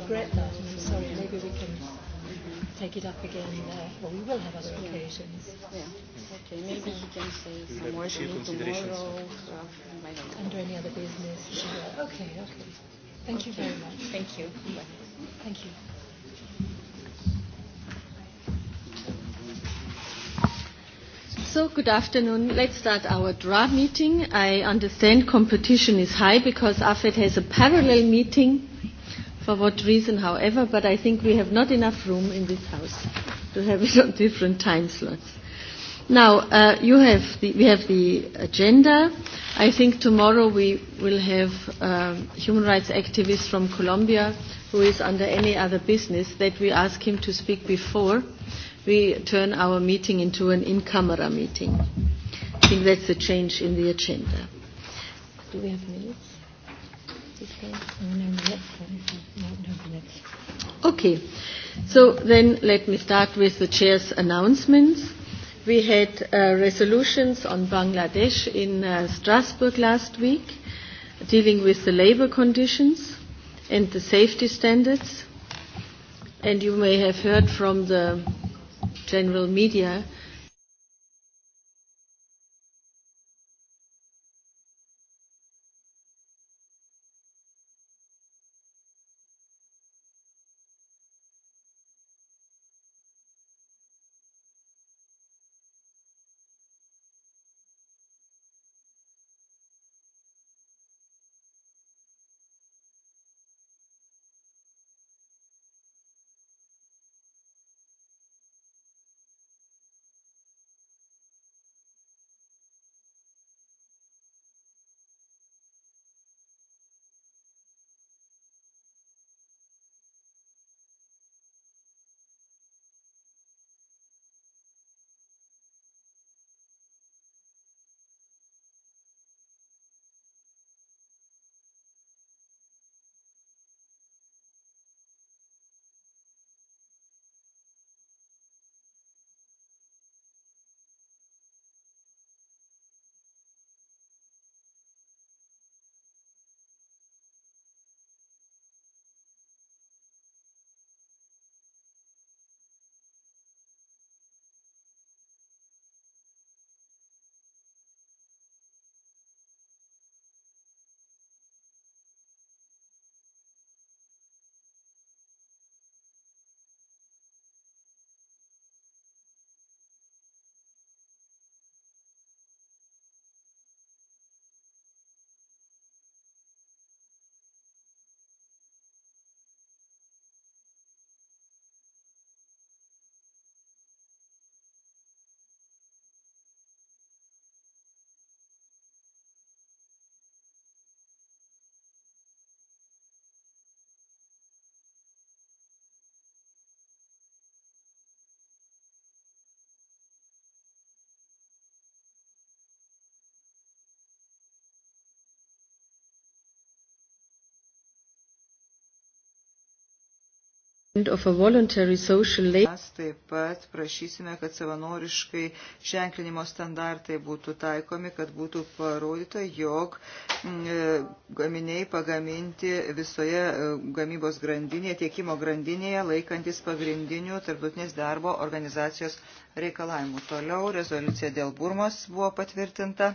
regret that, and I'm sorry. Maybe we can take it up again, uh, or we will have other occasions. Yeah. Okay. Maybe he can say some more to me tomorrow. Uh, I don't know. Under any other business. Uh, okay. Okay. Thank okay. you very much. Thank you. Bye. Thank you. So, good afternoon. Let's start our draft meeting. I understand competition is high because AFED has a parallel meeting for what reason, however, but I think we have not enough room in this House to have it on different time slots. Now, uh, you have the, we have the agenda. I think tomorrow we will have um, human rights activist from Colombia who is under any other business that we ask him to speak before we turn our meeting into an in-camera meeting. I think that's a change in the agenda. Do we have minutes? Okay. Oh, no, no, no. Okay. So then let me start with the chair's announcements. We had uh, resolutions on Bangladesh in uh, Strasbourg last week dealing with the labor conditions and the safety standards. And you may have heard from the general media Mes taip pat prašysime, kad savanoriškai ženklinimo standartai būtų taikomi, kad būtų parodyta, jog mm, e, gaminiai pagaminti visoje e, gamybos grandinėje, tiekimo grandinėje, laikantis pagrindinių tarptautinės darbo organizacijos reikalavimų. Toliau rezoliucija dėl Burmos buvo patvirtinta.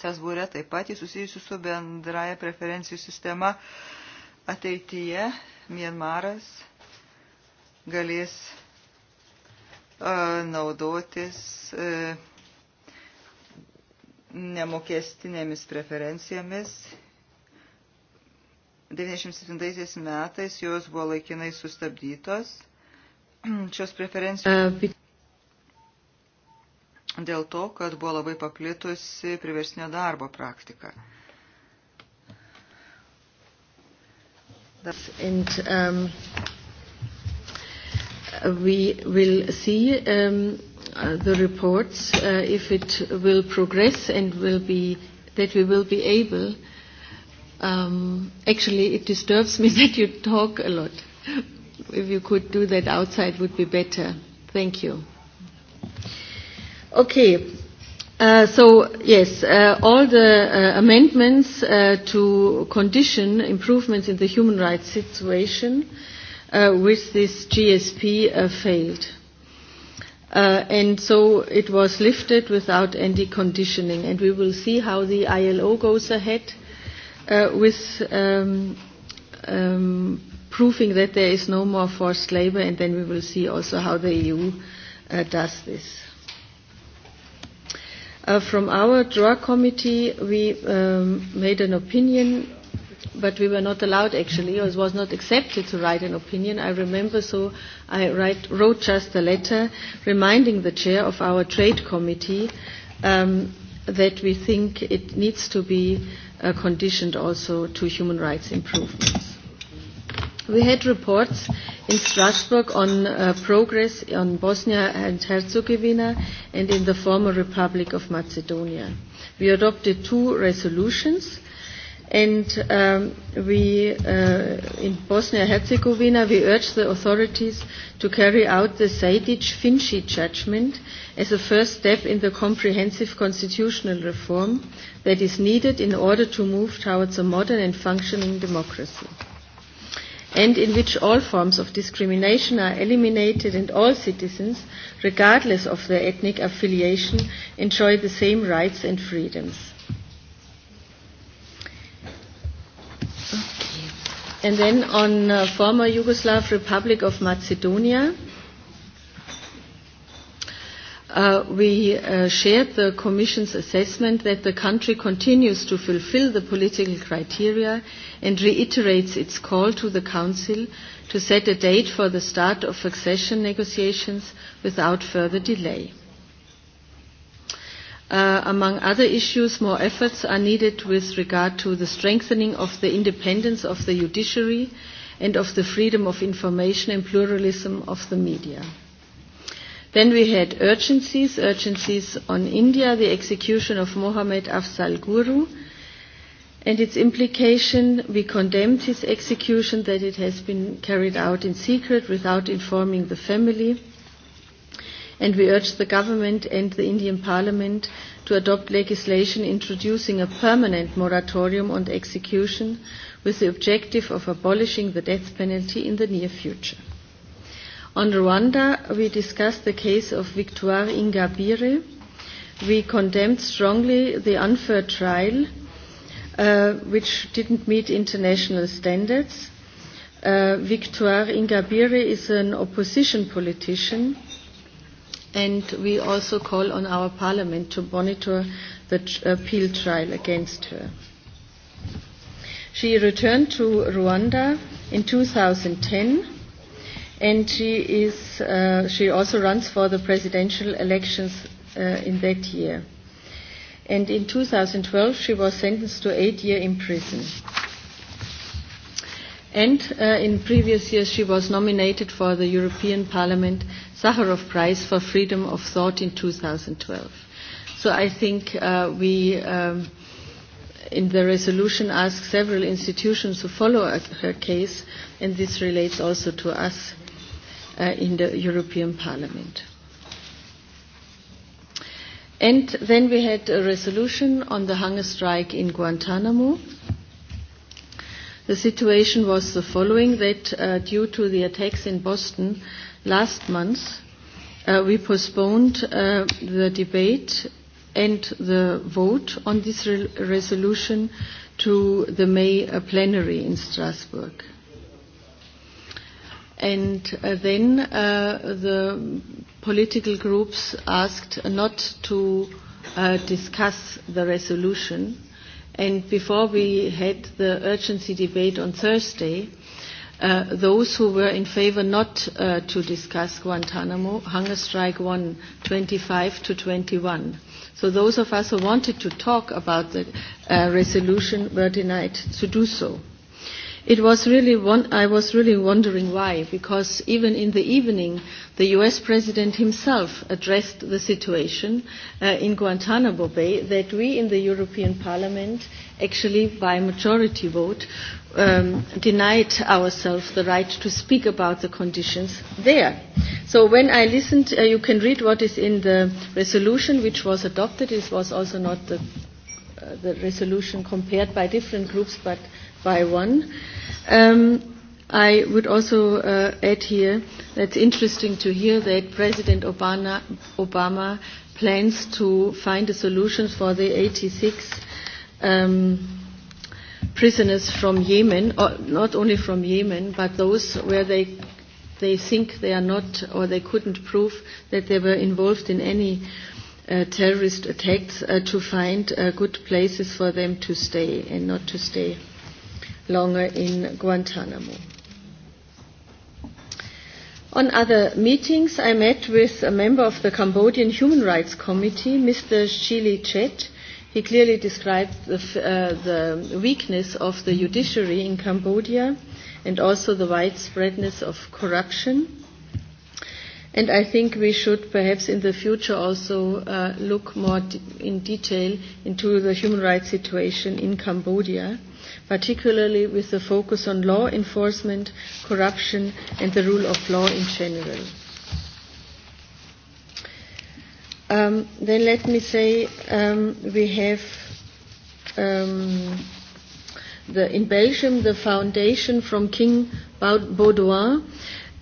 Strasbūre taip pat jis susijusiu su bendraja preferencijų sistema ateityje Mienmaras galės naudotis nemokestinėmis preferencijomis. 97 metais jos buvo laikinai sustabdytos. Šios preferencijos dėl to, kad buvo labai paplitusi priversinio darbo praktika. And um, we will see um, uh, the reports uh, if it will progress and will be that we will be able. Um, actually, it disturbs me that you talk a lot. if you could do that outside, would be better. Thank you. Okay. Uh, so, yes, uh, all the uh, amendments uh, to condition improvements in the human rights situation uh, with this GSP uh, failed. Uh, and so it was lifted without any conditioning. And we will see how the ILO goes ahead uh, with um, um, proving that there is no more forced labor, and then we will see also how the EU uh, does this. Uh, from our drug committee, we um, made an opinion, but we were not allowed actually, or it was not accepted to write an opinion. I remember, so I write, wrote just a letter reminding the chair of our trade committee um, that we think it needs to be uh, conditioned also to human rights improvements. We had reports in Strasbourg on uh, progress on Bosnia and Herzegovina and in the former Republic of Macedonia. We adopted two resolutions. And um, we, uh, in Bosnia and Herzegovina, we urge the authorities to carry out the Sejdic-Finci judgment as a first step in the comprehensive constitutional reform that is needed in order to move towards a modern and functioning democracy and in which all forms of discrimination are eliminated and all citizens, regardless of their ethnic affiliation, enjoy the same rights and freedoms. Okay. And then on uh, former Yugoslav Republic of Macedonia, Uh, we uh, shared the Commission's assessment that the country continues to fulfill the political criteria and reiterates its call to the Council to set a date for the start of accession negotiations without further delay. Uh, among other issues, more efforts are needed with regard to the strengthening of the independence of the judiciary and of the freedom of information and pluralism of the media. Then we had urgencies, urgencies on India, the execution of Mohammed Afzal Guru and its implication. We condemned his execution, that it has been carried out in secret without informing the family. And we urge the government and the Indian parliament to adopt legislation introducing a permanent moratorium on execution with the objective of abolishing the death penalty in the near future. On Rwanda, we discussed the case of Victoire Ingabire. We condemned strongly the unfair trial, uh, which didn't meet international standards. Uh, Victoire Ingabire is an opposition politician, and we also call on our parliament to monitor the tr- appeal trial against her. She returned to Rwanda in 2010 and she is uh, she also runs for the presidential elections uh, in that year. And in 2012, she was sentenced to eight years in prison. And uh, in previous years, she was nominated for the European Parliament Sakharov Prize for Freedom of Thought in 2012. So I think uh, we. Um, in the resolution ask several institutions to follow her case, and this relates also to us uh, in the European Parliament. And then we had a resolution on the hunger strike in Guantanamo. The situation was the following that uh, due to the attacks in Boston last month, uh, we postponed uh, the debate and the vote on this re- resolution to the May uh, plenary in Strasbourg. Uh, And uh, then uh, the political groups asked not to uh, discuss the resolution. And before we had the urgency debate on Thursday, uh, those who were in favor not uh, to discuss Guantanamo, Hunger Strike 1, 25 to 21. So those of us who wanted to talk about the uh, resolution were denied to do so. It was really one, I was really wondering why, because even in the evening, the U.S. President himself addressed the situation uh, in Guantanamo Bay that we in the European Parliament, actually by majority vote, um, denied ourselves the right to speak about the conditions there. So when I listened, uh, you can read what is in the resolution which was adopted. It was also not the, uh, the resolution compared by different groups, but uh, by one. Um, I would also uh, add here that it's interesting to hear that President Obama, Obama plans to find a solution for the 86 um, prisoners from Yemen, or not only from Yemen, but those where they they think they are not or they couldn't prove that they were involved in any uh, terrorist attacks uh, to find uh, good places for them to stay and not to stay longer in Guantanamo. On other meetings, I met with a member of the Cambodian Human Rights Committee, Mr. Shili Chet. He clearly described the, uh, the weakness of the judiciary in Cambodia and also the widespreadness of corruption. And I think we should perhaps in the future also uh, look more d- in detail into the human rights situation in Cambodia particularly with a focus on law enforcement, corruption and the rule of law in general. Um, then let me say um, we have um, the, in Belgium the foundation from King Baudouin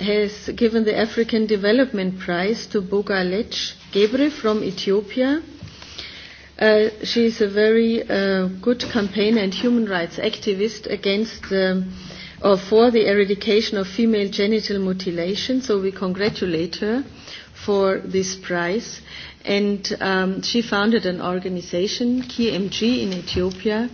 has given the African Development Prize to Bogalech Gebre from Ethiopia Uh, she is a very uh, good campaigner and human rights activist against um, or for the eradication of female genital mutilation. So we congratulate her for this prize. And um, she founded an organization, KMG, in Ethiopia.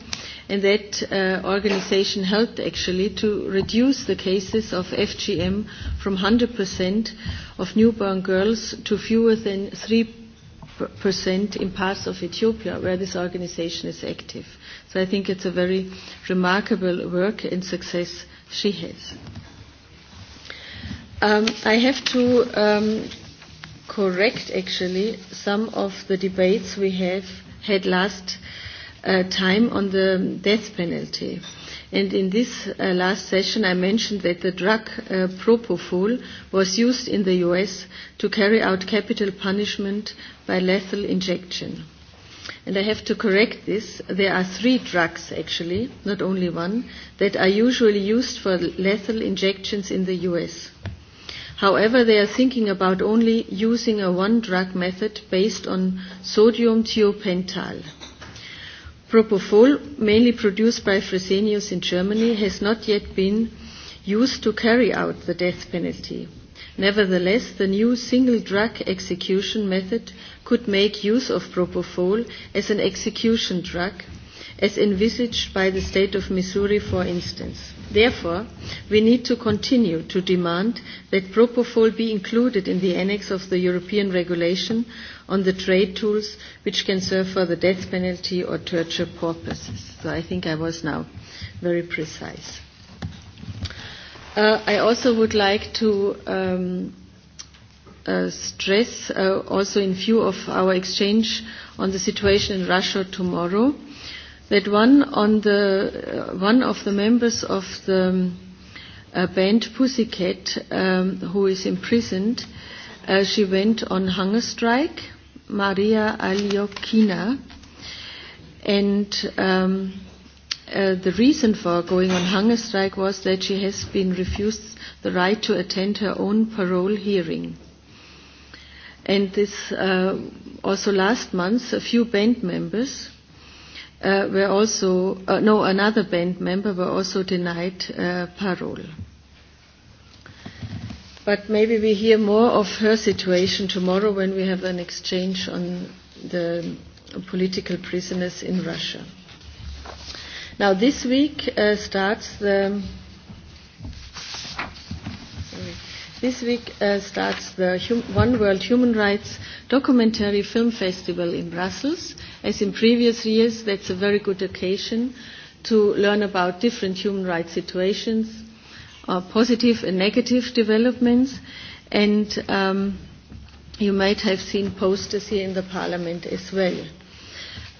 And that uh, organization helped actually to reduce the cases of FGM from 100% of newborn girls to fewer than 3 percent in parts of Ethiopia where this organization is active. So I think it's a very remarkable work and success she has. Um, I have to um, correct actually some of the debates we have had last uh, time on the death penalty. Uh, And in this uh, last session, I mentioned that the drug uh, propofol was used in the US to carry out capital punishment by lethal injection. And I have to correct this. There are three drugs, actually, not only one, that are usually used for lethal injections in the US. However, they are thinking about only using a one drug method based on sodium thiopental. Propofol, mainly produced by Fresenius in Germany, has not yet been used to carry out the death penalty. Nevertheless, the new single drug execution method could make use of propofol as an execution drug, as envisaged by the state of Missouri, for instance. Therefore, we need to continue to demand that propofol be included in the annex of the European regulation on the trade tools which can serve for the death penalty or torture purposes. So I think I was now very precise. Uh, I also would like to um, uh, stress, uh, also in view of our exchange on the situation in Russia tomorrow, that one, on the, uh, one of the members of the um, uh, band Pussycat, um, who is imprisoned, uh, she went on hunger strike Maria Aliokina. And um, uh, the reason for going on hunger strike was that she has been refused the right to attend her own parole hearing. And this uh, also last month, a few band members uh, were also, uh, no, another band member were also denied uh, parole. But maybe we hear more of her situation tomorrow when we have an exchange on the political prisoners in Russia. Now, this week uh, starts the. Sorry. This week uh, starts the hum- One World Human Rights Documentary Film Festival in Brussels. As in previous years, that's a very good occasion to learn about different human rights situations, uh, positive and negative developments. And um, you might have seen posters here in the Parliament as well.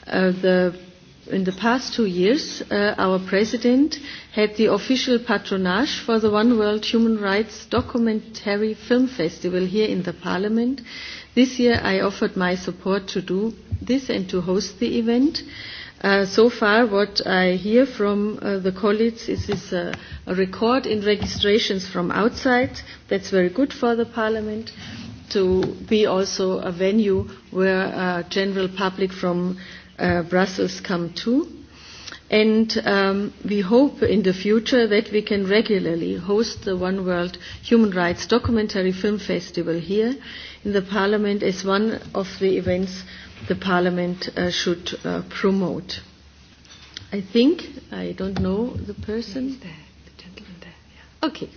Uh, the in the past two years, uh, our president had the official patronage for the One World Human Rights Documentary Film Festival here in the Parliament. This year, I offered my support to do this and to host the event. Uh, Uh, so far, what I hear from uh, the colleagues is, is a, a record in registrations from outside. That's very good for the Parliament to be also a venue where uh, general public from uh, Brussels come to. And um, we hope in the future that we can regularly host the One World Human Rights Documentary Film Festival here in the Parliament as one of the events the Parliament uh, should uh, promote. I think, I don't know the person. He's there, the gentleman there. Yeah. Okay.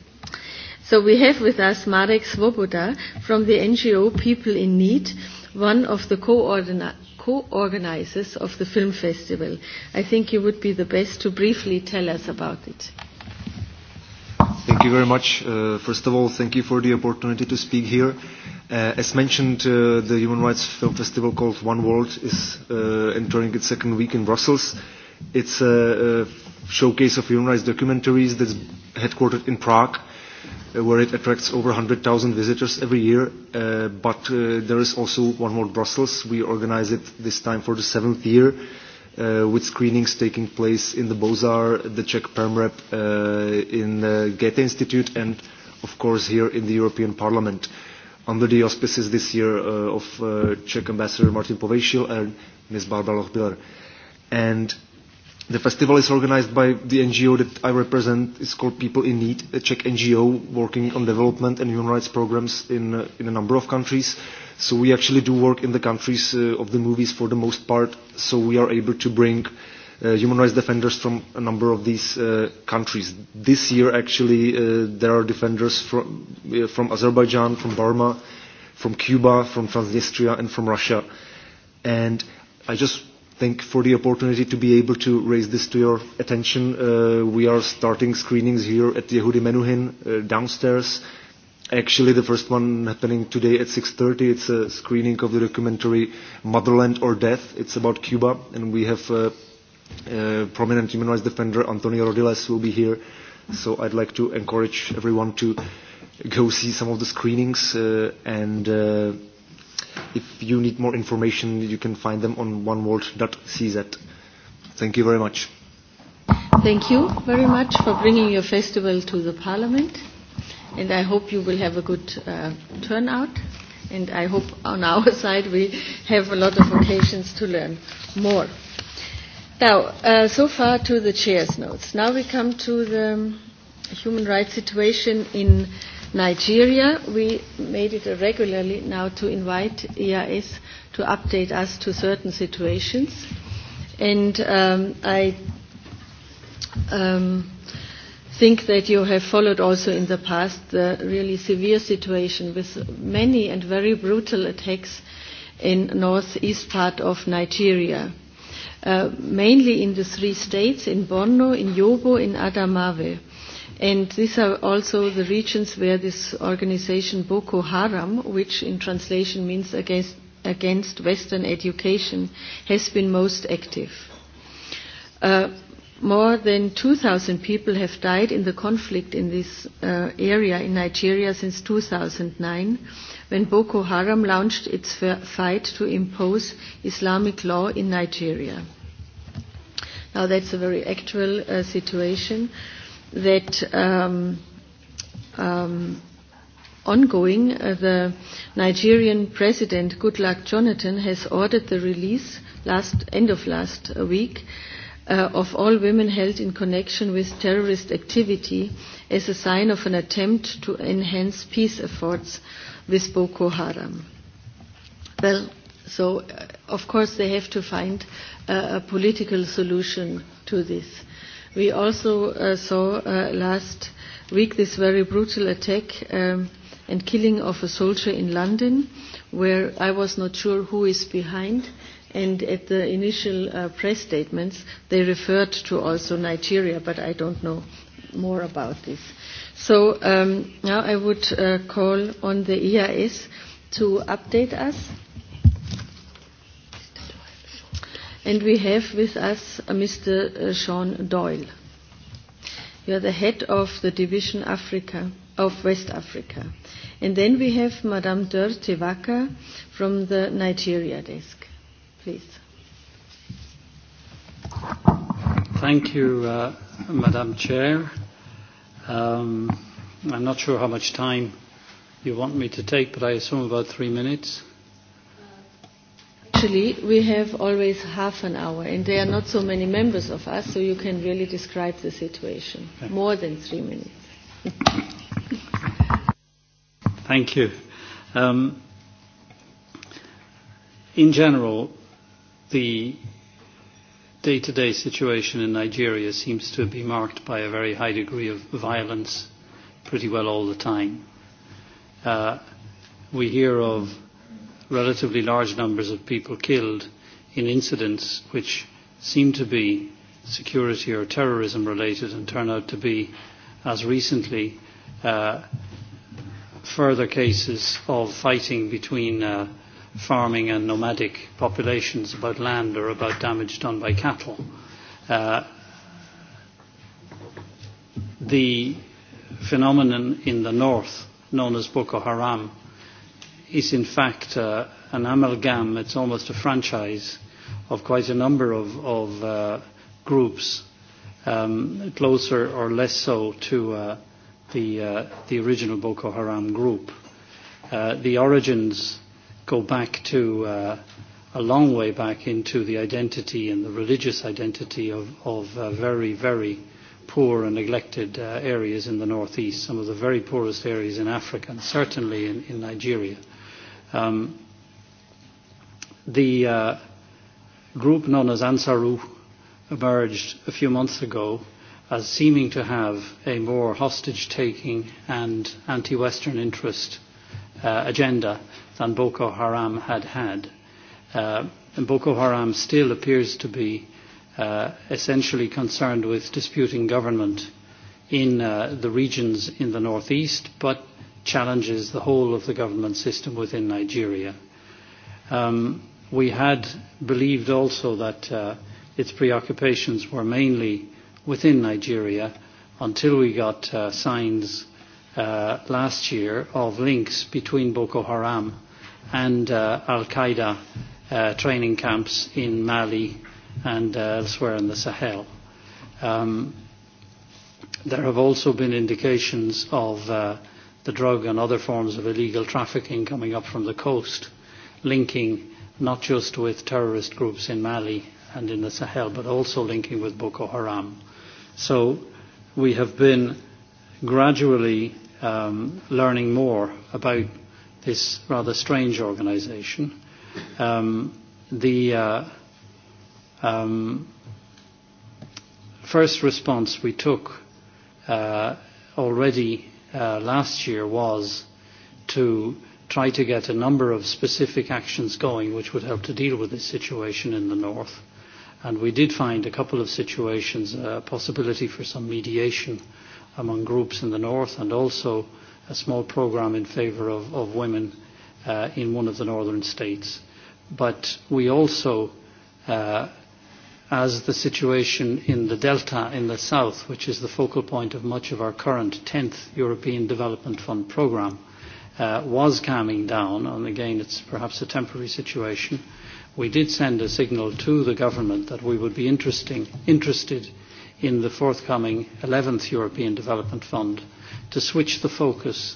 So we have with us Marek Svoboda from the NGO People in Need, one of the co-ordinators co-organizers of the film festival. I think you would be the best to briefly tell us about it. Thank you very much. Uh, first of all, thank you for the opportunity to speak here. Uh, Uh, as mentioned, uh, the Human Rights Film Festival called One World is uh, entering its second week in Brussels. It's a, a showcase of human rights documentaries that's headquartered in Prague, uh, where it attracts over 100,000 visitors every year. Uh, but uh, there is also One World Brussels. We organize it this time for the seventh year, uh, with screenings taking place in the Beaux-Arts, the Czech Permrep, uh, in the uh, Goethe Institute, and, of course, here in the European Parliament. Uh, under the auspices this year uh, of uh, Czech Ambassador Martin Povasil and Ms. Barbara Lochbiller. And the festival is organized by the NGO that I represent. It's called People in Need, a Czech NGO working on development and human rights programs in, uh, in a number of countries. So we actually do work in the countries uh, of the movies for the most part, so we are able to bring uh, uh, human rights defenders from a number of these uh, countries. This year, actually, uh, there are defenders from, uh, from Azerbaijan, from Burma, from Cuba, from Transnistria, and from Russia. And I just think for the opportunity to be able to raise this to your attention, uh, we are starting screenings here at Yehudi Menuhin uh, downstairs. Actually, the first one happening today at 6.30. It's a screening of the documentary Motherland or Death. It's about Cuba, and we have uh, uh, prominent human rights defender Antonio Rodiles will be here. So I'd like to encourage everyone to go see some of the screenings. Uh, and uh, if you need more information, you can find them on oneworld.cz. Thank you very much. Thank you very much for bringing your festival to the Parliament. And I hope you will have a good uh, turnout and I hope on our side we have a lot of occasions to learn more. Now, uh, so far to the chair's notes. Now we come to the human rights situation in Nigeria. We made it regularly now to invite EIS to update us to certain situations. And um, I um, think that you have followed also in the past the really severe situation with many and very brutal attacks in northeast part of Nigeria uh, mainly in the three states, in Borno, in Yobo, in Adamawa. And these are also the regions where this organization Boko Haram, which in translation means against, against Western education, has been most active. Uh, more than 2,000 people have died in the conflict in this uh, area in Nigeria since 2009 when Boko Haram launched its fight to impose Islamic law in Nigeria. Now that's a very actual uh, situation that um, um, ongoing, uh, the Nigerian president Goodluck Jonathan has ordered the release last end of last week uh, of all women held in connection with terrorist activity as a sign of an attempt to enhance peace efforts with Boko Haram. Well, so uh, of course they have to find uh, a political solution to this. We also uh, saw uh, last week this very brutal attack um, and killing of a soldier in London, where I was not sure who is behind. And at the initial uh, press statements, they referred to also Nigeria, but I don't know more about this. Uh, So um, now I would uh, call on the EIS to update us. And we have with us uh, Mr. Uh, Sean Doyle. You are the head of the division Africa of West Africa. And then we have Madame Dur Tewaka from the Nigeria desk. Please. Thank you, uh, Madam Chair. Um, I'm not sure how much time you want me to take, but I assume about three minutes. Actually, we have always half an hour, and there are not so many members of us, so you can really describe the situation. Okay. More than three minutes. Thank you. Um, in general, the day-to-day -day situation in Nigeria seems to be marked by a very high degree of violence pretty well all the time. Uh, we hear of relatively large numbers of people killed in incidents which seem to be security or terrorism related and turn out to be, as recently, uh, further cases of fighting between uh, farming and nomadic populations, about land or about damage done by cattle. Uh, the phenomenon in the north, known as Boko Haram, is in fact uh, an amalgam, it's almost a franchise of quite a number of, of uh, groups, um, closer or less so to uh, the, uh, the original Boko Haram group. Uh, the origins go back to uh, a long way back into the identity and the religious identity of, of uh, very, very poor and neglected uh, areas in the northeast, some of the very poorest areas in Africa, and certainly in, in Nigeria. Um, the uh, group known as Ansaru emerged a few months ago as seeming to have a more hostage-taking and anti-Western interest uh, agenda than Boko Haram had had. Uh, and Boko Haram still appears to be uh, essentially concerned with disputing government in uh, the regions in the northeast, but challenges the whole of the government system within Nigeria. Um, we had believed also that uh, its preoccupations were mainly within Nigeria until we got uh, signs uh, last year of links between Boko Haram and uh, Al Qaeda uh, training camps in Mali and uh, elsewhere in the Sahel. Um, there have also been indications of uh, the drug and other forms of illegal trafficking coming up from the coast, linking not just with terrorist groups in Mali and in the Sahel, but also linking with Boko Haram. So we have been gradually um, learning more about this rather strange organisation. Um, the uh, um, first response we took uh, already uh, last year was to try to get a number of specific actions going which would help to deal with this situation in the north. And we did find a couple of situations, a uh, possibility for some mediation uh, among groups in the north and also a small program in favour of, of women uh, in one of the northern states. But we also, uh, as the situation in the delta in the south, which is the focal point of much of our current 10th European Development Fund programme, uh, was calming down, and again it's perhaps a temporary situation, we did send a signal to the government that we would be interesting, interested in the forthcoming 11th European Development Fund to switch the focus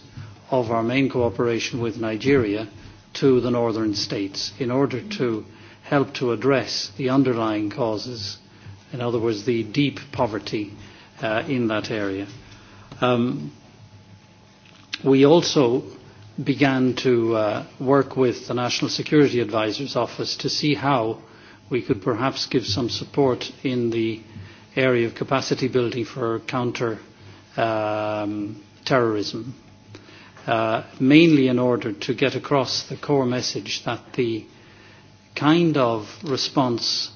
of our main cooperation with Nigeria to the northern states in order to help to address the underlying causes, in other words, the deep poverty uh, in that area. Um, we also began to uh, work with the National Security Advisor's Office to see how we could perhaps give some support in the uh, area of capacity building for counter um, terrorism, uh, mainly in order to get across the core message that the kind of response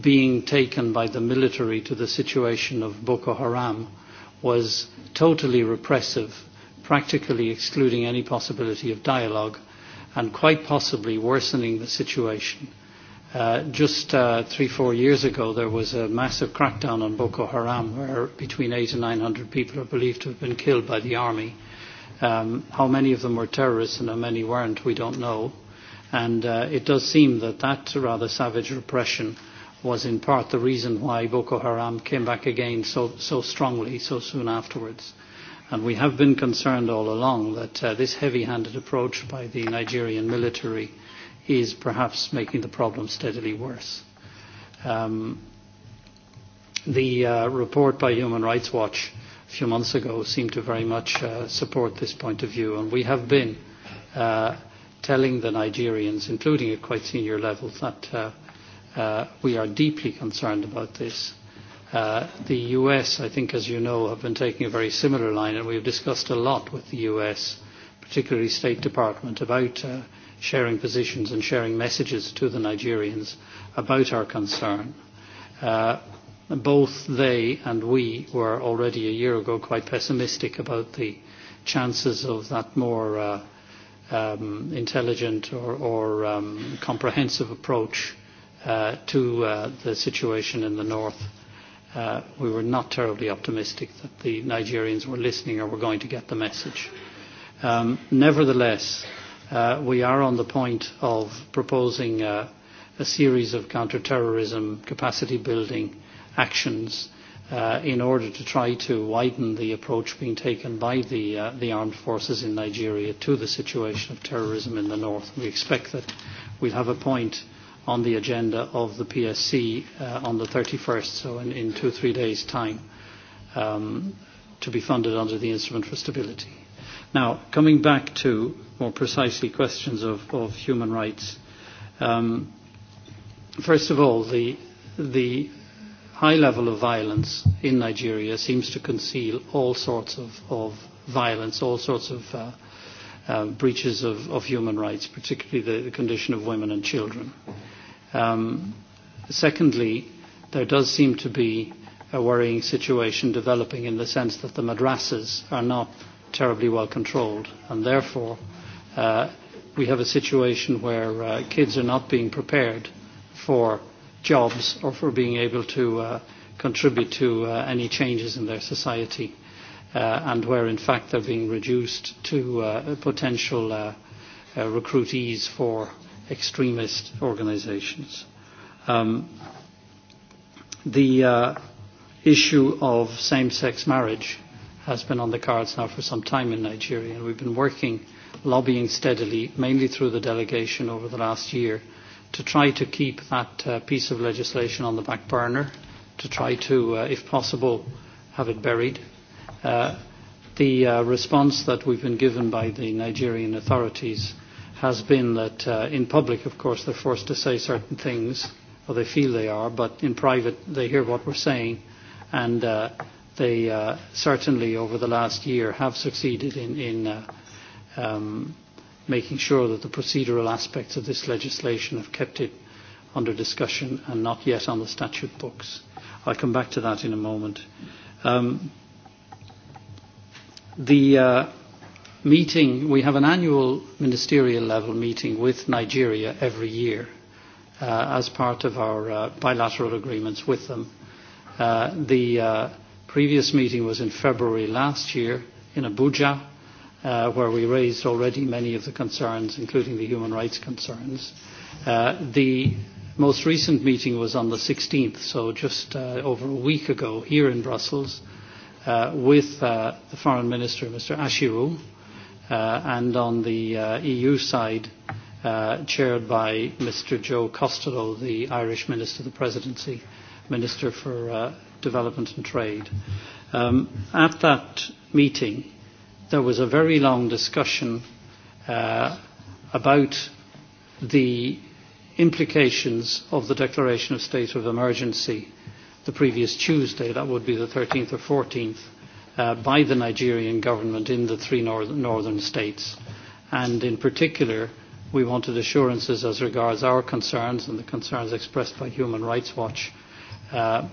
being taken by the military to the situation of Boko Haram was totally repressive, practically excluding any possibility of dialogue, and quite possibly worsening the situation Uh, just uh, three, four years ago, there was a massive crackdown on Boko Haram, where between eight and 900 people are believed to have been killed by the army. Um, how many of them were terrorists and how many weren't, we don't know. And uh, it does seem that that rather savage repression was in part the reason why Boko Haram came back again so, so strongly so soon afterwards. And we have been concerned all along that uh, this heavy-handed approach by the Nigerian military uh, is perhaps making the problem steadily worse. Um, the uh, report by Human Rights Watch a few months ago seemed to very much uh, support this point of view, and we have been uh, telling the Nigerians, including at quite senior levels, that uh, uh, we are deeply concerned about this. Uh, the US, I think, as you know, have been taking a very similar line, and we've discussed a lot with the US, particularly State Department, about uh, sharing positions and sharing messages to the Nigerians about our concern. Uh, both they and we were already a year ago quite pessimistic about the chances of that more uh, um, intelligent or, or um, comprehensive approach uh, to uh, the situation in the north. Uh, we were not terribly optimistic that the Nigerians were listening or were going to get the message. Um, nevertheless, uh, uh, we are on the point of proposing uh, a series of counter-terrorism capacity building actions uh, in order to try to widen the approach being taken by the, uh, the armed forces in Nigeria to the situation of terrorism in the north. We expect that we'll have a point on the agenda of the PSC uh, on the 31st, so in, in two, three days' time, um, to be funded under the Instrument for Stability. Now, coming back to more precisely questions of, of human rights. Um, first of all, the, the high level of violence in Nigeria seems to conceal all sorts of, of violence, all sorts of uh, uh, breaches of, of human rights, particularly the, the condition of women and children. Um, secondly, there does seem to be a worrying situation developing in the sense that the madrasas are not terribly well controlled, and therefore uh, we have a situation where uh, kids are not being prepared for jobs or for being able to uh, contribute to uh, any changes in their society, uh, and where in fact they're being reduced to uh, potential uh, uh, recruitees for extremist organizations. Um, the uh, issue of same-sex marriage has been on the cards now for some time in Nigeria, and we've been working uh, lobbying steadily, mainly through the delegation over the last year, to try to keep that uh, piece of legislation on the back burner, to try to, uh, if possible, have it buried. Uh, the uh, response that we've been given by the Nigerian authorities has been that uh, in public, of course, they're forced to say certain things, or they feel they are, but in private, they hear what we're saying, and uh, they uh, certainly, over the last year, have succeeded in, in uh, um, making sure that the procedural aspects of this legislation have kept it under discussion and not yet on the statute books. I'll come back to that in a moment. Um, the uh, meeting, we have an annual ministerial level meeting with Nigeria every year uh, as part of our uh, bilateral agreements with them. Uh, the uh, previous meeting was in February last year in Abuja uh, where we raised already many of the concerns, including the human rights concerns. Uh, the most recent meeting was on the 16th, so just uh, over a week ago, here in Brussels, uh, with uh, the Foreign Minister, Mr. Ashiru, uh, and on the uh, EU side, uh, chaired by Mr. Joe Costello, the Irish Minister of the Presidency, Minister for uh, Development and Trade. Um, at that meeting, there was a very long discussion uh, about the implications of the declaration of state of emergency the previous Tuesday, that would be the 13th or 14th, uh, by the Nigerian government in the three nor- northern states. And in particular, we wanted assurances as regards our concerns and the concerns expressed by Human Rights Watch uh,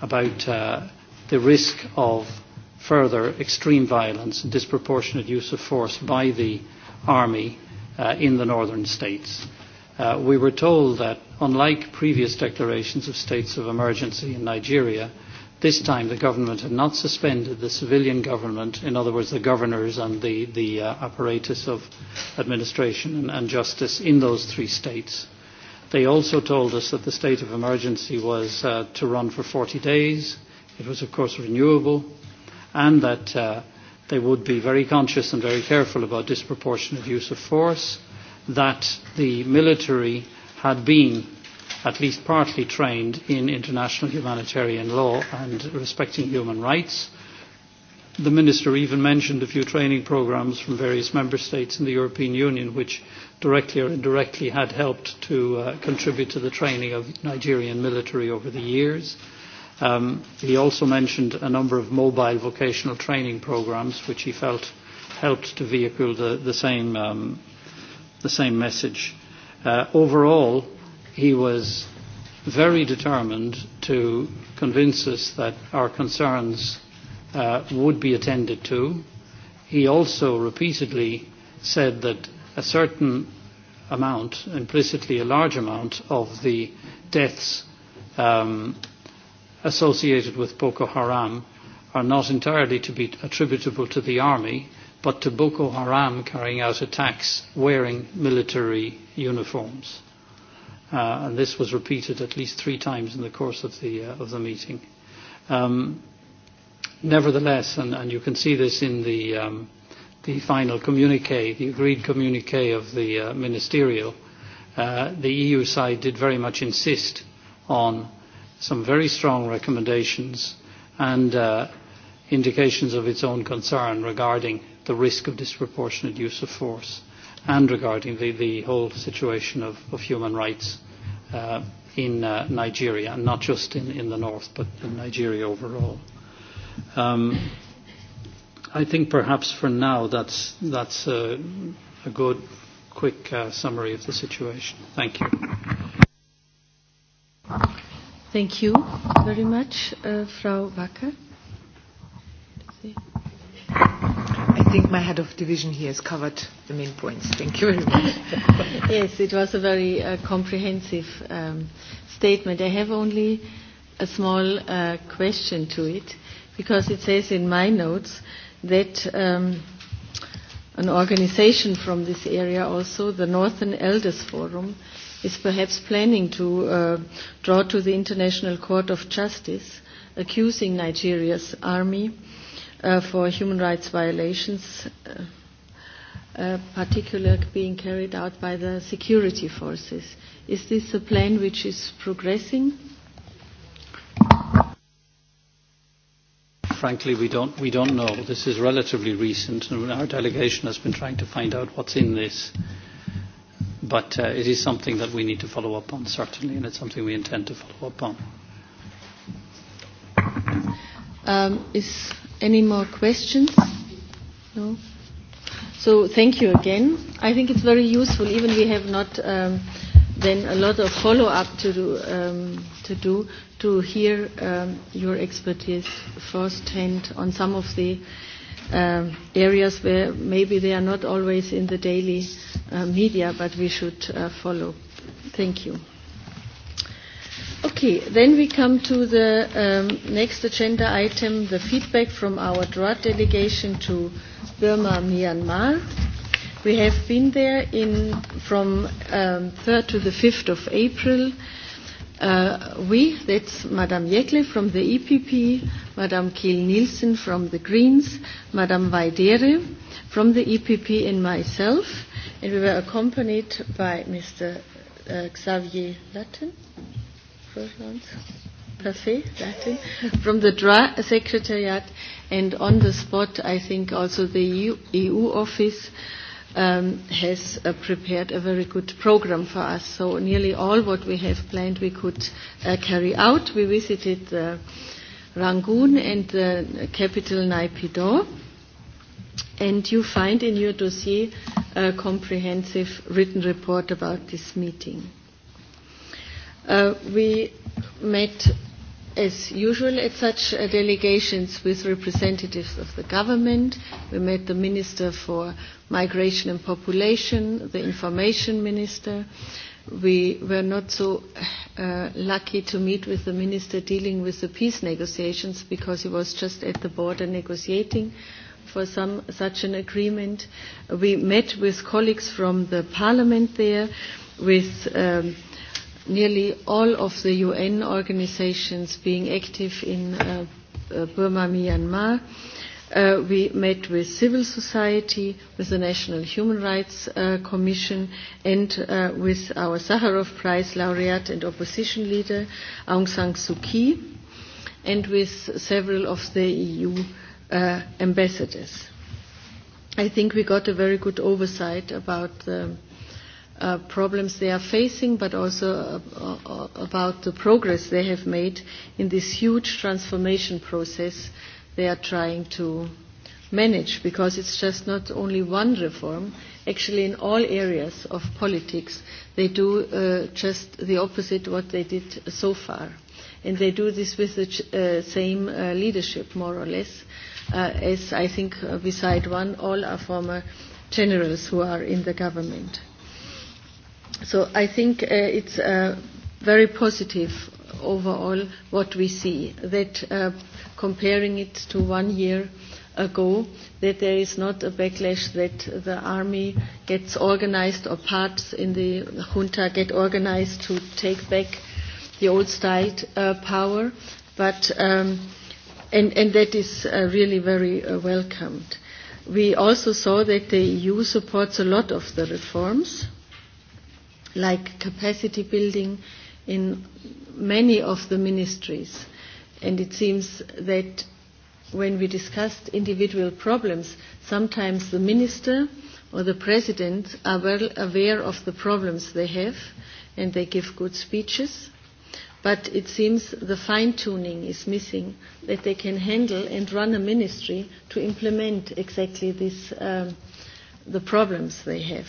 about uh, the risk of further extreme violence and disproportionate use of force by the army uh, in the northern states. Uh, we were told that, unlike previous declarations of states of emergency in Nigeria, this time the government had not suspended the civilian government, in other words, the governors and the, the uh, apparatus of administration and, and justice in those three states. They also told us that the state of emergency was uh, to run for 40 days. It was, of course, renewable and that uh, they would be very conscious and very careful about disproportionate use of force, that the military had been at least partly trained in international humanitarian law and respecting human rights. The Minister even mentioned a few training programs from various member states in the European Union which directly or indirectly had helped to uh, contribute to the training of Nigerian military over the years. Uh, Um, he also mentioned a number of mobile vocational training programs, which he felt helped to vehicle the, the, same, um, the same message. Uh, overall, he was very determined to convince us that our concerns uh, would be attended to. He also repeatedly said that a certain amount, implicitly a large amount, of the deaths um, associated with Boko Haram are not entirely to be attributable to the army, but to Boko Haram carrying out attacks wearing military uniforms. Uh, and this was repeated at least three times in the course of the, uh, of the meeting. Um, nevertheless, and, and you can see this in the, um, the final communique, the agreed communique of the uh, ministerial, uh, the EU side did very much insist on some very strong recommendations and uh, indications of its own concern regarding the risk of disproportionate use of force and regarding the, the whole situation of, of human rights uh, in uh, Nigeria, and not just in, in the north, but in Nigeria overall. Um, I think perhaps for now that's, that's a, a good, quick uh, summary of the situation. Thank you. Thank you very much, uh, Frau Wacker. I think my head of division here has covered the main points. Thank you very much. yes, it was a very uh, comprehensive um, statement. I have only a small uh, question to it because it says in my notes that um, an organization from this area also, the Northern Elders Forum, uh, is perhaps planning to uh, draw to the International Court of Justice, accusing Nigeria's army uh, for human rights violations, uh, uh, particularly being carried out by the security forces. Is this a plan which is progressing? frankly, we don't, we don't know. This is relatively recent, and our delegation has been trying to find out what's in this. Uh, but uh, it is something that we need to follow up on, certainly, and it's something we intend to follow up on. Um, is any more questions? No? So thank you again. I think it's very useful, even we have not um, then a lot of follow-up to do, um, to do, to hear um, your expertise firsthand on some of the uh, uh, areas where maybe they are not always in the daily uh, media, but we should uh, follow. Thank you. Okay, then we come to the um, next agenda item, the feedback from our DROAD delegation to Burma, Myanmar. We have been there in, from um, 3rd to the 5th of April. Uh, Uh, we, that's Madame Jekle from the EPP, Madame Kiel Nielsen from the Greens, Madame Vaidere from the EPP, and myself. And we were accompanied by Mr. Uh, Xavier Latin, pronounced Parfait, Latin, from the DRA Secretariat, and on the spot, I think also the EU, EU office. Uh, um, has uh, prepared a very good program for us. So nearly all what we have planned we could uh, carry out. We visited uh, Rangoon and the uh, capital Naypyidaw. And you find in your dossier a comprehensive written report about this meeting. Uh, we met as usual at such uh, delegations with representatives of the government. We met the Minister for Migration and Population, the Information Minister. We were not so uh, lucky to meet with the Minister dealing with the peace negotiations because he was just at the border negotiating for some such an agreement. We met with colleagues from the parliament there, with um, nearly all of the UN organizations being active in uh, uh, Burma, Myanmar. Uh, we met with civil society, with the National Human Rights uh, Commission, and uh, with our Sakharov Prize laureate and opposition leader, Aung San Suu Kyi, and with several of the EU uh, ambassadors. I think we got a very good oversight about the uh, problems they are facing, but also uh, uh, about the progress they have made in this huge transformation process they are trying to manage, because it's just not only one reform. Actually, in all areas of politics, they do uh, just the opposite what they did so far. And they do this with the ch- uh, same uh, leadership, more or less, uh, as I think, uh, beside one, all are former generals who are in the government. So I think uh, it's uh, very positive overall what we see, that uh, comparing it to one year ago, that there is not a backlash that the army gets organized or parts in the junta get organized to take back the old-style uh, power, but um, and, and that is uh, really very uh, welcomed. We also saw that the EU supports a lot of the reforms like capacity building in many of the ministries. And it seems that when we discussed individual problems, sometimes the minister or the president are well aware of the problems they have and they give good speeches. But it seems the fine tuning is missing that they can handle and run a ministry to implement exactly this, um, the problems they have.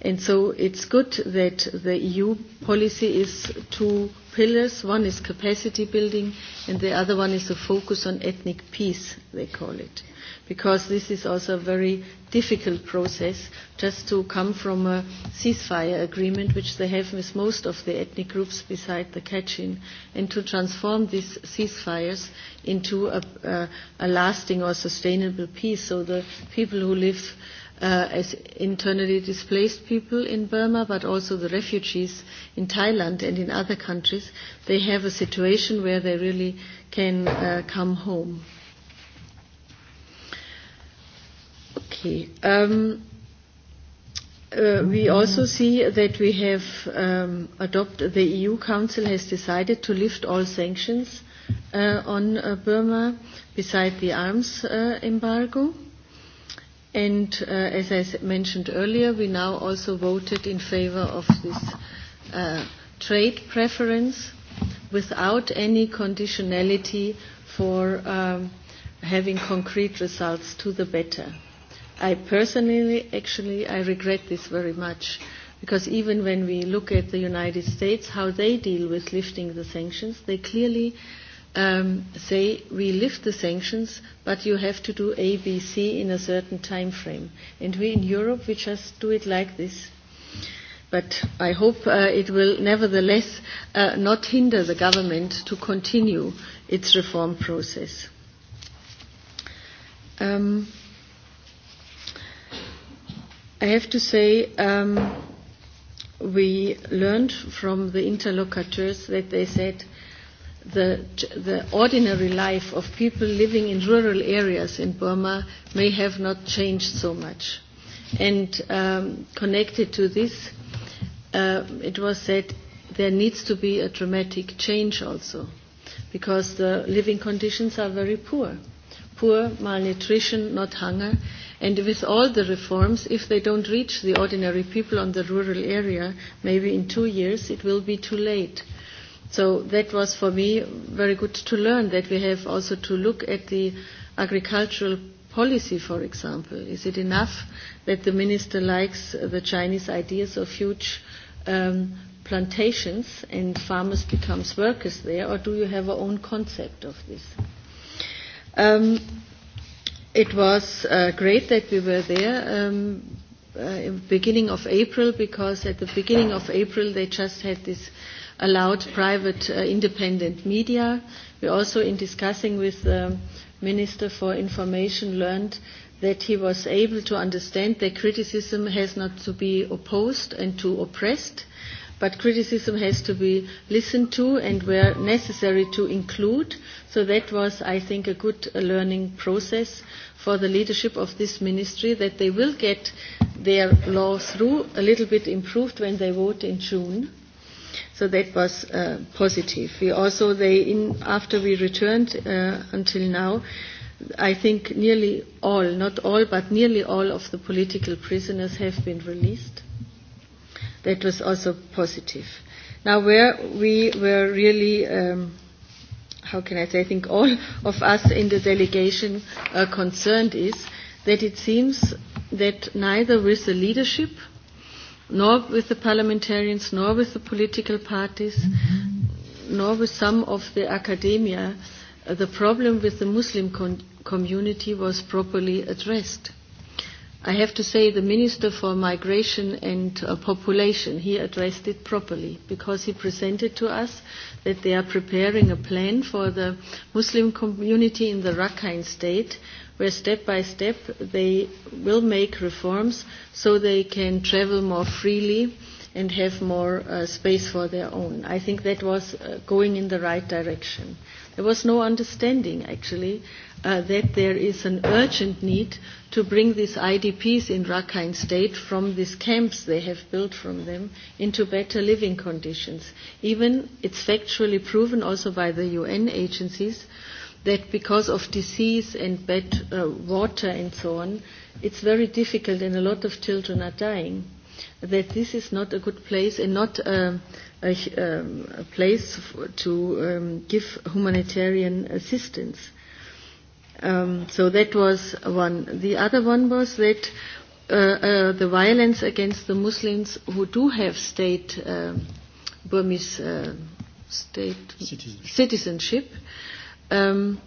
And so it's good that the EU policy is two pillars. One is capacity building, and the other one is a focus on ethnic peace, they call it. Because this is also a very difficult process just to come from a ceasefire agreement, which they have with most of the ethnic groups beside the Kachin, and to transform these ceasefires into a, a, a lasting or sustainable peace. So the people who live uh, as internally displaced people in Burma, but also the refugees in Thailand and in other countries, they have a situation where they really can uh, come home. Okay. Um, uh, we also see that we have um, adopted, the EU Council has decided to lift all sanctions uh, on uh, Burma beside the arms uh, embargo. And uh, as I mentioned earlier, we now also voted in favor of this uh, trade preference without any conditionality for um, having concrete results to the better. I personally, actually, I regret this very much because even when we look at the United States, how they deal with lifting the sanctions, they clearly uh, um, say we lift the sanctions, but you have to do A, B, C in a certain time frame. And we in Europe, we just do it like this. But I hope uh, it will nevertheless uh, not hinder the government to continue its reform process. Um, I have to say, um, we learned from the interlocutors that they said the, the ordinary life of people living in rural areas in Burma may have not changed so much. And um, connected to this, uh, it was said there needs to be a dramatic change also, because the living conditions are very poor. Poor, malnutrition, not hunger. And with all the reforms, if they don't reach the ordinary people on the rural area, maybe in two years it will be too late. Uh, So that was for me very good to learn that we have also to look at the agricultural policy, for example. Is it enough that the minister likes the Chinese ideas of huge um, plantations and farmers becomes workers there, or do you have your own concept of this? Um, it was uh, great that we were there. Um, uh, beginning of April because at the beginning of April they just had this allowed private uh, independent media. We also, in discussing with the Minister for Information, learned that he was able to understand that criticism has not to be opposed and to oppressed, but criticism has to be listened to and where necessary to include. So that was, I think, a good uh, learning process for the leadership of this ministry that they will get their law through a little bit improved when they vote in June. Uh, So that was uh, positive. We also, they in, after we returned uh, until now, I think nearly all, not all, but nearly all of the political prisoners have been released. That was also positive. Now, where we were really, um, how can I say, I think all of us in the delegation are concerned is that it seems that neither with the leadership nor with the parliamentarians, nor with the political parties, nor with some of the academia, uh, the problem with the Muslim con- community was properly addressed. I have to say the Minister for Migration and uh, Population, he addressed it properly because he presented to us that they are preparing a plan for the Muslim community in the Rakhine state where step by step they will make reforms so they can travel more freely and have more uh, space for their own. I think that was uh, going in the right direction. There was no understanding, actually, uh, that there is an urgent need to bring these IDPs in Rakhine State from these camps they have built from them into better living conditions. Even it's factually proven also by the UN agencies uh, that because of disease and bad uh, water and so on, it's very difficult and a lot of children are dying. That this is not a good place and not uh, a, um, a place f- to um, give humanitarian assistance. Um, so that was one. The other one was that uh, uh, the violence against the Muslims who do have state uh, Burmese uh, state citizenship, citizenship um,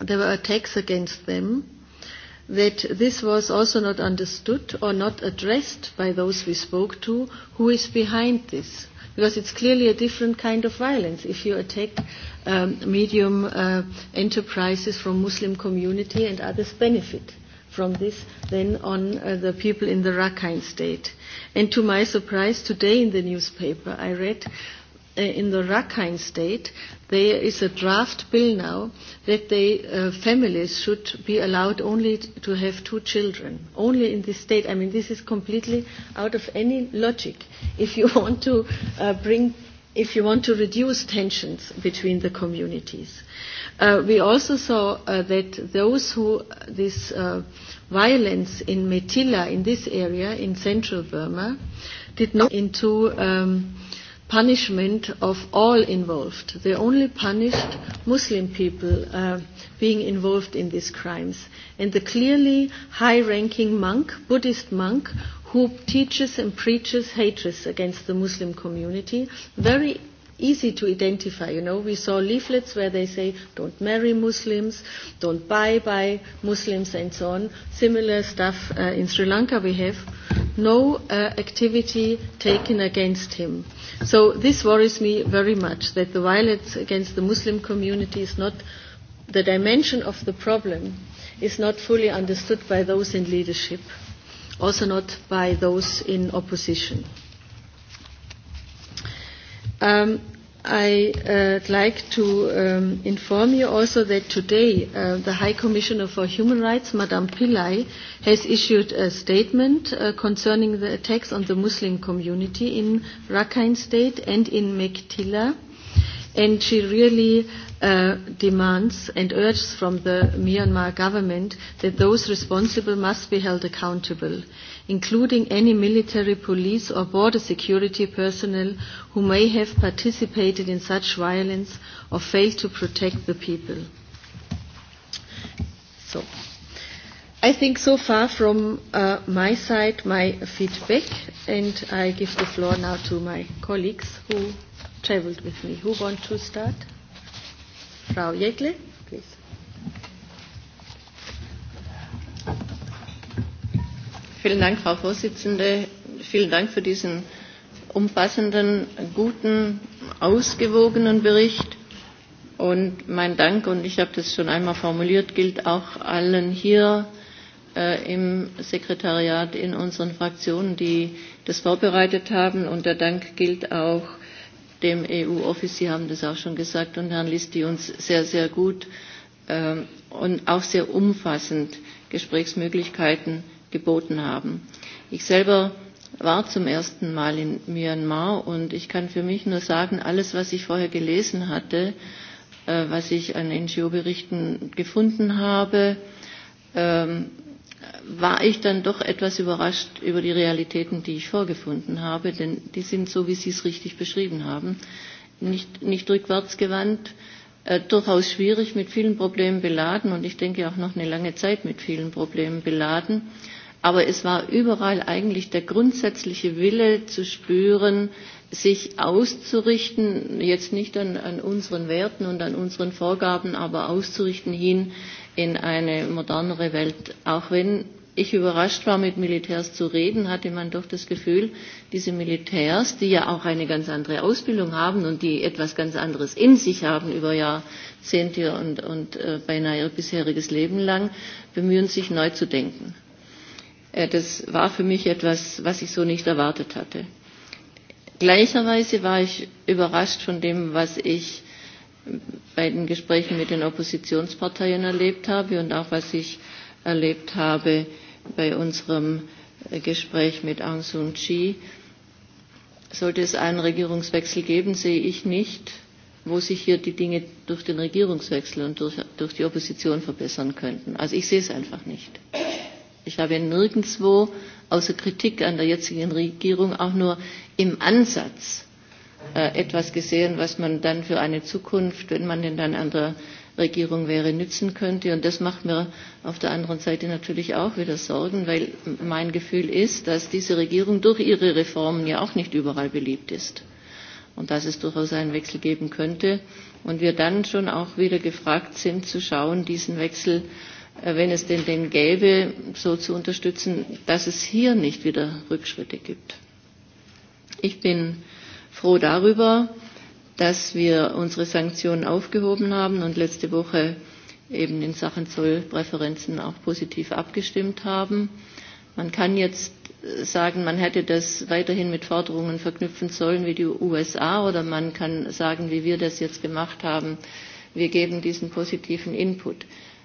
there were attacks against them, that this was also not understood or not addressed by those we spoke to, who is behind this. Because it's clearly a different kind of violence. If you attack um, medium uh, enterprises from Muslim community and others benefit from this than on uh, the people in the Rakhine state. And to my surprise, today in the newspaper I read uh, in the Rakhine state There is a draft bill now that they, uh, families should be allowed only to have two children, only in this state. I mean, this is completely out of any logic. If you want to uh, bring if you want to reduce tensions between the communities. Uh, we also saw uh, that those who, uh, this uh, violence in Metila, in this area, in central Burma, did not into um, punishment of all involved. They only punished Muslim people uh, being involved in these crimes. And the clearly high ranking monk, Buddhist monk, who teaches and preaches hatred against the Muslim community, very easy to identify. You know, we saw leaflets where they say, don't marry Muslims, don't buy by Muslims, and so on. Similar stuff uh, in Sri Lanka we have. No uh, activity taken against him. So this worries me very much that the violence against the Muslim community is not the dimension of the problem is not fully understood by those in leadership, also not by those in opposition. Um, I'd uh, like to um, inform you also that today uh, the High Commissioner for Human Rights, Madame Pillai, has issued a statement uh, concerning the attacks on the Muslim community in Rakhine State and in Mektila. And she really uh, demands and urges from the Myanmar government that those responsible must be held accountable. Uh, including any military, police or border security personnel who may have participated in such violence or failed to protect the people. So, I think so far from uh, my side, my feedback, and I give the floor now to my colleagues who traveled with me. Who want to start? Frau Jekle? Vielen Dank, Frau Vorsitzende. Vielen Dank für diesen umfassenden, guten, ausgewogenen Bericht. Und mein Dank, und ich habe das schon einmal formuliert, gilt auch allen hier äh, im Sekretariat in unseren Fraktionen, die das vorbereitet haben. Und der Dank gilt auch dem EU-Office, Sie haben das auch schon gesagt, und Herrn List, die uns sehr, sehr gut äh, und auch sehr umfassend Gesprächsmöglichkeiten geboten haben. Ich selber war zum ersten Mal in Myanmar und ich kann für mich nur sagen, alles, was ich vorher gelesen hatte, äh, was ich an NGO-Berichten gefunden habe, ähm, war ich dann doch etwas überrascht über die Realitäten, die ich vorgefunden habe, denn die sind so, wie Sie es richtig beschrieben haben, nicht, nicht rückwärtsgewandt, äh, durchaus schwierig, mit vielen Problemen beladen und ich denke auch noch eine lange Zeit mit vielen Problemen beladen. Äh, Aber es war überall eigentlich der grundsätzliche Wille zu spüren, sich auszurichten, jetzt nicht an, an unseren Werten und an unseren Vorgaben, aber auszurichten hin in eine modernere Welt. Auch wenn ich überrascht war, mit Militärs zu reden, hatte man doch das Gefühl, diese Militärs, die ja auch eine ganz andere Ausbildung haben und die etwas ganz anderes in sich haben über Jahrzehnte und, und äh, beinahe ihr bisheriges Leben lang, bemühen sich neu zu denken. Äh, das war für mich etwas, was ich so nicht erwartet hatte. Gleicherweise war ich überrascht von dem, was ich bei den Gesprächen mit den Oppositionsparteien erlebt habe und auch was ich erlebt habe bei unserem äh, Gespräch mit Aung San Suu Kyi. Sollte es einen Regierungswechsel geben, sehe ich nicht, wo sich hier die Dinge durch den Regierungswechsel und durch, durch die Opposition verbessern könnten. Also ich sehe es einfach nicht. Applaus Ich habe ja nirgendwo außer Kritik an der jetzigen Regierung auch nur im Ansatz äh, etwas gesehen, was man dann für eine Zukunft, wenn man denn dann an der Regierung wäre, nützen könnte. Und das macht mir auf der anderen Seite natürlich auch wieder Sorgen, weil mein Gefühl ist, dass diese Regierung durch ihre Reformen ja auch nicht überall beliebt ist und dass es durchaus einen Wechsel geben könnte. Und wir dann schon auch wieder gefragt sind, zu schauen, diesen Wechsel wenn es denn den gäbe, so zu unterstützen, dass es hier nicht wieder Rückschritte gibt. Ich bin froh darüber, dass wir unsere Sanktionen aufgehoben haben und letzte Woche eben in Sachen Zollpräferenzen auch positiv abgestimmt haben. Man kann jetzt sagen, man hätte das weiterhin mit Forderungen verknüpfen sollen wie die USA oder man kann sagen, wie wir das jetzt gemacht haben, wir geben diesen positiven Input.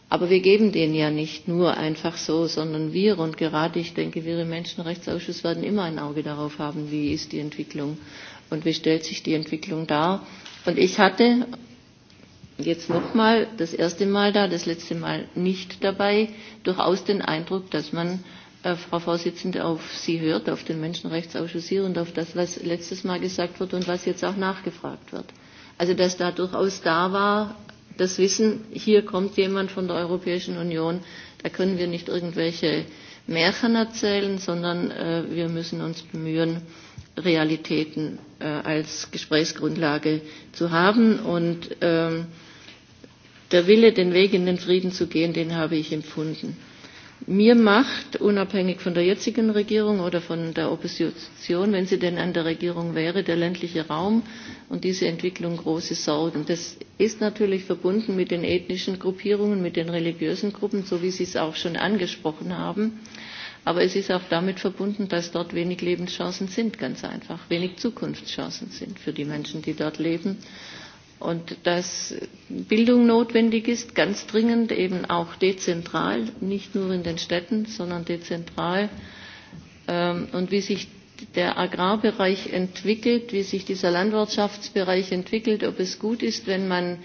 Aber wir geben den ja nicht nur einfach so, sondern wir und gerade ich denke, wir im Menschenrechtsausschuss werden immer ein Auge darauf haben, wie ist die Entwicklung und wie stellt sich die Entwicklung dar. Und ich hatte jetzt nochmal das erste Mal da, das letzte Mal nicht dabei, durchaus den Eindruck, dass man, äh, Frau Vorsitzende, auf Sie hört, auf den Menschenrechtsausschuss hier und auf das, was letztes Mal gesagt wurde und was jetzt auch nachgefragt wird. Also dass da durchaus da war, das Wissen, hier kommt jemand von der Europäischen Union, da können wir nicht irgendwelche Märchen erzählen, sondern äh, wir müssen uns bemühen, Realitäten äh, als Gesprächsgrundlage zu haben. Und ähm, der Wille, den Weg in den Frieden zu gehen, den habe ich empfunden mir macht, unabhängig von der jetzigen Regierung oder von der Opposition, wenn sie denn an der Regierung wäre, der ländliche Raum und diese Entwicklung große Sorgen. Das ist natürlich verbunden mit den ethnischen Gruppierungen, mit den religiösen Gruppen, so wie Sie es auch schon angesprochen haben. Aber es ist auch damit verbunden, dass dort wenig Lebenschancen sind, ganz einfach, wenig Zukunftschancen sind für die Menschen, die dort leben und dass Bildung notwendig ist, ganz dringend eben auch dezentral, nicht nur in den Städten, sondern dezentral ähm, und wie sich der Agrarbereich entwickelt, wie sich dieser Landwirtschaftsbereich entwickelt, ob es gut ist, wenn man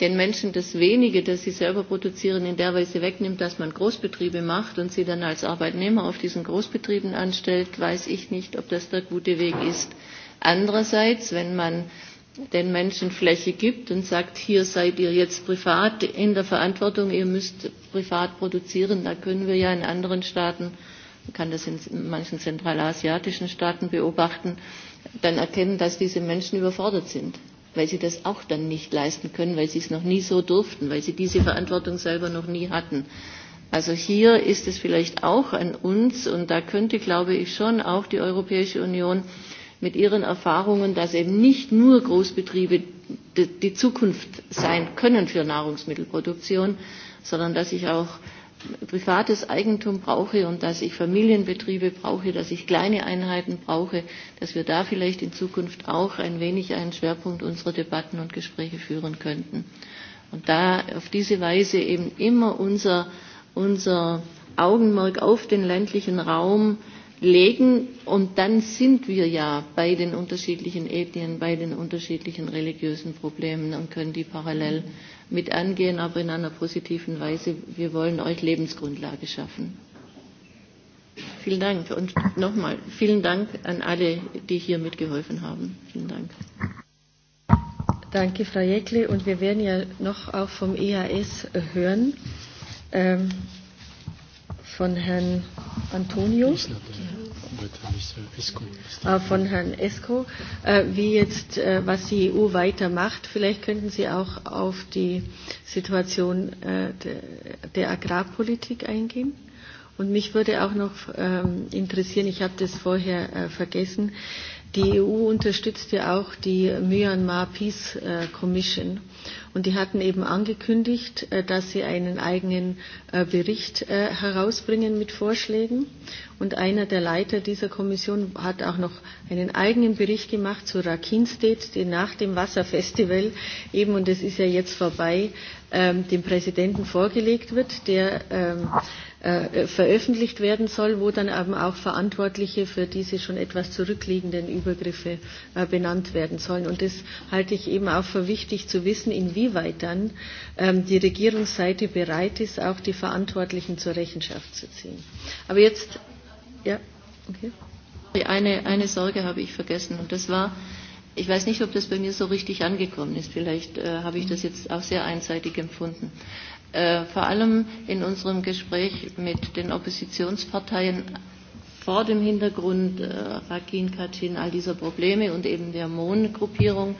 den Menschen das wenige, das sie selber produzieren, in der Weise wegnimmt, dass man Großbetriebe macht und sie dann als Arbeitnehmer auf diesen Großbetrieben anstellt, weiß ich nicht, ob das der gute Weg ist. Andererseits, wenn man den Menschen Fläche gibt und sagt, hier seid ihr jetzt privat in der Verantwortung, ihr müsst privat produzieren. Da können wir ja in anderen Staaten, man kann das in manchen zentralasiatischen Staaten beobachten, dann erkennen, dass diese Menschen überfordert sind, weil sie das auch dann nicht leisten können, weil sie es noch nie so durften, weil sie diese Verantwortung selber noch nie hatten. Also hier ist es vielleicht auch an uns und da könnte, glaube ich, schon auch die Europäische Union äh, mit ihren Erfahrungen, dass eben nicht nur Großbetriebe die Zukunft sein können für Nahrungsmittelproduktion, sondern dass ich auch privates Eigentum brauche und dass ich Familienbetriebe brauche, dass ich kleine Einheiten brauche, dass wir da vielleicht in Zukunft auch ein wenig einen Schwerpunkt unserer Debatten und Gespräche führen könnten. Und da auf diese Weise eben immer unser, unser Augenmerk auf den ländlichen Raum äh, legen. Und dann sind wir ja bei den unterschiedlichen Ethnien, bei den unterschiedlichen religiösen Problemen und können die parallel mit angehen, aber in einer positiven Weise. Wir wollen euch Lebensgrundlage schaffen. Vielen Dank und nochmal vielen Dank an alle, die hier mitgeholfen haben. Vielen Dank. Danke, Frau Jäckle. Und wir werden ja noch auch vom EAS hören. Ähm, von Herrn Antonio, äh, ah, von Herrn Esco, äh, wie jetzt, äh, was die EU weitermacht. Vielleicht könnten Sie auch auf die Situation äh, der, der Agrarpolitik eingehen. Und mich würde auch noch ähm, interessieren, ich habe das vorher äh, vergessen, die EU unterstützt ja auch die Myanmar Peace äh, Commission. Und die hatten eben angekündigt, äh, dass sie einen eigenen äh, Bericht äh, herausbringen mit Vorschlägen. Und einer der Leiter dieser Kommission hat auch noch einen eigenen Bericht gemacht zu Rakhine State, den nach dem Wasserfestival eben, und das ist ja jetzt vorbei, ähm, dem Präsidenten vorgelegt wird, der ähm, veröffentlicht werden soll, wo dann eben auch Verantwortliche für diese schon etwas zurückliegenden Übergriffe benannt werden sollen. Und das halte ich eben auch für wichtig zu wissen, inwiefern inwieweit dann ähm, die Regierungsseite bereit ist, auch die Verantwortlichen zur Rechenschaft zu ziehen. Aber jetzt, ja, okay. Eine, eine Sorge habe ich vergessen und das war, ich weiß nicht, ob das bei mir so richtig angekommen ist. Vielleicht äh, habe ich das jetzt auch sehr einseitig empfunden. Äh, vor allem in unserem Gespräch mit den Oppositionsparteien vor dem Hintergrund äh, Rakin, Katin, all dieser Probleme und eben der Mohn-Gruppierung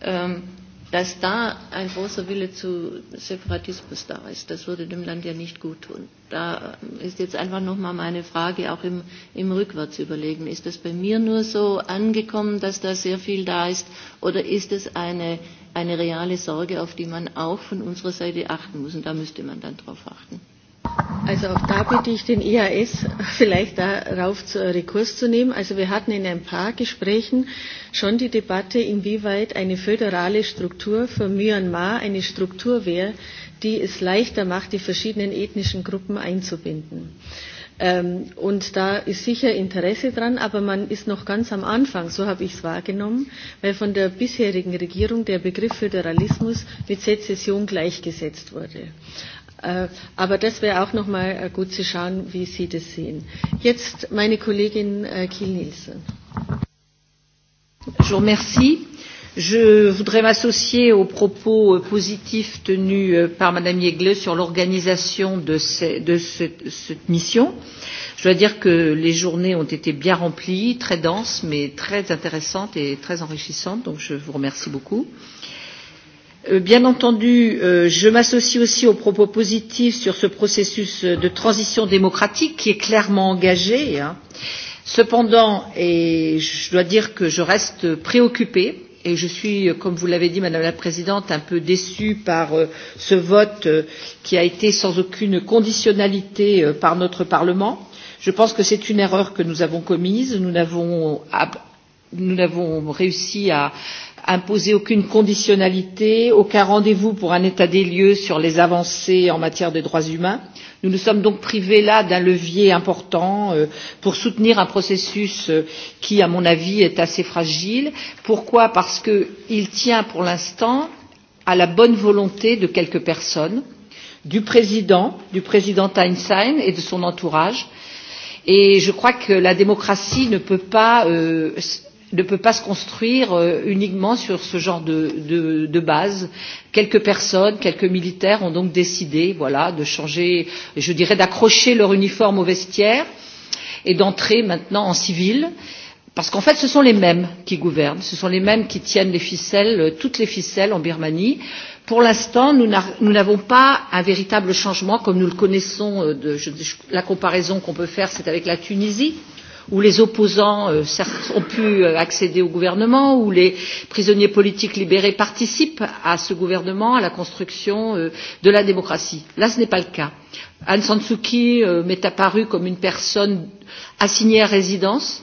ähm, dass da ein großer Wille zu Separatismus da ist. Das würde dem Land ja nicht gut tun. Da ist jetzt einfach nochmal meine Frage, auch im, im Rückwärtsüberlegen. Ist das bei mir nur so angekommen, dass da sehr viel da ist? Oder ist es eine, eine reale Sorge, auf die man auch von unserer Seite achten muss? Und da müsste man dann drauf achten. Also auch da bitte ich den IAS vielleicht darauf zu, äh, Rekurs zu nehmen. Also wir hatten in ein paar Gesprächen schon die Debatte, inwieweit eine föderale Struktur für Myanmar eine Struktur wäre, die es leichter macht, die verschiedenen ethnischen Gruppen einzubinden. Ähm, und da ist sicher Interesse dran, aber man ist noch ganz am Anfang, so habe ich es wahrgenommen, weil von der bisherigen Regierung der Begriff Föderalismus mit Sezession gleichgesetzt wurde. Äh, aber das wäre auch noch mal äh, gut zu schauen, wie Sie das sehen. Jetzt meine Kollegin äh, Kiel-Nielsen. Je vous remercie. Je voudrais m'associer aux propos euh, positifs tenus euh, par Madame Yegle sur l'organisation de, ces, de ce, cette mission. Je dois dire que les journées ont été bien remplies, très denses, mais très intéressantes et très enrichissantes, donc je vous remercie beaucoup. Euh, Euh, bien entendu, euh, je m'associe aussi aux propos positifs sur ce processus de transition démocratique qui est clairement engagé. Cependant, et je dois dire que je reste préoccupée et je suis, comme vous l'avez dit, Madame la Présidente, un peu déçue par euh, ce vote qui a été sans aucune conditionnalité par notre Parlement. Je pense que c'est une erreur que nous avons commise. Nous n'avons réussi à imposer aucune conditionnalité aucun rendez vous pour un état des lieux sur les avancées en matière de droits humains. nous nous sommes donc privés là d'un levier important euh, pour soutenir un processus euh, qui à mon avis est assez fragile. pourquoi? parce qu'il tient pour l'instant à la bonne volonté de quelques personnes du président du président Einstein et de son entourage et je crois que la démocratie ne peut pas euh, ne peut pas se construire euh, uniquement sur ce genre de, de, de base. Quelques personnes, quelques militaires ont donc décidé, voilà, de changer, je dirais, d'accrocher leur uniforme au vestiaire et d'entrer maintenant en civil. Parce qu'en fait, ce sont les mêmes qui gouvernent, ce sont les mêmes qui tiennent les ficelles, euh, toutes les ficelles en Birmanie. Pour l'instant, nous n'avons pas un véritable changement comme nous le connaissons. Euh, de, je, je, la comparaison qu'on peut faire, c'est avec la Tunisie. Euh, où les opposants euh, ont pu euh, accéder au gouvernement, où les prisonniers politiques libérés participent à ce gouvernement, à la construction euh, de la démocratie. Là, ce n'est pas le cas. Aung San Suu Kyi euh, m'est apparue comme une personne assignée à résidence,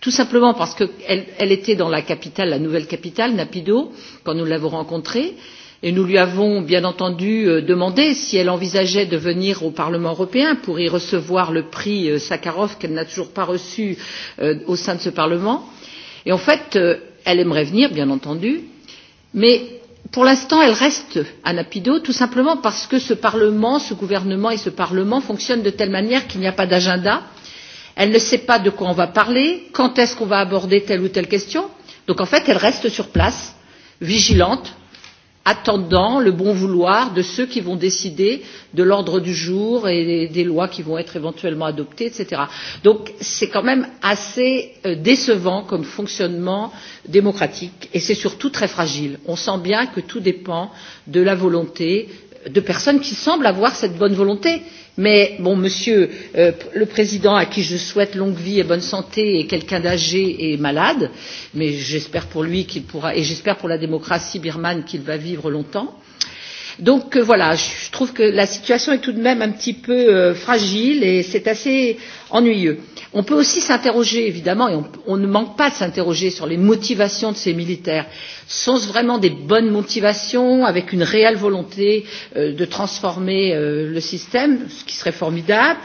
tout simplement parce qu'elle elle était dans la capitale, la nouvelle capitale, Napido, quand nous l'avons rencontrée et nous lui avons bien entendu euh, demandé si elle envisageait de venir au Parlement européen pour y recevoir le prix euh, Sakharov qu'elle n'a toujours pas reçu euh, au sein de ce Parlement. Et en fait, elle aimerait venir, bien entendu, mais pour l'instant, elle reste à Napido, tout simplement parce que ce Parlement, ce gouvernement et ce Parlement fonctionnent de telle manière qu'il n'y a pas d'agenda. Elle ne sait pas de quoi on va parler, quand est-ce qu'on va aborder telle ou telle question. Donc en fait, elle reste sur place, vigilante, attendant le bon vouloir de ceux qui vont décider de l'ordre du jour et des lois qui vont être éventuellement adoptées, etc. Donc c'est quand même assez euh, décevant comme fonctionnement démocratique et c'est surtout très fragile. On sent bien que tout dépend de la volonté de personnes qui semblent avoir cette bonne volonté mais bon, monsieur euh, le président à qui je souhaite longue vie et bonne santé est quelqu'un d'âgé et malade, mais j'espère pour lui qu'il pourra, et j'espère pour la démocratie birmane qu'il va vivre longtemps. Donc euh, voilà, je trouve que la situation est tout de même un petit peu euh, fragile et c'est assez ennuyeux. Euh, On peut aussi s'interroger, évidemment, et on, on ne manque pas de s'interroger sur les motivations de ces militaires. Sont-ce vraiment des bonnes motivations, avec une réelle volonté euh, de transformer euh, le système, ce qui serait formidable euh,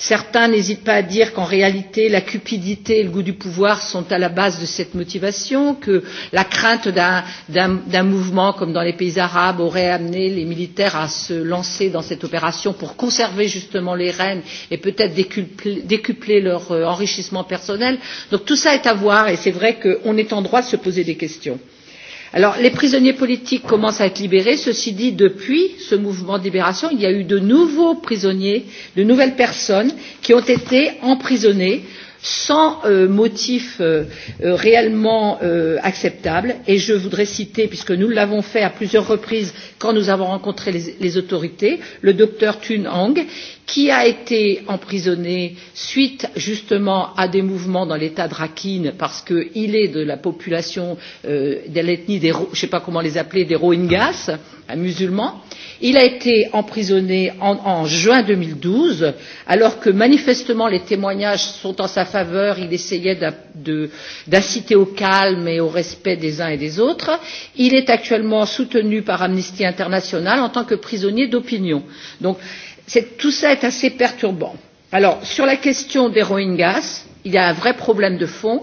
Certains n'hésitent pas à dire qu'en réalité, la cupidité et le goût du pouvoir sont à la base de cette motivation, que la crainte d'un mouvement comme dans les pays arabes aurait amené les militaires à se lancer dans cette opération pour conserver justement les rênes et peut-être décupler, décupler leur euh, enrichissement personnel. Donc tout ça est à voir et c'est vrai qu'on est en droit de se poser des questions. Alors, les prisonniers politiques commencent à être libérés. Ceci dit, depuis ce mouvement de libération, il y a eu de nouveaux prisonniers, de nouvelles personnes qui ont été emprisonnées sans euh, motif euh, euh, réellement euh, acceptable et je voudrais citer puisque nous l'avons fait à plusieurs reprises quand nous avons rencontré les, les autorités le docteur Thun Hang qui a été emprisonné suite justement à des mouvements dans l'état de Rakhine parce qu'il est de la population euh, de l'ethnie des je ne sais pas comment les appeler des Rohingyas, un musulman euh, il a été emprisonné en, en juin deux mille douze alors que manifestement les témoignages sont en sa faveur il essayait d'inciter au calme et au respect des uns et des autres il est actuellement soutenu par amnesty international en tant que prisonnier d'opinion. donc tout cela est assez perturbant. alors sur la question des rohingyas il y a un vrai problème de fond.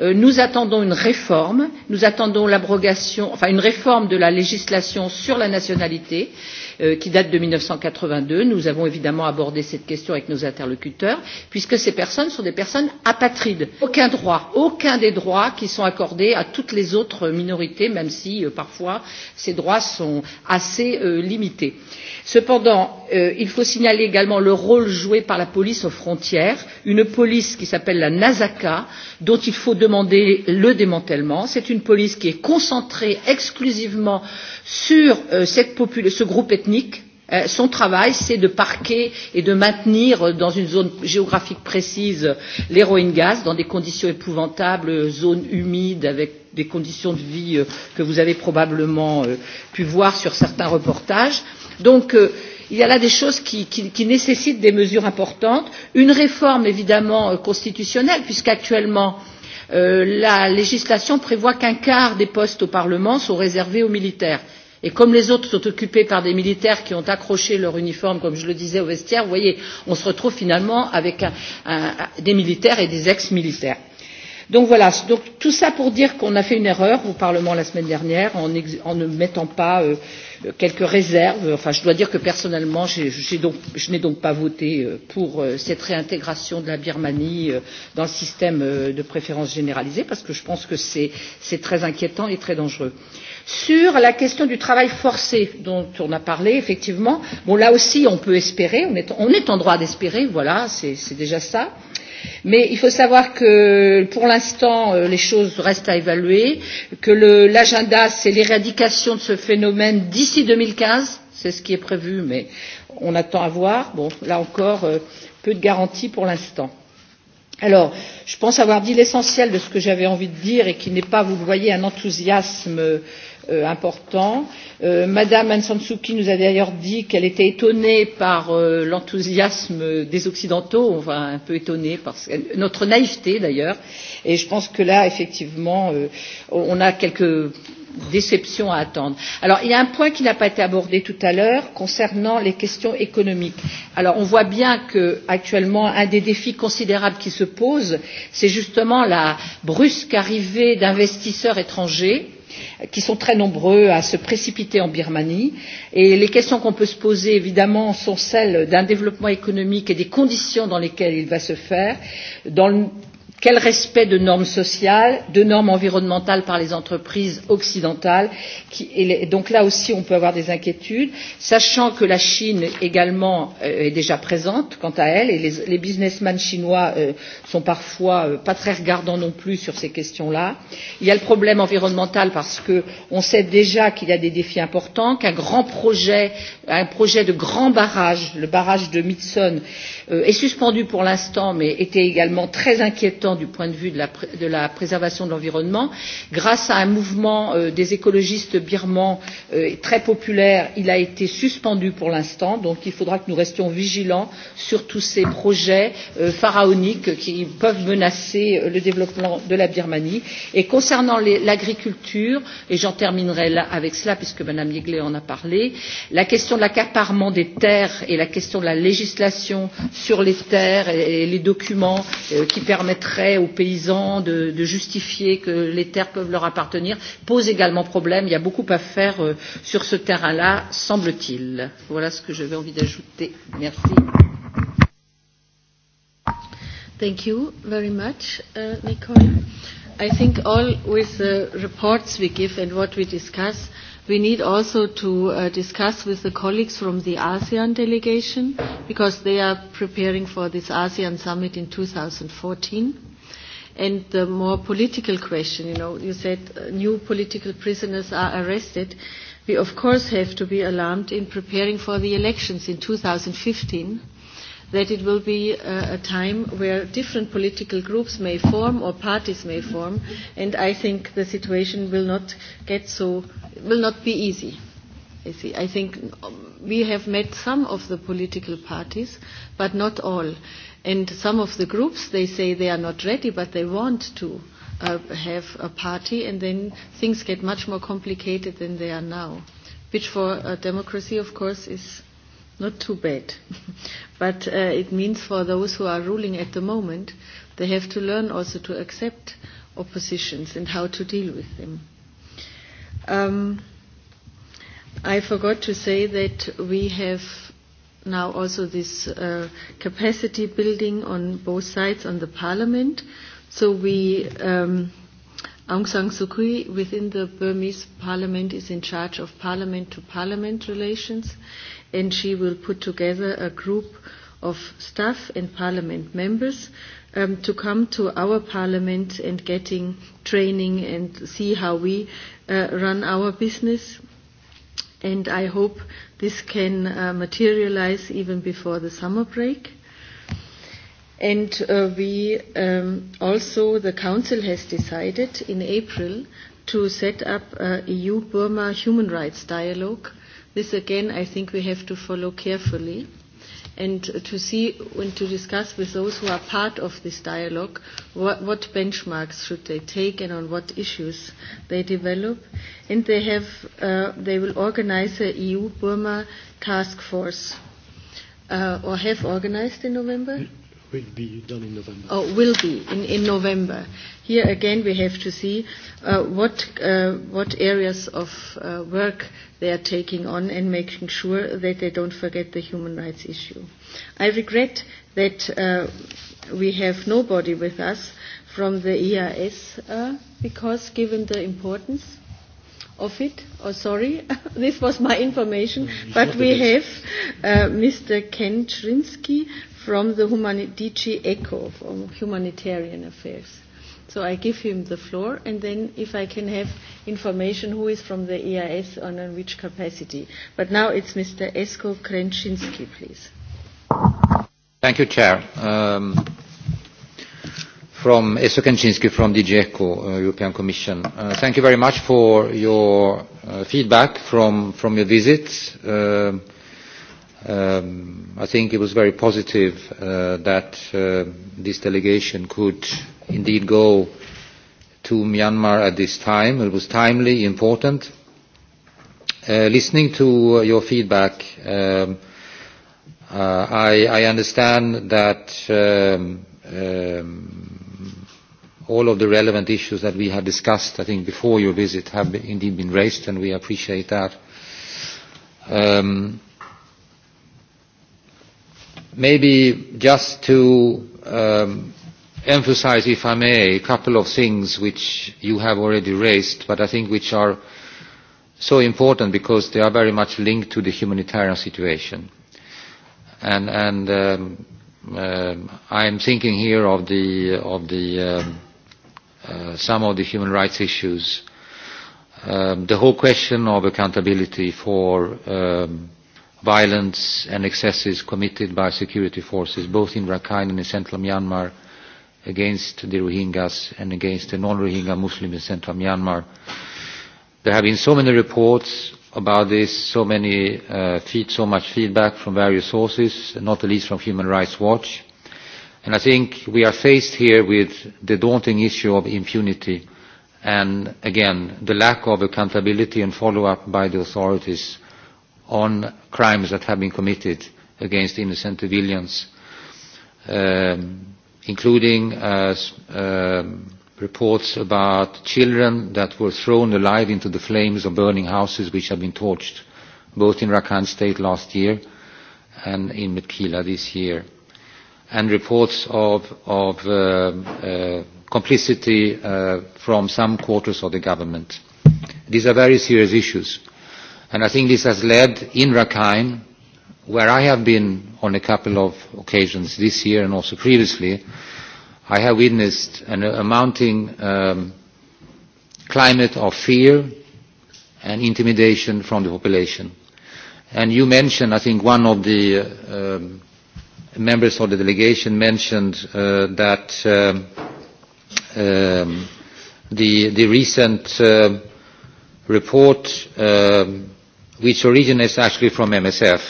Euh, nous attendons une réforme nous attendons l'abrogation enfin une réforme de la législation sur la nationalité et Euh, qui date de mille neuf cent quatre vingt deux nous avons évidemment abordé cette question avec nos interlocuteurs puisque ces personnes sont des personnes apatrides aucun droit aucun des droits qui sont accordés à toutes les autres minorités même si euh, parfois ces droits sont assez euh, limités. cependant il faut signaler également le rôle joué par la police aux frontières une police qui s'appelle la nasaka dont il faut demander le démantèlement. c'est une police qui est concentrée exclusivement sur cette ce groupe technique euh, son travail c'est de parquer et de maintenir dans une zone géographique précise les rohingyas dans des conditions épouvantables zones humides avec des conditions de vie euh, que vous avez probablement euh, pu voir sur certains reportages. donc il y a là des choses qui, qui, qui nécessitent des mesures importantes une réforme évidemment constitutionnelle puisqu'actuellement la législation prévoit qu'un quart des postes au parlement sont réservés aux militaires. Et comme les autres sont occupés par des militaires qui ont accroché leur uniforme, comme je le disais, au vestiaire, vous voyez, on se retrouve finalement avec un, un, des militaires et des ex-militaires. Donc voilà, donc, tout ça pour dire qu'on a fait une erreur au Parlement la semaine dernière en, ex, en ne mettant pas euh, quelques réserves. Enfin, je dois dire que personnellement, j ai, j ai donc, je n'ai donc pas voté euh, pour euh, cette réintégration de la Birmanie euh, dans le système de préférence généralisée parce que je pense que c'est très inquiétant et très dangereux. Euh, Sur la question du travail forcé dont on a parlé, effectivement, bon là aussi on peut espérer, on est, on est en droit d'espérer, voilà, c'est déjà ça. Mais il faut savoir que pour l'instant euh, les choses restent à évaluer, que l'agenda c'est l'éradication de ce phénomène d'ici 2015, c'est ce qui est prévu, mais on attend à voir. Bon, là encore, euh, peu de garanties pour l'instant. Alors, je pense avoir dit l'essentiel de ce que j'avais envie de dire et qui n'est pas, vous le voyez, un enthousiasme euh, important. Euh, Madame Aung San Suu Kyi nous a d'ailleurs dit qu'elle était étonnée par euh, l'enthousiasme des Occidentaux, enfin un peu étonnée par notre naïveté d'ailleurs. Et je pense que là, effectivement, euh, on a quelques déception à attendre. Alors, il y a un point qui n'a pas été abordé tout à l'heure concernant les questions économiques. Alors, on voit bien qu'actuellement, un des défis considérables qui se pose, c'est justement la brusque arrivée d'investisseurs étrangers qui sont très nombreux à se précipiter en Birmanie. Et les questions qu'on peut se poser, évidemment, sont celles d'un développement économique et des conditions dans lesquelles il va se faire, dans le quel respect de normes sociales de normes environnementales par les entreprises occidentales et donc là aussi on peut avoir des inquiétudes sachant que la chine également euh, est déjà présente quant à elle et les, les businessmen chinois euh, sont parfois euh, pas très regardants non plus sur ces questions là il y a le problème environnemental parce que on sait déjà qu'il y a des défis importants qu'un grand projet un projet de grand barrage le barrage de Mitsun euh, est suspendu pour l'instant, mais était également très inquiétant du point de vue de la, de la préservation de l'environnement. Grâce à un mouvement euh, des écologistes birmans euh, très populaire, il a été suspendu pour l'instant. Donc il faudra que nous restions vigilants sur tous ces projets euh, pharaoniques qui peuvent menacer euh, le développement de la Birmanie. Et concernant l'agriculture, et j'en terminerai là avec cela puisque Mme Yegley en a parlé, la question de l'accaparement des terres et la question de la législation sur les terres et les documents euh, qui permettraient aux paysans de, de justifier que les terres peuvent leur appartenir pose également problème. Il y a beaucoup à faire euh, sur ce terrain-là, semble-t-il. Voilà ce que j'avais envie d'ajouter. Merci. Thank you very much, uh, Nicole. I think all with the reports we give and what we discuss, uh, We need also to uh, discuss with the colleagues from the ASEAN delegation because they are preparing for this ASEAN summit in 2014. And the more political question, you know, you said uh, new political prisoners are arrested. We of course have to be alarmed in preparing for the elections in 2015 that it will be uh, a time where different political groups may form or parties may form, and I think the situation will not get so will not be easy. I, see. I think um, we have met some of the political parties, but not all. And some of the groups, they say they are not ready, but they want to uh, have a party, and then things get much more complicated than they are now, which for a uh, democracy, of course, is not too bad. but uh, it means for those who are ruling at the moment, they have to learn also to accept oppositions and how to deal with them. Um, I forgot to say that we have now also this uh, capacity building on both sides on the parliament. So we, um, Aung San Suu Kyi within the Burmese parliament is in charge of parliament to parliament relations and she will put together a group of staff and parliament members um, to come to our parliament and getting training and see how we uh, run our business. And I hope this can uh, materialize even before the summer break. And uh, we um, also, the Council has decided in April to set up uh, a EU-Burma human rights dialogue. This again, I think we have to follow carefully. Uh, and to see and to discuss with those who are part of this dialogue what, what benchmarks should they take and on what issues they develop. And they, have, uh, they will organize a EU-Burma task force uh, or have organized in November. Mm-hmm will be done in November. Oh, will be in, in November. Here again, we have to see uh, what uh, what areas of uh, work they are taking on and making sure that they don't forget the human rights issue. I regret that uh, we have nobody with us from the EIS uh, because, given the importance of it. Oh, sorry, this was my information. But we have uh, Mr. Ken Trinsky from the humani- DG ECHO, from Humanitarian Affairs. So I give him the floor, and then if I can have information who is from the EIS and in which capacity. But now it's Mr. Esko Krenczynski, please. Thank you, Chair. Um, from Esko Krenczynski from DG ECHO, uh, European Commission. Uh, thank you very much for your uh, feedback from, from your visit. Uh, um, Um, I think it was very positive uh, that uh, this delegation could indeed go to Myanmar at this time. It was timely, important. Uh, listening to uh, your feedback, um, uh, I, I understand that um, um, all of the relevant issues that we had discussed, I think, before your visit have been, indeed been raised, and we appreciate that. Um, Maybe just to um, emphasize, if I may, a couple of things which you have already raised, but I think which are so important because they are very much linked to the humanitarian situation. And, and um, um, I'm thinking here of the, of the, um, uh, some of the human rights issues, um, the whole question of accountability for um, violence and excesses committed by security forces both in Rakhine and in central Myanmar against the Rohingyas and against the non-Rohingya Muslims in central Myanmar. There have been so many reports about this, so, many, uh, feed, so much feedback from various sources, not the least from Human Rights Watch. And I think we are faced here with the daunting issue of impunity and, again, the lack of accountability and follow-up by the authorities on crimes that have been committed against innocent civilians, um, including uh, um, reports about children that were thrown alive into the flames of burning houses which have been torched, both in Rakhine State last year and in Metkila this year, and reports of, of uh, uh, complicity uh, from some quarters of the government. These are very serious issues And I think this has led in Rakhine, where I have been on a couple of occasions this year and also previously, I have witnessed an, a mounting um, climate of fear and intimidation from the population. And you mentioned, I think one of the uh, um, members of the delegation mentioned uh, that um, um, the, the recent uh, report um, which originates actually from MSF.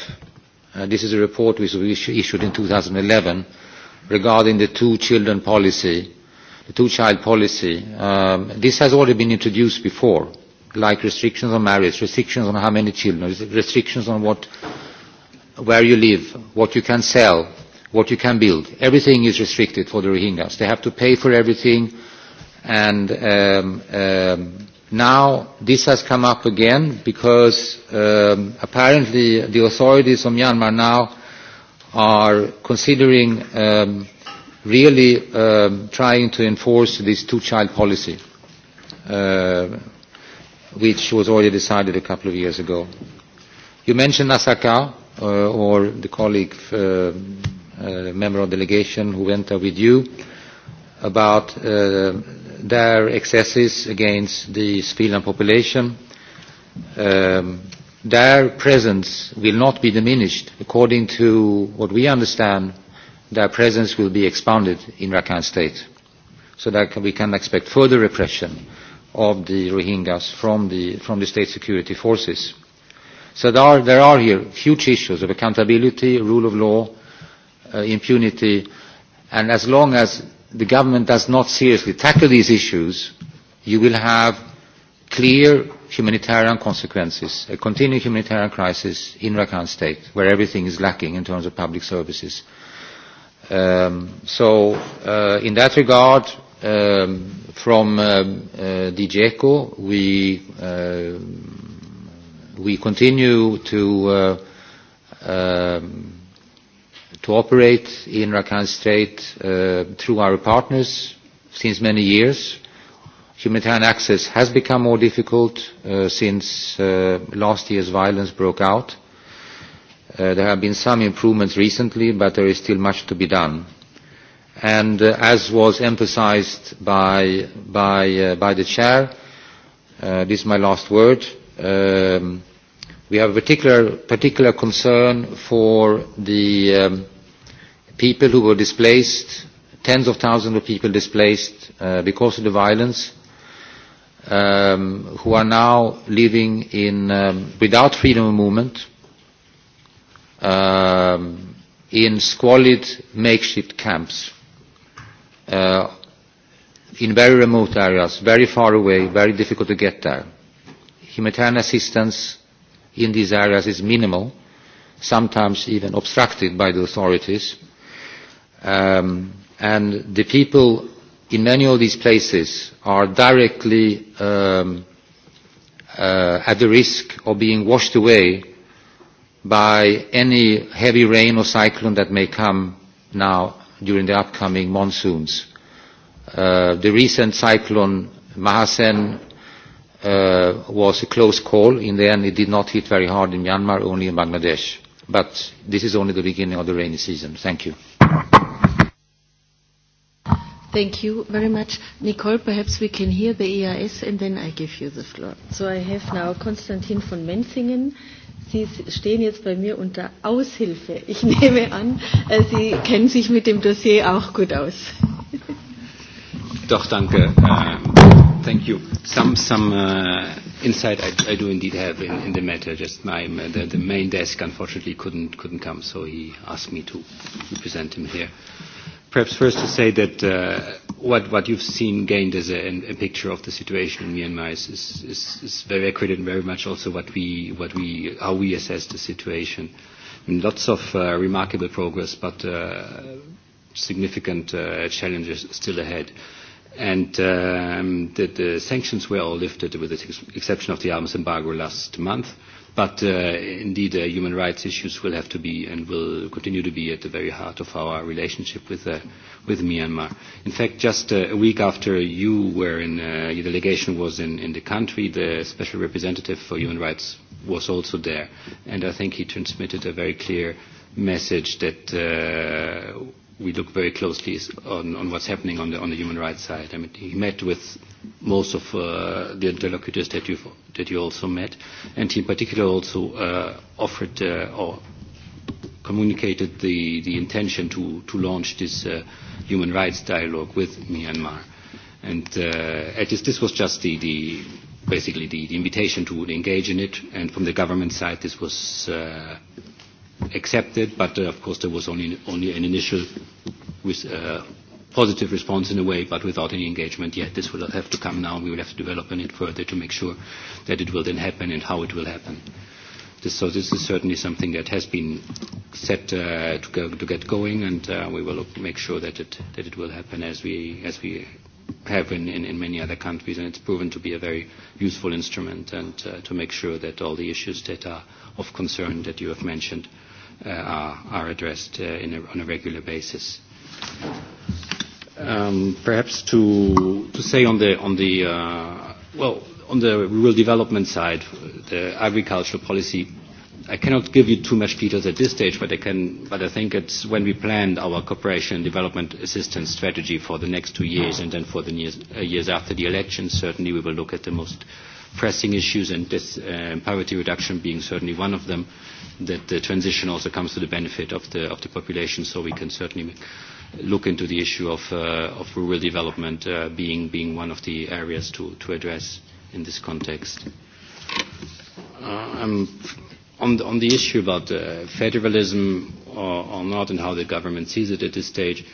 Uh, this is a report which we issued in 2011 regarding the two-children policy, the two-child policy. Um, this has already been introduced before, like restrictions on marriage, restrictions on how many children, restrictions on what, where you live, what you can sell, what you can build. Everything is restricted for the Rohingyas. They have to pay for everything, and um, um, Now this has come up again because um, apparently the authorities of Myanmar now are considering um, really um, trying to enforce this two-child policy, uh, which was already decided a couple of years ago. You mentioned Nasaka, uh, or the colleague, uh, uh, member of delegation who went there with you, about uh, their excesses against the civilian population, um, their presence will not be diminished. According to what we understand, their presence will be expanded in Rakhine State. So that we can expect further repression of the Rohingyas from the, from the state security forces. So there are, there are here huge issues of accountability, rule of law, uh, impunity, and as long as the government does not seriously tackle these issues, you will have clear humanitarian consequences, a continued humanitarian crisis in Rakhine State, where everything is lacking in terms of public services. Um, so, uh, in that regard, um, from um, uh, DG ECHO, we, uh, we continue to uh, um, to operate in Rakhine State uh, through our partners since many years. Humanitarian access has become more difficult uh, since uh, last year's violence broke out. Uh, there have been some improvements recently, but there is still much to be done. And uh, as was emphasized by, by, uh, by the chair, uh, this is my last word, um, we have a particular, particular concern for the um, people who were displaced, tens of thousands of people displaced uh, because of the violence, um, who are now living in, um, without freedom of movement, um, in squalid makeshift camps, uh, in very remote areas, very far away, very difficult to get there. Humanitarian assistance in these areas is minimal, sometimes even obstructed by the authorities. Uh, Um, and the people in many of these places are directly um, uh, at the risk of being washed away by any heavy rain or cyclone that may come now during the upcoming monsoons. Uh, the recent cyclone Mahasen uh, was a close call. In the end, it did not hit very hard in Myanmar, only in Bangladesh. But this is only the beginning of the rainy season. Thank you. Thank you very much. Nicole, perhaps we can hear the EIS and then I give you the floor. So I have now Konstantin von Menzingen. Sie stehen jetzt bei mir unter Aushilfe. Ich nehme an, äh, Sie kennen sich mit dem Dossier auch gut aus. Doch, danke. Uh, thank you. Some, some uh, insight I, I do indeed have in, in the matter. Just my, the, the main desk unfortunately couldn't, couldn't come, so he asked me to represent him here. Uh, Perhaps first to say that uh, what, what you've seen gained as a, a picture of the situation in Myanmar is, is, is, is very accurate and very much also what we, what we, how we assess the situation. I mean, lots of uh, remarkable progress, but uh, significant uh, challenges still ahead. And um, the, the sanctions were all lifted with the ex exception of the arms embargo last month. Uh, But uh, indeed, uh, human rights issues will have to be and will continue to be at the very heart of our relationship with, uh, with Myanmar. In fact, just uh, a week after you were in, uh, your delegation was in, in the country, the special representative for human rights was also there. And I think he transmitted a very clear message that uh, we look very closely on, on what's happening on the, on the human rights side. I mean, he met with most of uh, the interlocutors that, you've, that you also met, and he in particular also uh, offered uh, or communicated the, the intention to, to launch this uh, human rights dialogue with Myanmar. And uh, at this, this was just the, the basically the, the invitation to engage in it, and from the government side, this was. Uh, accepted, but uh, of course there was only, only an initial with, uh, positive response in a way, but without any engagement yet. This will have to come now, and we will have to develop on it further to make sure that it will then happen and how it will happen. This, so this is certainly something that has been set uh, to, go, to get going, and uh, we will make sure that it, that it will happen as we, as we have in, in, in many other countries, and it's proven to be a very useful instrument and uh, to make sure that all the issues that are of concern that you have mentioned uh, uh, are, are addressed uh, in a, on a regular basis. Um, perhaps to, to say on the, on the uh, well, on the rural development side, the agricultural policy, I cannot give you too much details at this stage, but I can, but I think it's when we planned our cooperation and development assistance strategy for the next two years and then for the years, uh, years after the election, certainly we will look at the most pressing issues, and this, uh, poverty reduction being certainly one of them. Uh, that the transition also comes to the benefit of the, of the population, so we can certainly look into the issue of, uh, of rural development uh, being, being one of the areas to, to address in this context. Uh, I'm on, the, on the issue about uh, federalism or, or not and how the government sees it at this stage,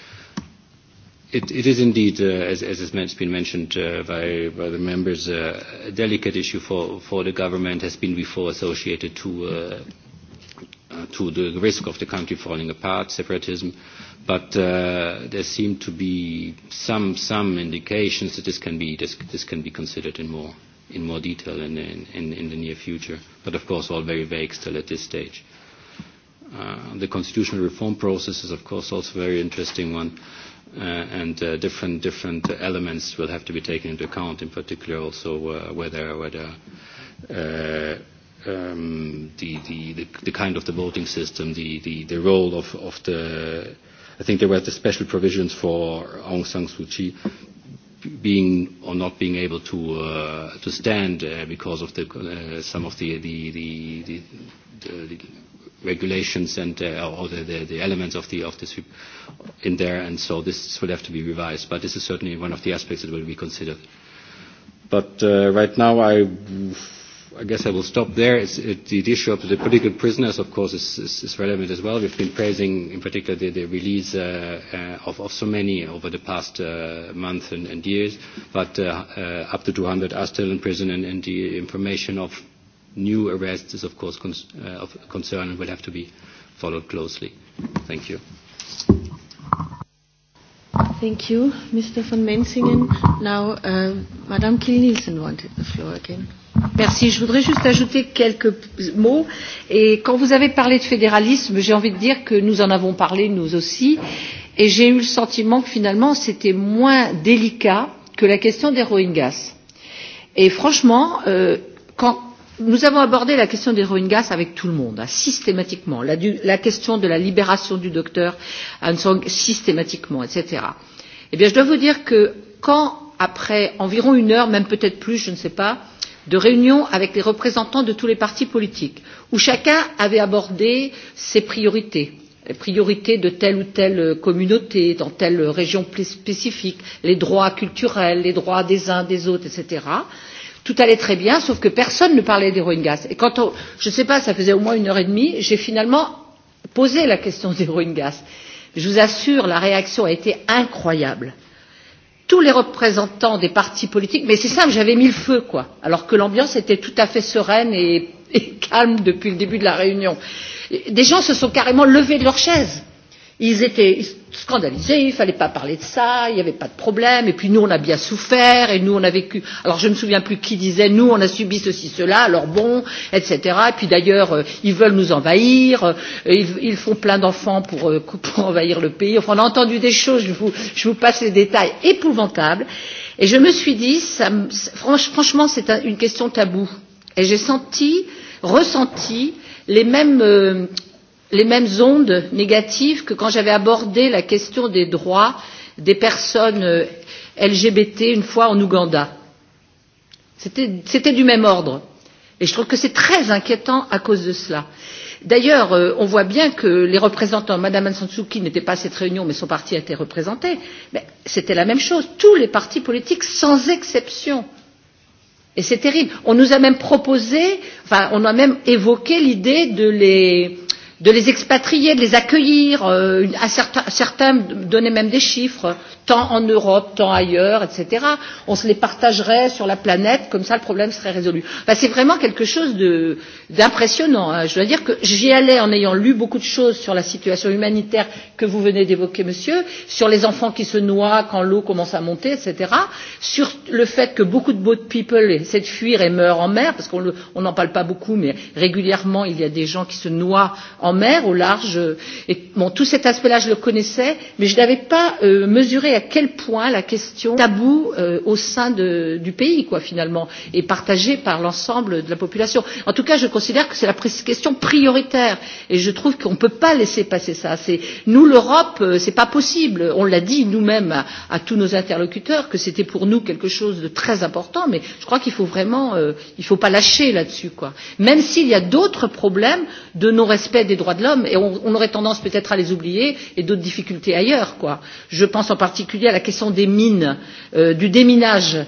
It, it is indeed, uh, as, as has been mentioned uh, by, by the members, uh, a delicate issue for, for the government has been before associated to uh, uh, to the risk of the country falling apart, separatism. But uh, there seem to be some some indications that this can be this, this can be considered in more in more detail in, in, in, in the near future. But of course, all very vague still at this stage. Uh, the constitutional reform process is, of course, also a very interesting one, uh, and uh, different different elements will have to be taken into account. In particular, also uh, whether whether uh, um, the, the, the, the kind of the voting system, the, the, the role of, of the, I think there were the special provisions for Aung San Suu Kyi being or not being able to uh, to stand uh, because of the uh, some of the the, the, the, the regulations and uh, or the, the, the elements of the of this in there, and so this will have to be revised. But this is certainly one of the aspects that will be considered. But uh, right now, I I guess I will stop there. It's, it, the issue of the political prisoners, of course, is, is, is relevant as well. We've been praising, in particular, the, the release uh, uh, of, of so many over the past uh, month and, and years, but uh, uh, up to 200 are still in prison, and, and the information of new arrests is, of course, con- uh, of concern and will have to be followed closely. Thank you. Thank you, Mr. von Menzingen. Now, uh, Madame Kiel-Nielsen wanted the floor again. Merci. Je voudrais juste ajouter quelques mots. Et quand vous avez parlé de fédéralisme, j'ai envie de dire que nous en avons parlé nous aussi. Et j'ai eu le sentiment que finalement, c'était moins délicat que la question des Rohingyas. Et franchement, euh, quand nous avons abordé la question des Rohingyas avec tout le monde, hein, systématiquement, la, du, la question de la libération du docteur Hansong, systématiquement, etc. Eh bien, je dois vous dire que quand, après environ une heure, même peut-être plus, je ne sais pas, euh, de réunions avec les représentants de tous les partis politiques où chacun avait abordé ses priorités les priorités de telle ou telle communauté dans telle région spécifique les droits culturels les droits des uns des autres etc. Tout allait très bien, sauf que personne ne parlait des Rohingyas. Et quand on, je ne sais pas, ça faisait au moins une heure et demie, j'ai finalement posé la question des Rohingyas. Je vous assure, la réaction a été incroyable. Euh, tous les représentants des partis politiques mais c'est simple j'avais mis le feu quoi alors que l'ambiance était tout à fait sereine et, et calme depuis le début de la réunion. des gens se sont carrément levés de leur chaise ils étaient scandalisés, il ne fallait pas parler de ça, il n'y avait pas de problème, et puis nous on a bien souffert, et nous on a vécu. Alors je ne me souviens plus qui disait nous on a subi ceci, cela, alors bon, etc. Et puis d'ailleurs euh, ils veulent nous envahir, euh, ils, ils font plein d'enfants pour, euh, pour envahir le pays. Enfin on a entendu des choses, je vous, je vous passe les détails épouvantables. Et je me suis dit, ça, franch, franchement c'est une question taboue. Et j'ai senti, ressenti les mêmes. Euh, les mêmes ondes négatives que quand j'avais abordé la question des droits des personnes euh, lgbt une fois en ouganda. c'était du même ordre et je trouve que c'est très inquiétant à cause de cela. d'ailleurs euh, on voit bien que les représentants mme ansatsuki n'était pas à cette réunion mais son parti était représenté mais c'était la même chose tous les partis politiques sans exception et c'est terrible. on nous a même proposé enfin on a même évoqué l'idée de les de les expatrier, de les accueillir. Euh, à certains, certains donnaient même des chiffres tant en Europe, tant ailleurs, etc. On se les partagerait sur la planète, comme ça le problème serait résolu. Enfin, c'est vraiment quelque chose d'impressionnant. Hein. Je dois dire que j'y allais en ayant lu beaucoup de choses sur la situation humanitaire que vous venez d'évoquer, monsieur, sur les enfants qui se noient quand l'eau commence à monter, etc. Sur le fait que beaucoup de boat people essaient de fuir et meurent en mer, parce qu'on n'en parle pas beaucoup, mais régulièrement il y a des gens qui se noient en mer, au large. Et, bon, tout cet aspect-là, je le connaissais, mais je n'avais pas euh, mesuré à quel point la question taboue euh, au sein de, du pays, quoi, finalement, et partagée par l'ensemble de la population. En tout cas, je considère que c'est la question prioritaire, et je trouve qu'on ne peut pas laisser passer ça. C'est, nous, l'Europe, euh, c'est pas possible. On l'a dit nous-mêmes à, à tous nos interlocuteurs que c'était pour nous quelque chose de très important, mais je crois qu'il faut vraiment, euh, il faut pas lâcher là-dessus, quoi. Même s'il y a d'autres problèmes de non-respect des droits de l'homme, et on, on aurait tendance peut-être à les oublier, et d'autres difficultés ailleurs, quoi. Je pense en particulier particulier à la question des mines, euh, du déminage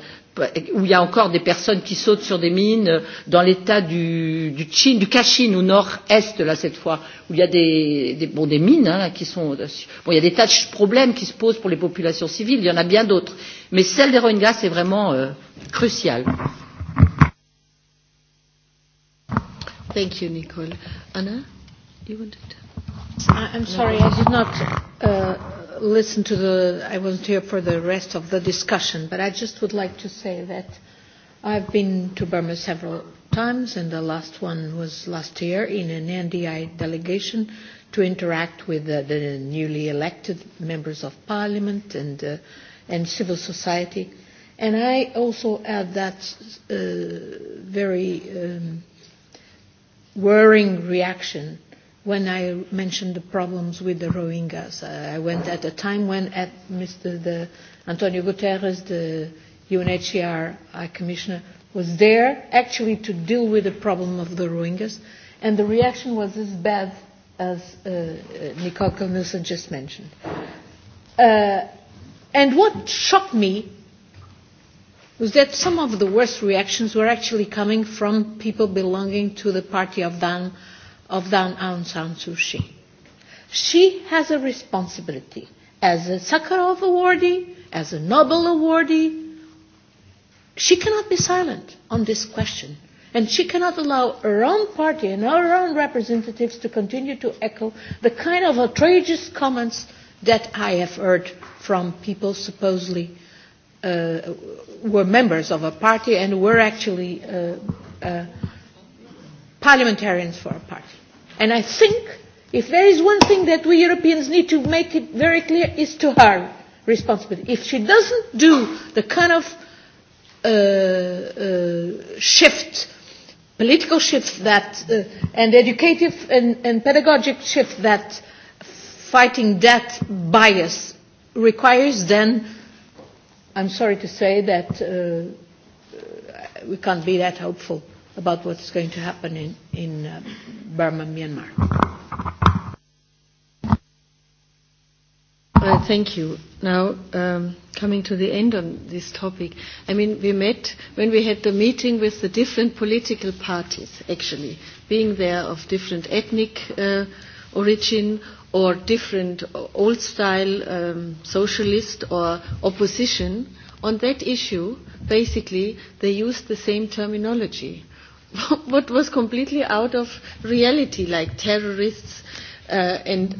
où il y a encore des personnes qui sautent sur des mines euh, dans l'état du, du, Chine, du Kachin au nord-est là cette fois où il y a des, des, bon, des mines hein, qui sont bon il y a des tas de problèmes qui se posent pour les populations civiles il y en a bien d'autres mais celle des Rohingyas est vraiment euh, cruciale. Thank you Nicole. Anna, you wanted to... I'm sorry I did not uh, listen to the, I wasn't here for the rest of the discussion, but I just would like to say that I've been to Burma several times, and the last one was last year in an NDI delegation to interact with the, the newly elected members of parliament and, uh, and civil society. And I also had that uh, very um, worrying reaction uh, when I mentioned the problems with the Rohingyas. Uh, I went at a time when at Mr. The Antonio Guterres, the UNHCR High uh, Commissioner, was there actually to deal with the problem of the Rohingyas, and the reaction was as bad as uh, uh Nicole Kilnilson just mentioned. Uh, and what shocked me was that some of the worst reactions were actually coming from people belonging to the party of Dan of Aung San Suu Kyi. She has a responsibility as a Sakharov awardee, as a Nobel awardee. She cannot be silent on this question. And she cannot allow her own party and her own representatives to continue to echo the kind of outrageous comments that I have heard from people supposedly uh, were members of a party and were actually uh, uh, parliamentarians for a party. And I think if there is one thing that we Europeans need to make it very clear is to her responsibility. If she doesn't do the kind of uh, uh, shift, political shift that, uh, and educative and, and pedagogic shift that fighting that bias requires, then I'm sorry to say that uh, we can't be that hopeful about what is going to happen in, in uh, Burma, Myanmar. Uh, thank you. Now, um, coming to the end on this topic, I mean, we met when we had the meeting with the different political parties, actually, being there of different ethnic uh, origin or different old style um, socialist or opposition. On that issue, basically, they used the same terminology what was completely out of reality, like terrorists uh, and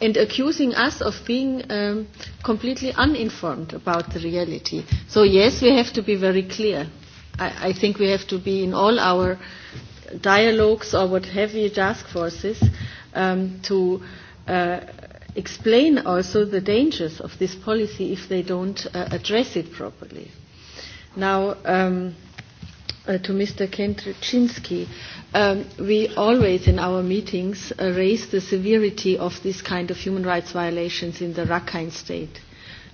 and accusing us of being um, completely uninformed about the reality. So yes, we have to be very clear. I, I think we have to be in all our dialogues or what have you, task forces, um, to uh, explain also the dangers of this policy if they don't uh, address it properly. Now. Um, uh, to Mr. Kentryczynski. Um, we always in our meetings uh, raise the severity of this kind of human rights violations in the Rakhine state.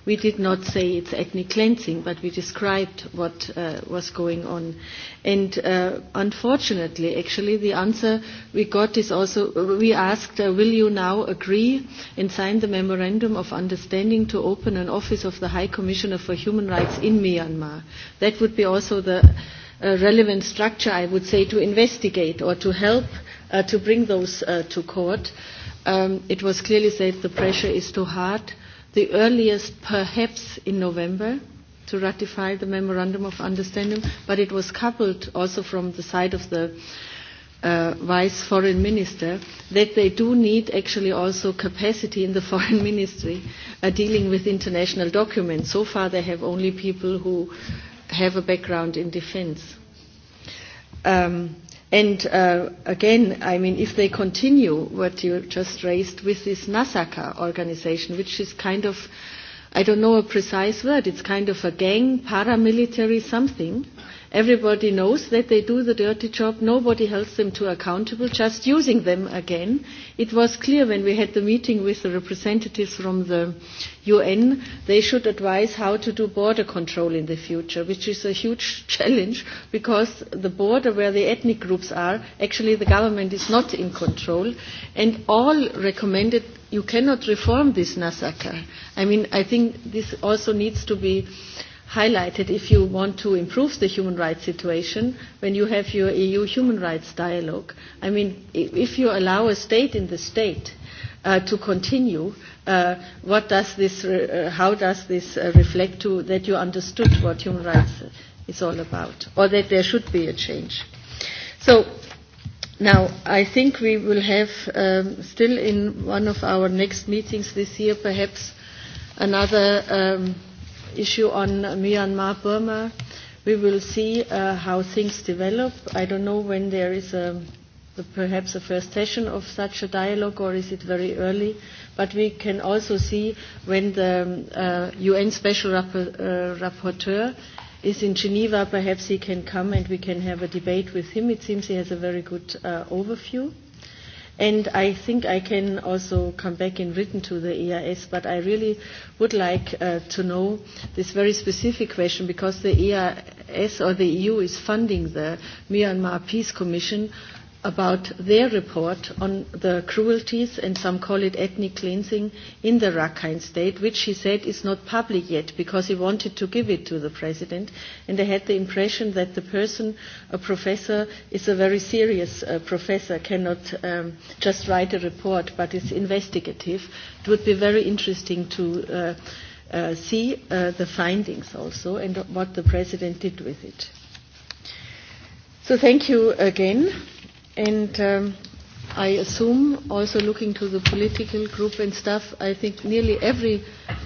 We did not say it's ethnic cleansing, but we described what uh, was going on. And uh, unfortunately, actually, the answer we got is also we asked, uh, will you now agree and sign the memorandum of understanding to open an office of the High Commissioner for Human Rights in Myanmar? That would be also the uh, relevant structure, I would say, to investigate or to help uh, to bring those uh, to court. Um, it was clearly said the pressure is too hard. The earliest, perhaps in November, to ratify the memorandum of understanding, but it was coupled also from the side of the uh, vice foreign minister that they do need actually also capacity in the foreign ministry uh, dealing with international documents. So far, they have only people who have a background in defense. Um, and uh, again, I mean, if they continue what you just raised with this massacre organization, which is kind of, I don't know a precise word, it's kind of a gang, paramilitary something, uh, Everybody knows that they do the dirty job. Nobody holds them to accountable, just using them again. It was clear when we had the meeting with the representatives from the UN, they should advise how to do border control in the future, which is a huge challenge because the border where the ethnic groups are, actually the government is not in control. And all recommended, you cannot reform this Nasaka. I mean, I think this also needs to be highlighted if you want to improve the human rights situation when you have your EU human rights dialogue. I mean, if you allow a state in the state uh, to continue, uh, what does this, re- uh, how does this uh, reflect to that you understood what human rights is all about, or that there should be a change? So Now, I think we will have um, still in one of our next meetings this year perhaps another um, issue on Myanmar, Burma. We will see uh, how things develop. I don't know when there is a, a, perhaps a first session of such a dialogue, or is it very early? But we can also see when the um, uh, UN Special Rappo- uh, Rapporteur is in Geneva. Perhaps he can come and we can have a debate with him. It seems he has a very good uh, overview. Uh, And I think I can also come back in written to the EIS, but I really would like uh, to know this very specific question because the EIS or the EU is funding the Myanmar Peace Commission about their report on the cruelties and some call it ethnic cleansing in the Rakhine state, which he said is not public yet because he wanted to give it to the president. And I had the impression that the person, a professor, is a very serious uh, professor, cannot um, just write a report, but is investigative. It would be very interesting to uh, uh, see uh, the findings also and what the president did with it. So thank you again And um, I assume, also looking to the political group and stuff, I think nearly every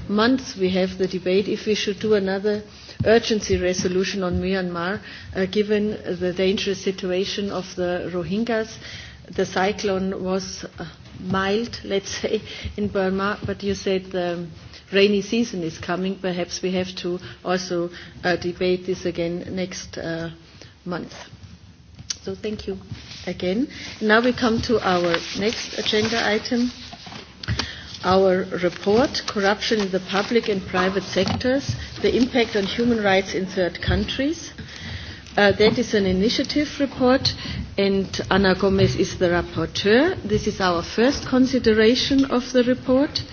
month we have the debate if we should do another urgency resolution on Myanmar, uh, given the dangerous situation of the Rohingyas. The cyclone was uh, mild, let's say, in Burma, but you said the rainy season is coming. Perhaps we have to also uh, debate this again next uh, month. So thank you again. Now we come to our next agenda item, our report, Corruption in the Public and Private Sectors, the Impact on Human Rights in Third Countries. Uh, that is an initiative report, and Ana Gomez is the rapporteur. This is our first consideration of the report.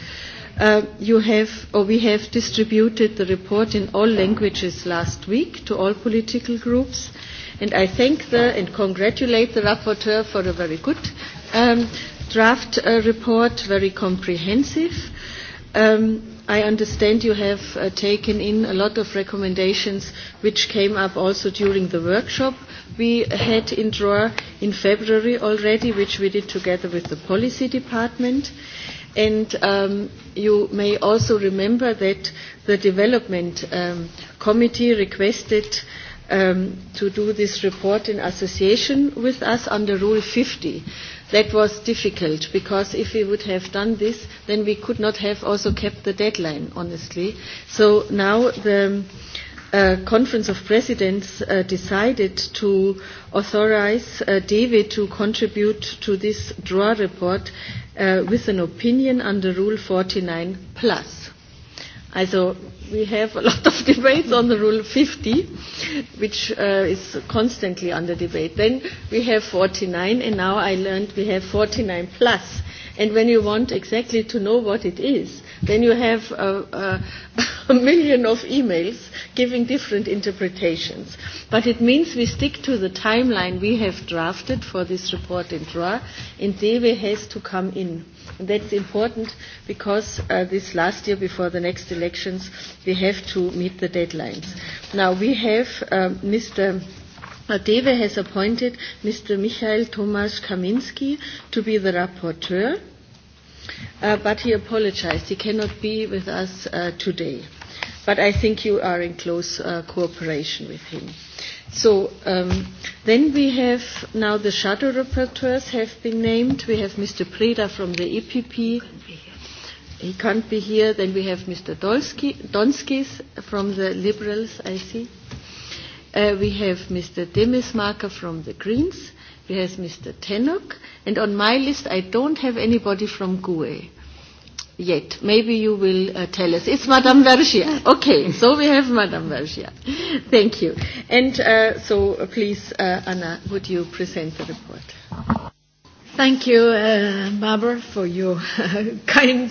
Uh, you have, or we have distributed the report in all languages last week to all political groups. Uh, And I thank the, and congratulate the rapporteur for a very good um, draft uh, report, very comprehensive. Um, I understand you have uh, taken in a lot of recommendations which came up also during the workshop we had in DROA in February already, which we did together with the policy department. And um, you may also remember that the development um, committee requested uh, um, to do this report in association with us under Rule 50. That was difficult because if we would have done this, then we could not have also kept the deadline, honestly. So now the uh, Conference of Presidents uh, decided to authorize uh, David to contribute to this draw report uh, with an opinion under Rule 49 plus. Also we have a lot of debates on the Rule 50, which uh, is constantly under debate. Then we have 49, and now I learned we have 49 plus. And when you want exactly to know what it is, then you have uh, uh, a, a, a million of emails giving different interpretations. But it means we stick to the timeline we have drafted for this report in DRA, and DEWE has to come in. And that's important because uh, this last year, before the next elections, we have to meet the deadlines. Now, we have uh, Mr. Uh, Deve has appointed Mr. Michael Tomasz Kaminski to be the rapporteur uh, but he apologized. He cannot be with us uh, today. But I think you are in close uh, cooperation with him. So um, then we have now the shadow rapporteurs have been named. We have Mr. Preda from the EPP. He can't be here. Then we have Mr. Dolsky, Donskis from the Liberals, I see. Uh, we have Mr. Demismarker from the Greens we have Mr. Tenok, and on my list I don't have anybody from GUE yet. Maybe you will uh, tell us. It's Madame Vergia. Okay, so we have Madame Vergia. Thank you. And uh, so uh, please, uh, Anna, would you present the report? Thank you, uh, Barbara, for your kind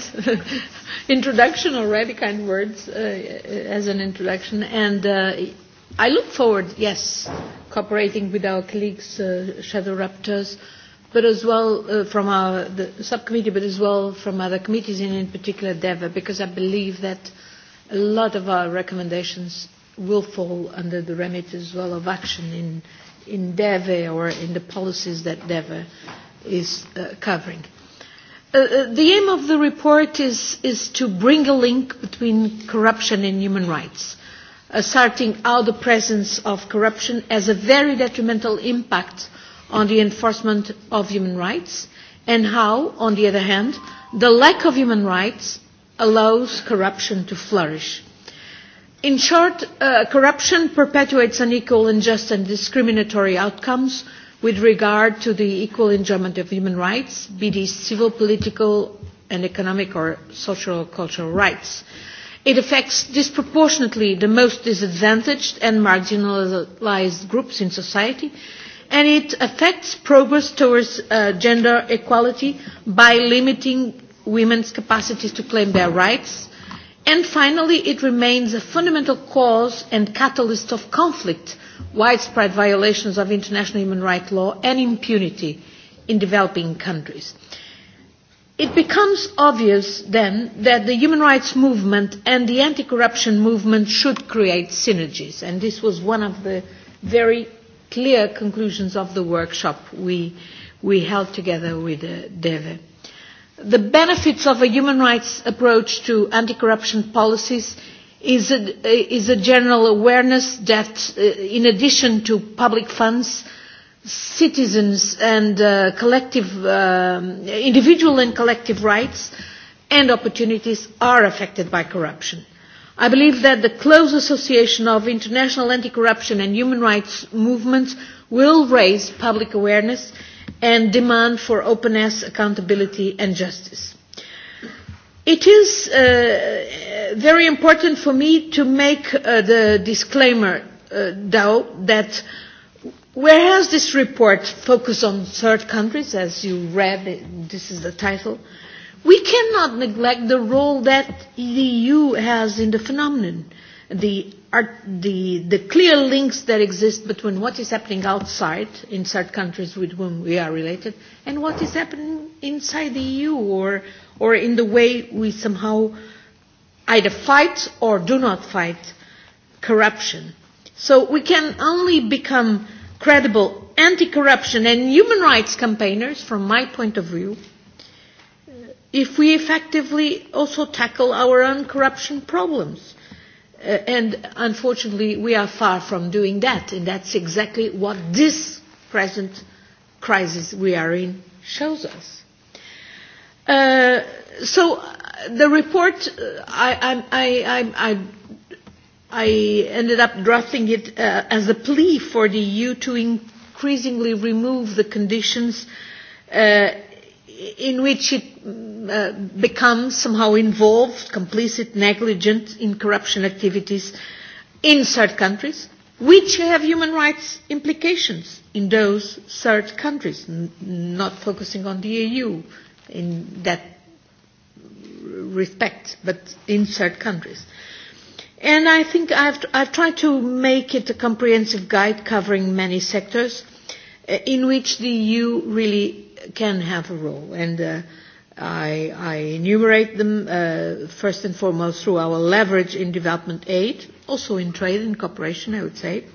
introduction already, kind words uh, as an introduction. And uh, I look forward, yes, cooperating with our colleagues, uh, shadow rapporteurs, but as well uh, from our the subcommittee, but as well from other committees, and in particular DEVA, because I believe that a lot of our recommendations will fall under the remit as well of action in, in DEVA or in the policies that DEVA is uh, covering. Uh, uh the aim of the report is, is to bring a link between corruption and human rights asserting out the presence of corruption as a very detrimental impact on the enforcement of human rights and how, on the other hand, the lack of human rights allows corruption to flourish. In short, uh, corruption perpetuates unequal, unjust and discriminatory outcomes with regard to the equal enjoyment of human rights, be these civil, political and economic or social or cultural rights. Uh, It affects disproportionately the most disadvantaged and marginalized groups in society, and it affects progress towards uh, gender equality by limiting women's capacities to claim their rights. And finally, it remains a fundamental cause and catalyst of conflict, widespread violations of international human rights law, and impunity in developing countries. It becomes obvious then that the human rights movement and the anti-corruption movement should create synergies. And this was one of the very clear conclusions of the workshop we, we held together with uh, DEVE. The benefits of a human rights approach to anti-corruption policies is a, is a general awareness that uh, in addition to public funds, uh, citizens and uh, collective, uh, individual and collective rights and opportunities are affected by corruption. I believe that the close association of international anti-corruption and human rights movements will raise public awareness and demand for openness, accountability and justice. It is uh, very important for me to make uh, the disclaimer, uh, though, that uh, Whereas this report focuses on third countries, as you read, this is the title, we cannot neglect the role that the EU has in the phenomenon, the, art, the, the clear links that exist between what is happening outside in third countries with whom we are related and what is happening inside the EU or, or in the way we somehow either fight or do not fight corruption. So we can only become credible anti-corruption and human rights campaigners, from my point of view, uh, if we effectively also tackle our own corruption problems. Uh, and unfortunately, we are far from doing that, and that's exactly what this present crisis we are in shows us. Uh, so uh, the report, uh, I, I, I, I, I I ended up drafting it uh, as a plea for the EU to increasingly remove the conditions uh, in which it uh, becomes somehow involved, complicit, negligent in corruption activities in third countries, which have human rights implications in those third countries, n- not focusing on the EU in that respect, but in third countries. And I think I've, I've tried to make it a comprehensive guide covering many sectors uh, in which the EU really can have a role. And uh, I, I enumerate them uh, first and foremost through our leverage in development aid, also in trade and cooperation, I would say,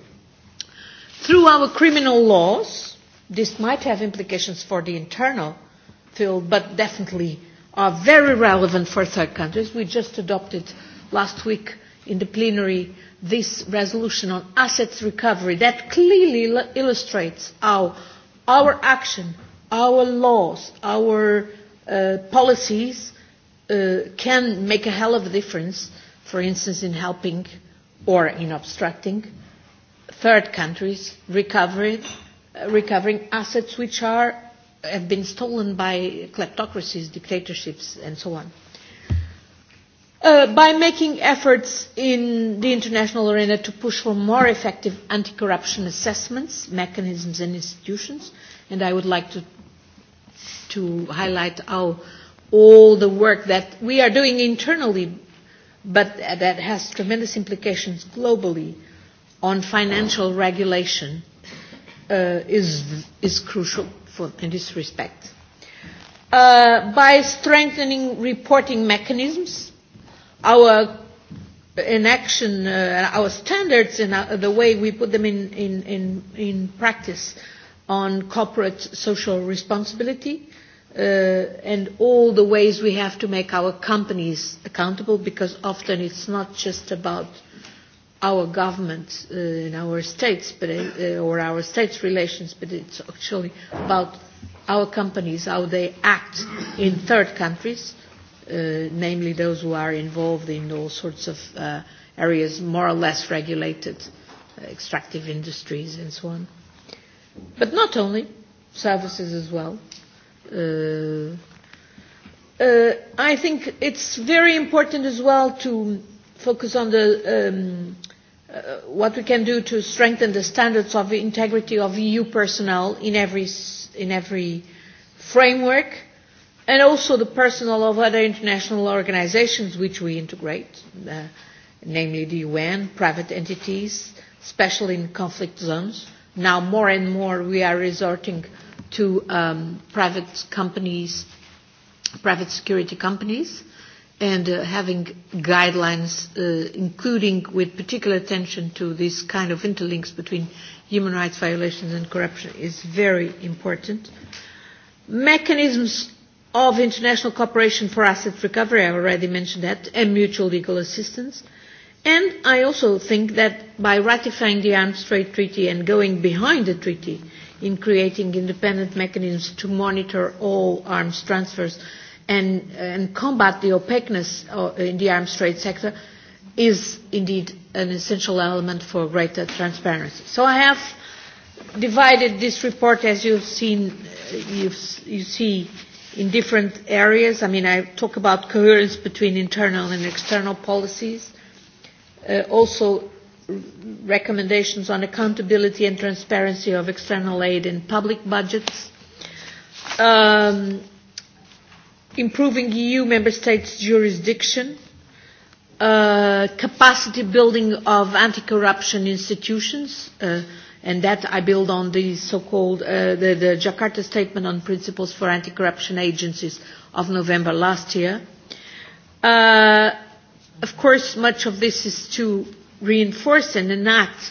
through our criminal laws. This might have implications for the internal field, but definitely are very relevant for third countries. We just adopted last week in the plenary this resolution on assets recovery that clearly illustrates how our action, our laws, our uh, policies uh, can make a hell of a difference, for instance, in helping or in obstructing third countries recovering, uh, recovering assets which are, have been stolen by kleptocracies, dictatorships, and so on uh, by making efforts in the international arena to push for more effective anti-corruption assessments, mechanisms and institutions. And I would like to, to highlight how all the work that we are doing internally, but that has tremendous implications globally on financial regulation uh, is, is crucial for, in this respect. Uh, by strengthening reporting mechanisms our inaction, uh, our standards and uh, the way we put them in, in, in, in practice on corporate social responsibility uh, and all the ways we have to make our companies accountable because often it's not just about our government uh, and our states but, uh, uh, or our states' relations, but it's actually about our companies, how they act in third countries. Uh, uh, namely those who are involved in all sorts of uh, areas more or less regulated, uh, extractive industries and so on. But not only, services as well. Uh, uh, I think it's very important as well to focus on the, um, uh, what we can do to strengthen the standards of integrity of EU personnel in every, in every framework. Uh, and also the personnel of other international organizations which we integrate, uh, namely the UN, private entities, especially in conflict zones. Now more and more we are resorting to um, private companies, private security companies, and uh, having guidelines, uh, including with particular attention to this kind of interlinks between human rights violations and corruption is very important. Mechanisms of international cooperation for asset recovery, I already mentioned that, and mutual legal assistance. And I also think that by ratifying the Arms Trade Treaty and going behind the treaty in creating independent mechanisms to monitor all arms transfers and, and combat the opaqueness uh, in the arms trade sector is indeed an essential element for greater transparency. So I have divided this report, as you've seen, uh, you've, you see, in different areas. I mean, I talk about coherence between internal and external policies. Uh, also, recommendations on accountability and transparency of external aid and public budgets. Um, improving EU member states' jurisdiction. Uh, capacity building of anti-corruption institutions. Uh, and that I build on the so-called uh, the, the Jakarta Statement on Principles for Anti-Corruption Agencies of November last year. Uh, of course, much of this is to reinforce and enact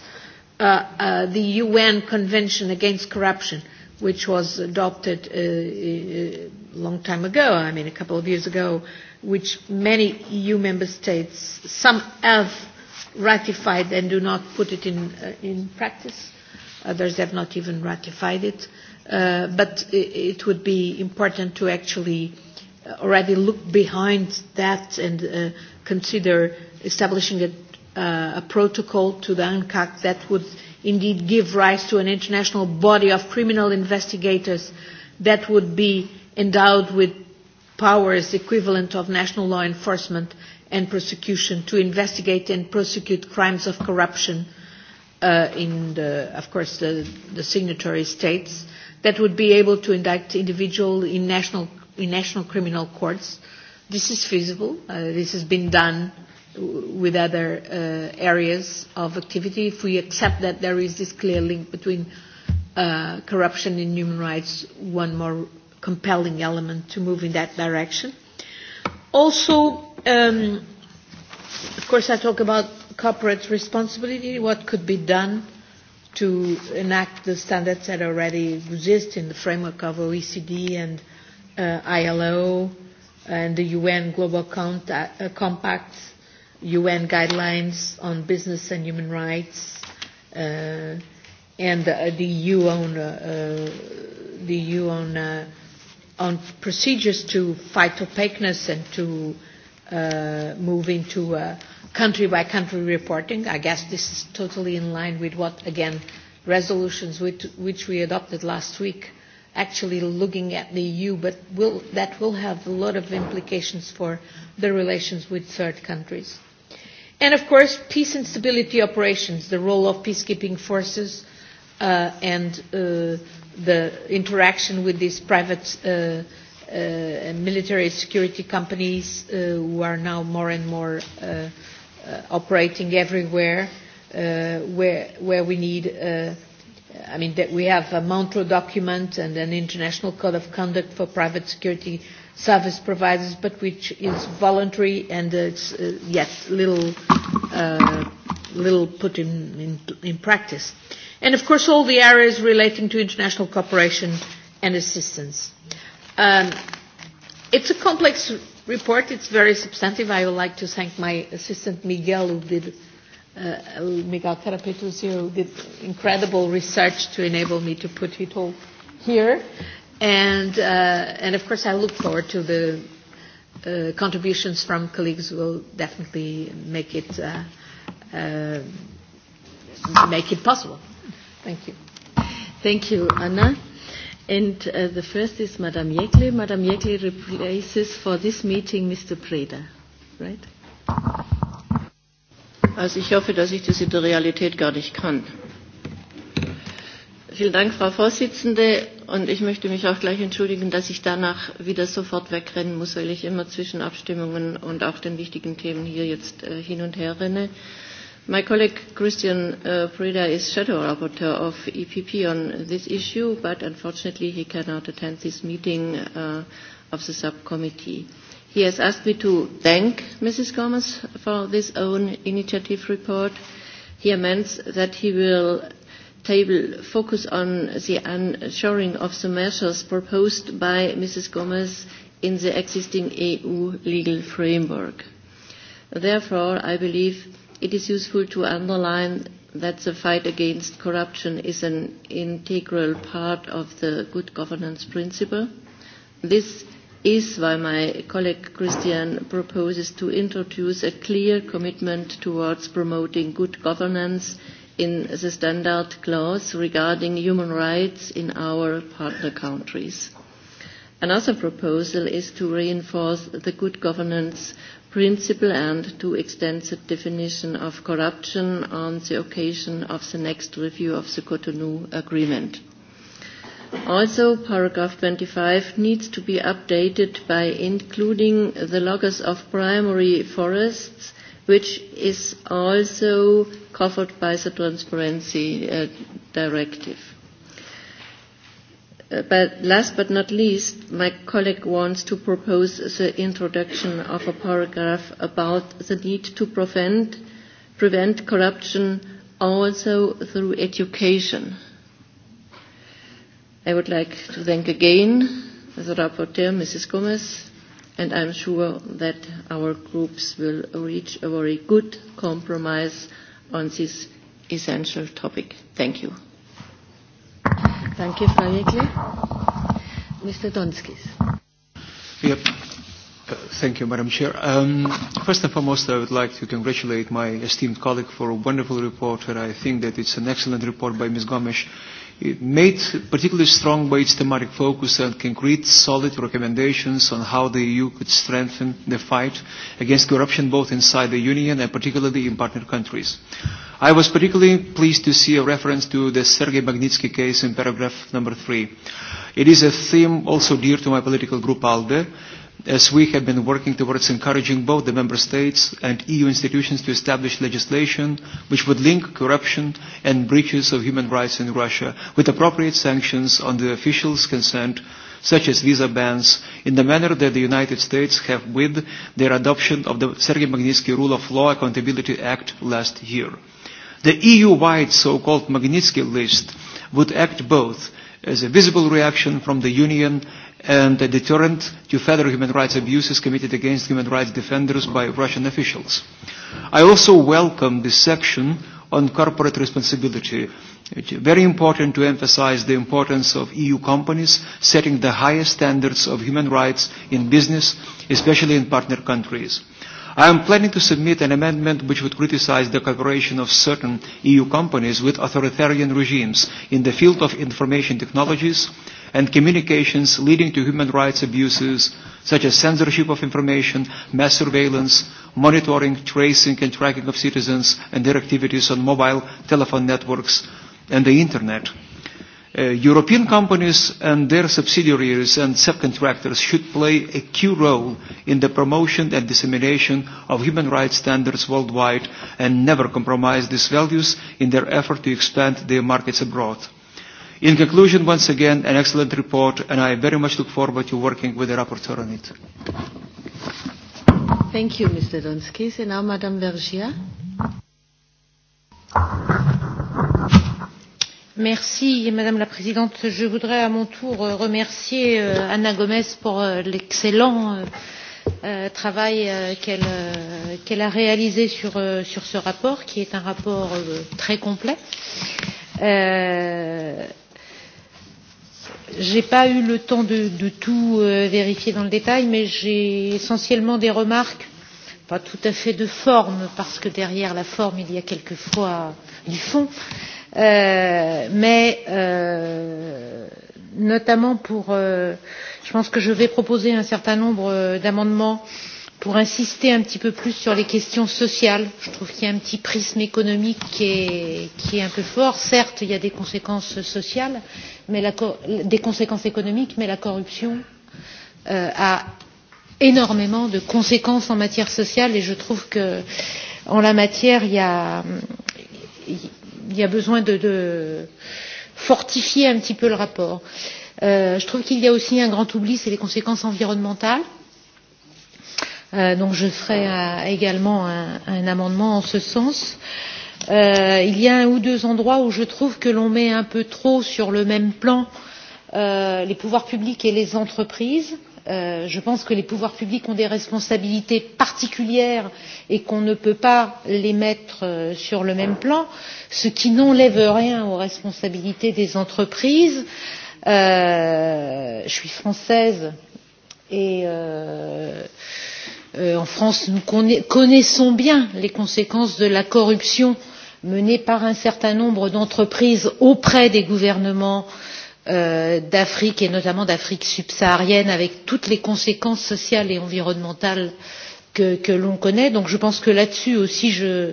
uh, uh, the UN Convention Against Corruption, which was adopted uh, a uh, long time ago, I mean a couple of years ago, which many EU member states, some have ratified and do not put it in, uh, in practice. Others have not even ratified it. Uh, but it would be important to actually uh, already look behind that and uh, consider establishing a, uh, a protocol to the UNCAC that would indeed give rise to an international body of criminal investigators that would be endowed with powers equivalent of national law enforcement and prosecution to investigate and prosecute crimes of corruption uh, uh, in the, of course, the, the signatory states that would be able to indict individual in national, in national criminal courts. This is feasible. Uh, this has been done with other uh, areas of activity. If we accept that there is this clear link between uh, corruption and human rights, one more compelling element to move in that direction. Also, um, of course, I talk about corporate responsibility, what could be done to enact the standards that already exist in the framework of OECD and uh, ILO and the UN Global Contact, uh, Compact, UN guidelines on business and human rights, uh, and uh, the EU on uh, uh, the EU on uh, on procedures to fight opaqueness and to uh, move into a uh, country by country reporting. I guess this is totally in line with what, again, resolutions which, which we adopted last week, actually looking at the EU, but will, that will have a lot of implications for the relations with third countries. And of course, peace and stability operations, the role of peacekeeping forces uh, and uh, the interaction with these private uh, uh, military security companies uh, who are now more and more uh, uh, operating everywhere uh, where, where we need. Uh, I mean, that we have a Montreux document and an international code of conduct for private security service providers, but which is voluntary and uh, it's uh, yet little, uh, little put in, in, in practice. And of course, all the areas relating to international cooperation and assistance. Um, it's a complex report. It's very substantive. I would like to thank my assistant Miguel, who did uh, Miguel Carapetus here, who did incredible research to enable me to put it all here. And, uh, and of course, I look forward to the uh, contributions from colleagues who will definitely make it, uh, uh, make it possible. Thank you. Thank you, Anna. And uh, the first is Madame Jekle. Madame Jekle replaces for this meeting Mr. Preda, right? Also ich hoffe, dass ich das in der Realität gar nicht kann. Vielen Dank, Frau Vorsitzende. Und ich möchte mich auch gleich entschuldigen, dass ich danach wieder sofort wegrennen muss, weil ich immer zwischen Abstimmungen und auch den wichtigen Themen hier jetzt äh, hin und her renne. Äh, My colleague Christian uh, Preda is shadow rapporteur of EPP on this issue, but unfortunately he cannot attend this meeting uh, of the subcommittee. He has asked me to thank Mrs. Gomez for this own initiative report. He amends that he will table focus on the ensuring of the measures proposed by Mrs. Gomez in the existing EU legal framework. Therefore, I believe it is useful to underline that the fight against corruption is an integral part of the good governance principle. This is why my colleague Christian proposes to introduce a clear commitment towards promoting good governance in the standard clause regarding human rights in our partner countries. Another proposal is to reinforce the good governance principle and to extend the definition of corruption on the occasion of the next review of the Cotonou Agreement. Also, paragraph 25 needs to be updated by including the loggers of primary forests, which is also covered by the Transparency uh, Directive. Uh, but last but not least, my colleague wants to propose the introduction of a paragraph about the need to prevent, prevent corruption also through education. I would like to thank again the rapporteur, Mrs. Gomez, and I'm sure that our groups will reach a very good compromise on this essential topic. Thank you. Danke, Frau Jekle. Mr. Donskis. Yep. Uh, thank you, Madam Chair. Um, first and foremost, I would like to congratulate my esteemed colleague for a wonderful report, and I think that it's an excellent report by Ms. Gomes made particularly strong by its thematic focus and concrete solid recommendations on how the EU could strengthen the fight against corruption both inside the Union and particularly in partner countries. I was particularly pleased to see a reference to the Sergei Magnitsky case in paragraph number three. It is a theme also dear to my political group ALDE, as we have been working towards encouraging both the member states and EU institutions to establish legislation which would link corruption and breaches of human rights in Russia with appropriate sanctions on the officials concerned such as visa bans, in the manner that the United States have with their adoption of the Sergei Magnitsky Rule of Law Accountability Act last year. The EU-wide so-called Magnitsky List would act both as a visible reaction from the Union and a deterrent to further human rights abuses committed against human rights defenders by Russian officials. I also welcome this section on corporate responsibility. It's very important to emphasize the importance of EU companies setting the highest standards of human rights in business, especially in partner countries. I am planning to submit an amendment which would criticize the cooperation of certain EU companies with authoritarian regimes in the field of information technologies, and communications leading to human rights abuses, such as censorship of information, mass surveillance, monitoring, tracing, and tracking of citizens and their activities on mobile telephone networks and the Internet. Uh, European companies and their subsidiaries and subcontractors should play a key role in the promotion and dissemination of human rights standards worldwide and never compromise these values in their effort to expand their markets abroad. In conclusion, once again, an excellent report, and I very much look forward to working with the rapporteur on it. Thank you, Mr. Donskis. And now, Madame Vergia. Merci, Madame la Présidente. Je voudrais à mon tour euh, remercier euh, Anna Gomez pour euh, l'excellent travail qu'elle qu a réalisé sur, sur ce rapport, qui est un rapport très complet. Euh, Je n'ai pas eu le temps de, de tout euh, vérifier dans le détail, mais j'ai essentiellement des remarques, pas tout à fait de forme, parce que derrière la forme, il y a quelquefois du fond, euh, mais euh, notamment pour. Euh, je pense que je vais proposer un certain nombre euh, d'amendements euh, pour insister un petit peu plus sur les questions sociales. Je trouve qu'il y a un petit prisme économique qui est, qui est un peu fort. Certes, il y a des conséquences sociales, mais la, des conséquences économiques, mais la corruption euh, a énormément de conséquences en matière sociale et je trouve que en la matière, il y a, il y a besoin de, de fortifier un petit peu le rapport. Euh, je trouve qu'il y a aussi un grand oubli, c'est les conséquences environnementales Euh, donc je ferai à, euh, également un, un amendement en ce sens. Euh, il y a un ou deux endroits où je trouve que l'on met un peu trop sur le même plan euh, les pouvoirs publics et les entreprises. Euh, je pense que les pouvoirs publics ont des responsabilités particulières et qu'on ne peut pas les mettre euh, sur le même plan, ce qui n'enlève rien aux responsabilités des entreprises. Euh, je suis française et euh, Euh, en france nous connaissons bien les conséquences de la corruption menée par un certain nombre d'entreprises auprès des gouvernements euh, d'afrique et notamment d'afrique subsaharienne avec toutes les conséquences sociales et environnementales que, que l'on connaît. donc je pense que là dessus aussi je,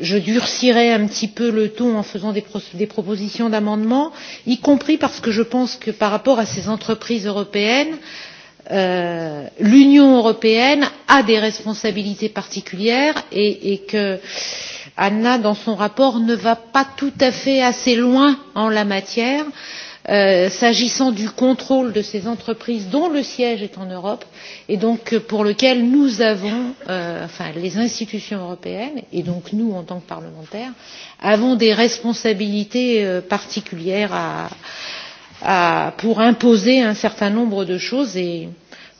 je durcirai un petit peu le ton en faisant des, des propositions d'amendements y compris parce que je pense que par rapport à ces entreprises européennes euh, euh, l'union européenne a des responsabilités particulières et, et que anna dans son rapport ne va pas tout à fait assez loin en la matière euh, s'agissant du contrôle de ces entreprises dont le siège est en europe et donc pour lequel nous avons euh, enfin les institutions européennes et donc nous en tant que parlementaires avons des responsabilités euh, particulières à, à, pour imposer un certain nombre de choses et euh,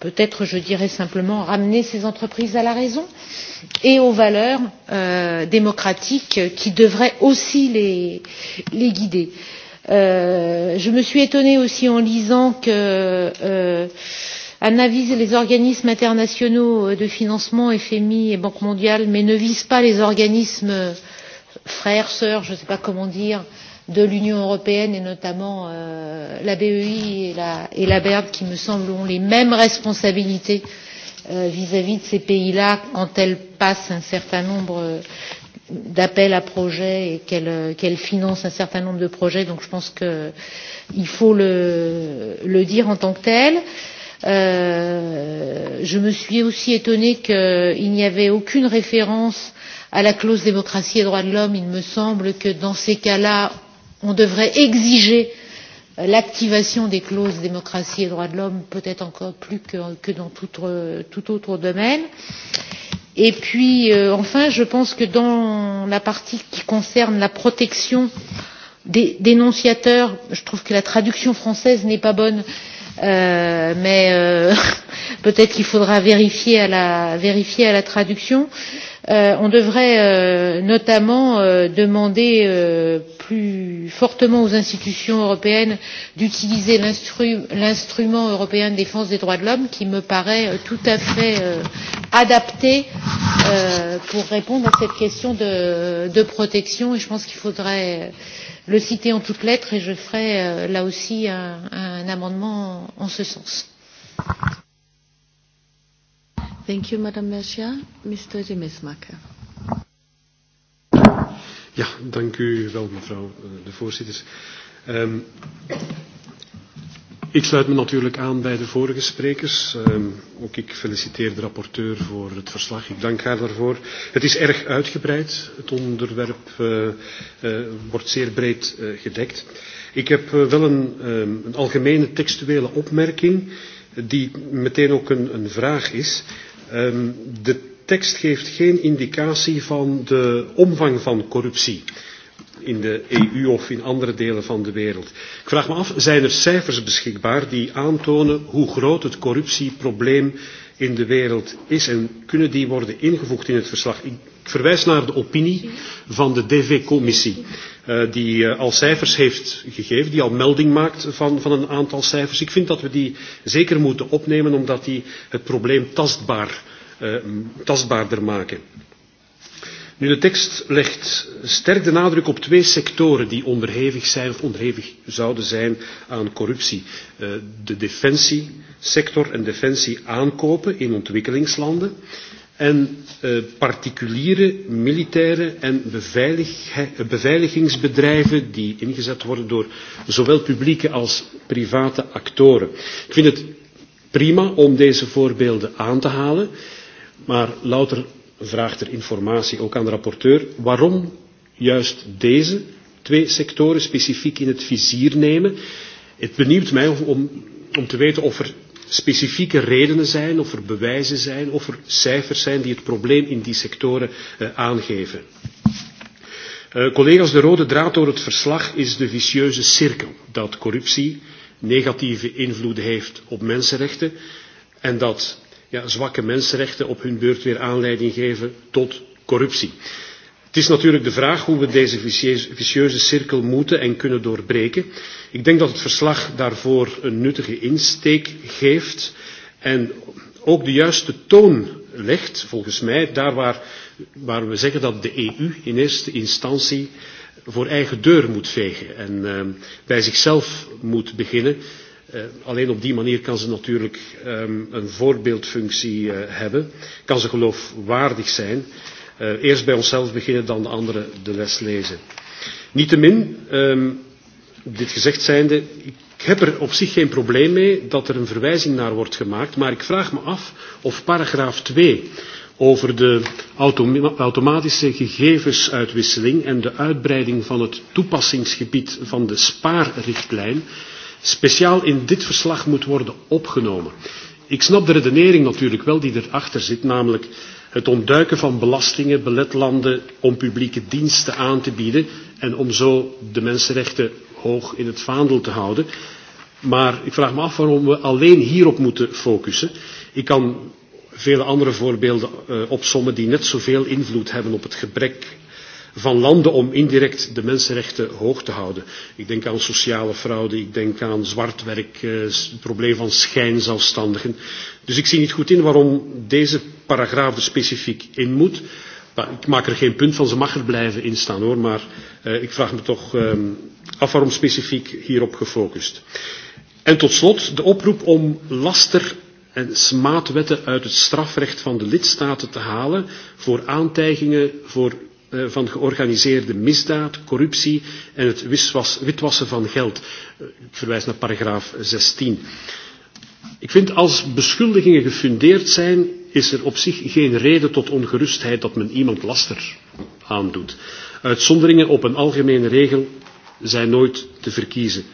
peut être je dirais simplement ramener ces entreprises à la raison et aux valeurs euh, démocratiques qui devraient aussi les, les guider. Euh, je me suis étonnée aussi en lisant que euh, analyse les organismes internationaux de financement fmi et banque mondiale mais ne vise pas les organismes frères sœurs je ne sais pas comment dire de l'Union européenne et notamment euh, la BEI et la, et la BERD qui me semble ont les mêmes responsabilités euh, vis-à-vis euh, -vis de ces pays-là quand elles passent un certain nombre euh, d'appels à projets et qu'elles euh, qu financent un certain nombre de projets. Donc je pense qu'il faut le, le dire en tant que tel. Euh, je me suis aussi étonnée qu'il n'y avait aucune référence à la clause démocratie et droits de l'homme. Il me semble que dans ces cas-là, on devrait exiger euh, l'activation des clauses démocratie et droits de l'homme peut être encore plus que, que dans tout, euh, tout autre domaine. Et puis euh, enfin, je pense que dans la partie qui concerne la protection des dénonciateurs, je trouve que la traduction française n'est pas bonne, euh, mais euh, peut-être qu'il faudra vérifier à la, vérifier à la traduction. Euh, euh, on devrait euh, notamment euh, demander euh, plus fortement aux institutions européennes d'utiliser l'instrument européen de défense des droits de l'homme qui me paraît euh, tout à fait euh, adapté euh, pour répondre à cette question de, de protection et je pense qu'il faudrait euh, le citer en toutes lettres et je ferai euh, là aussi un, un amendement en ce sens. Thank you, Madam Mercia. Mr. Rimmismaker. Ja, dank u wel, mevrouw eh, de voorzitter. Um, ik sluit me natuurlijk aan bij de vorige sprekers. Um, ook ik feliciteer de rapporteur voor het verslag. Ik dank haar daarvoor. Het is erg uitgebreid. Het onderwerp uh, uh, wordt zeer breed uh, gedekt. Ik heb uh, wel een, um, een algemene textuele opmerking die meteen ook een, een vraag is. Um, de tekst geeft geen indicatie van de omvang van corruptie in de EU of in andere delen van de wereld. Ik vraag me af, zijn er cijfers beschikbaar die aantonen hoe groot het corruptieprobleem in de wereld is en kunnen die worden ingevoegd in het verslag? Ik Ik verwijs naar de opinie van de DV-commissie, uh, eh, die uh, al cijfers heeft gegeven, die al melding maakt van, van een aantal cijfers. Ik vind dat we die zeker moeten opnemen, omdat die het probleem tastbaar, uh, tastbaarder maken. Nu, de tekst legt sterk de nadruk op twee sectoren die onderhevig zijn of onderhevig zouden zijn aan corruptie. De defensiesector en defensieaankopen in ontwikkelingslanden. Uh, en uh, particuliere militaire en beveilig, beveiligingsbedrijven die ingezet worden door zowel publieke als private actoren. Ik vind het prima om deze voorbeelden aan te halen, maar louter vraagt er informatie ook aan de rapporteur waarom juist deze twee sectoren specifiek in het vizier nemen. Het benieuwt mij om, om te weten of er specifieke redenen zijn, of er bewijzen zijn, of er cijfers zijn die het probleem in die sectoren uh, aangeven. Uh, collega's, de rode draad door het verslag is de vicieuze cirkel dat corruptie negatieve invloed heeft op mensenrechten en dat ja, zwakke mensenrechten op hun beurt weer aanleiding geven tot corruptie. Uh, Het is natuurlijk de vraag hoe we deze vicieuze cirkel moeten en kunnen doorbreken. Ik denk dat het verslag daarvoor een nuttige insteek geeft en ook de juiste toon legt, volgens mij, daar waar, waar we zeggen dat de EU in eerste instantie voor eigen deur moet vegen en uh, bij zichzelf moet beginnen. Uh, alleen op die manier kan ze natuurlijk um, een voorbeeldfunctie uh, hebben, kan ze geloofwaardig zijn. Uh, uh, eerst bij onszelf beginnen, dan de anderen de les lezen. Niettemin, um, dit gezegd zijnde, ik Ik heb er op zich geen probleem mee dat er een verwijzing naar wordt gemaakt, maar ik vraag me af of paragraaf 2 over de autom automatische gegevensuitwisseling en de uitbreiding van het toepassingsgebied van de spaarrichtlijn speciaal in dit verslag moet worden opgenomen. Ik snap de redenering natuurlijk wel die erachter zit, namelijk het ontduiken van belastingen belet landen om publieke diensten aan te bieden en om zo de mensenrechten hoog in het vaandel te houden. Maar ik vraag me af waarom we alleen hierop moeten focussen. Ik kan vele andere voorbeelden uh, eh, opsommen die net zoveel invloed hebben op het gebrek van landen om indirect de mensenrechten hoog te houden. Ik denk aan sociale fraude, ik denk aan zwart werk, eh, het probleem van schijnzelfstandigen. Dus ik zie niet goed in waarom deze paragraaf er specifiek in moet. Ik maak er geen punt van, ze mag er blijven in staan hoor, maar uh, ik vraag me toch uh, af waarom specifiek hierop gefocust. En tot slot de oproep om laster en smaadwetten uit het strafrecht van de lidstaten te halen voor aantijgingen voor Eh, van georganiseerde misdaad, corruptie en het witwassen van geld. Eh, ik verwijs naar paragraaf 16. Ik vind als beschuldigingen gefundeerd zijn, is er op zich geen reden tot ongerustheid dat men iemand laster aandoet. Uitzonderingen op een algemene regel zijn nooit te verkiezen,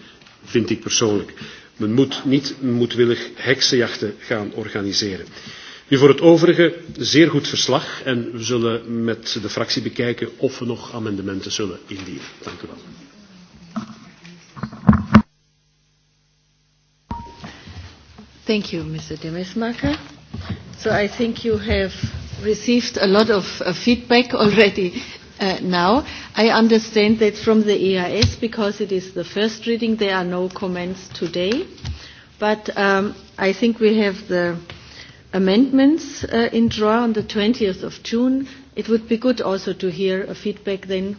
vind ik persoonlijk. Men moet niet moedwillig heksenjachten gaan organiseren. Nu voor het overige, zeer goed verslag en we zullen met de fractie bekijken of we nog amendementen zullen indienen. Dank u wel. Thank you, Mr. Demesmaker. So I think you have received a lot of uh, feedback already uh, now. I understand that from the EIS, because it is the first reading, there are no comments today. But um, I think we have the amendments uh, in draw on the 20th of June. It would be good also to hear a feedback then.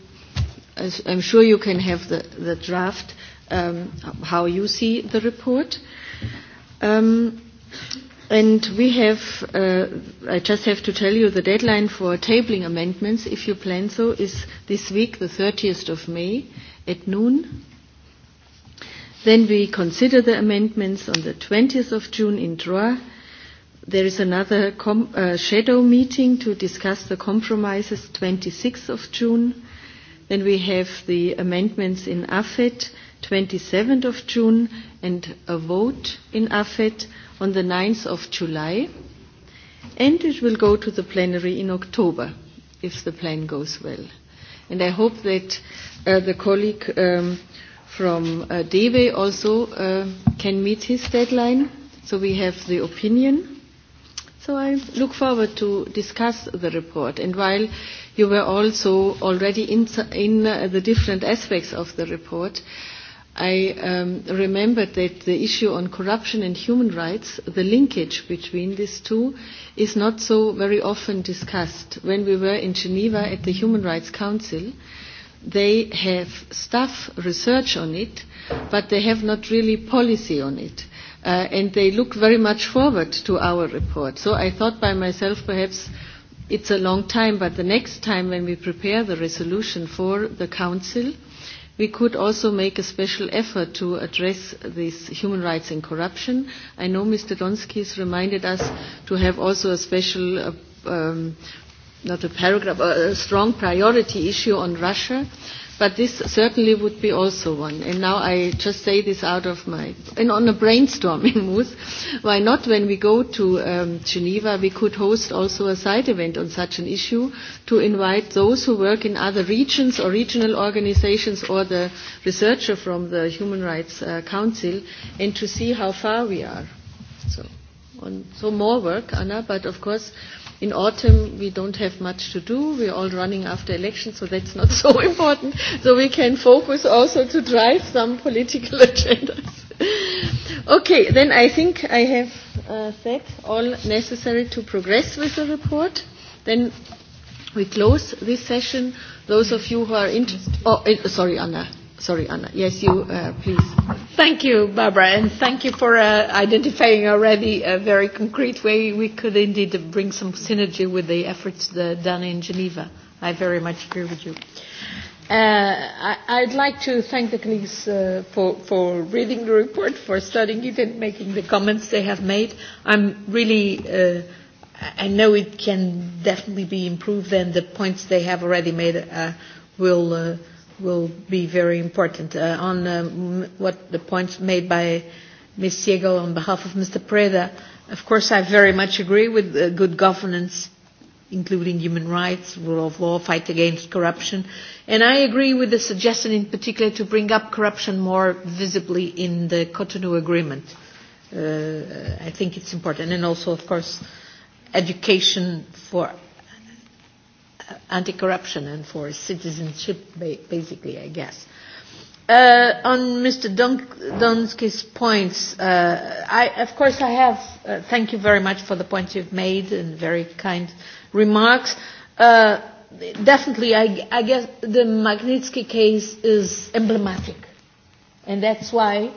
As I'm sure you can have the, the draft, um, how you see the report. Um, and we have, uh, I just have to tell you the deadline for tabling amendments, if you plan so, is this week, the 30th of May at noon. Then we consider the amendments on the 20th of June in Troyes There is another com- uh, shadow meeting to discuss the compromises 26th of June. Then we have the amendments in AFET 27th of June and a vote in AFET on the 9th of July. And it will go to the plenary in October if the plan goes well. And I hope that uh, the colleague um, from uh, DEWE also uh, can meet his deadline. So we have the opinion. So I look forward to discuss the report. And while you were also already in, in uh, the different aspects of the report, I um, remembered that the issue on corruption and human rights, the linkage between these two, is not so very often discussed. When we were in Geneva at the Human Rights Council, they have staff research on it, but they have not really policy on it uh, and they look very much forward to our report. So I thought by myself, perhaps it's a long time, but the next time when we prepare the resolution for the Council, we could also make a special effort to address this human rights and corruption. I know Mr. Donskis reminded us to have also a special, uh, um, not a paragraph, uh, a strong priority issue on Russia. Uh, But this certainly would be also one. And now I just say this out of my, and on a brainstorming mood, why not when we go to um, Geneva, we could host also a side event on such an issue to invite those who work in other regions or regional organizations or the researcher from the Human Rights uh, Council and to see how far we are. So, on, so more work, Anna, but of course, uh, in autumn we don't have much to do. We're all running after elections, so that's not so important. So we can focus also to drive some political agendas. okay, then I think I have uh, said all necessary to progress with the report. Then we close this session. Those of you who are interested, oh, eh, sorry, Anna. Sorry, Anna. Yes, you, uh, please. Thank you, Barbara, and thank you for uh, identifying already a very concrete way we could indeed bring some synergy with the efforts the, uh, done in Geneva. I very much agree with you. Uh, I, I'd like to thank the colleagues uh, for, for reading the report, for studying it, and making the comments they have made. I'm really, uh, I know it can definitely be improved, and the points they have already made uh, will. Uh, will be very important. Uh, on um, what the points made by Ms. Siegel on behalf of Mr. Preda, of course, I very much agree with uh, good governance, including human rights, rule of law, fight against corruption. And I agree with the suggestion in particular to bring up corruption more visibly in the Cotonou Agreement. Uh, I think it's important. And also, of course, education for anti-corruption and for citizenship, basically, I guess. Uh, on Mr. Donski's points, uh, I, of course I have, uh, thank you very much for the points you've made and very kind remarks. Uh, definitely, I, I guess the Magnitsky case is emblematic. And that's why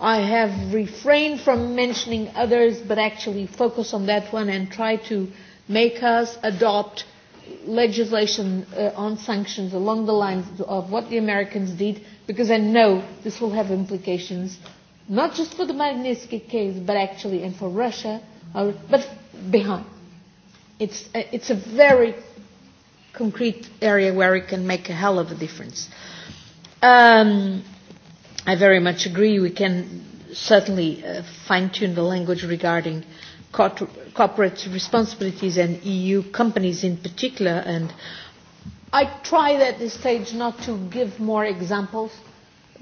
I have refrained from mentioning others, but actually focus on that one and try to make us adopt legislation uh, on sanctions along the lines of what the Americans did, because I know this will have implications not just for the Magnitsky case, but actually and for Russia, or, uh, but behind. It's a, uh, it's a very concrete area where it can make a hell of a difference. Um, I very much agree. We can certainly uh, fine-tune the language regarding uh, corporate responsibilities and EU companies in particular. And I tried at this stage not to give more examples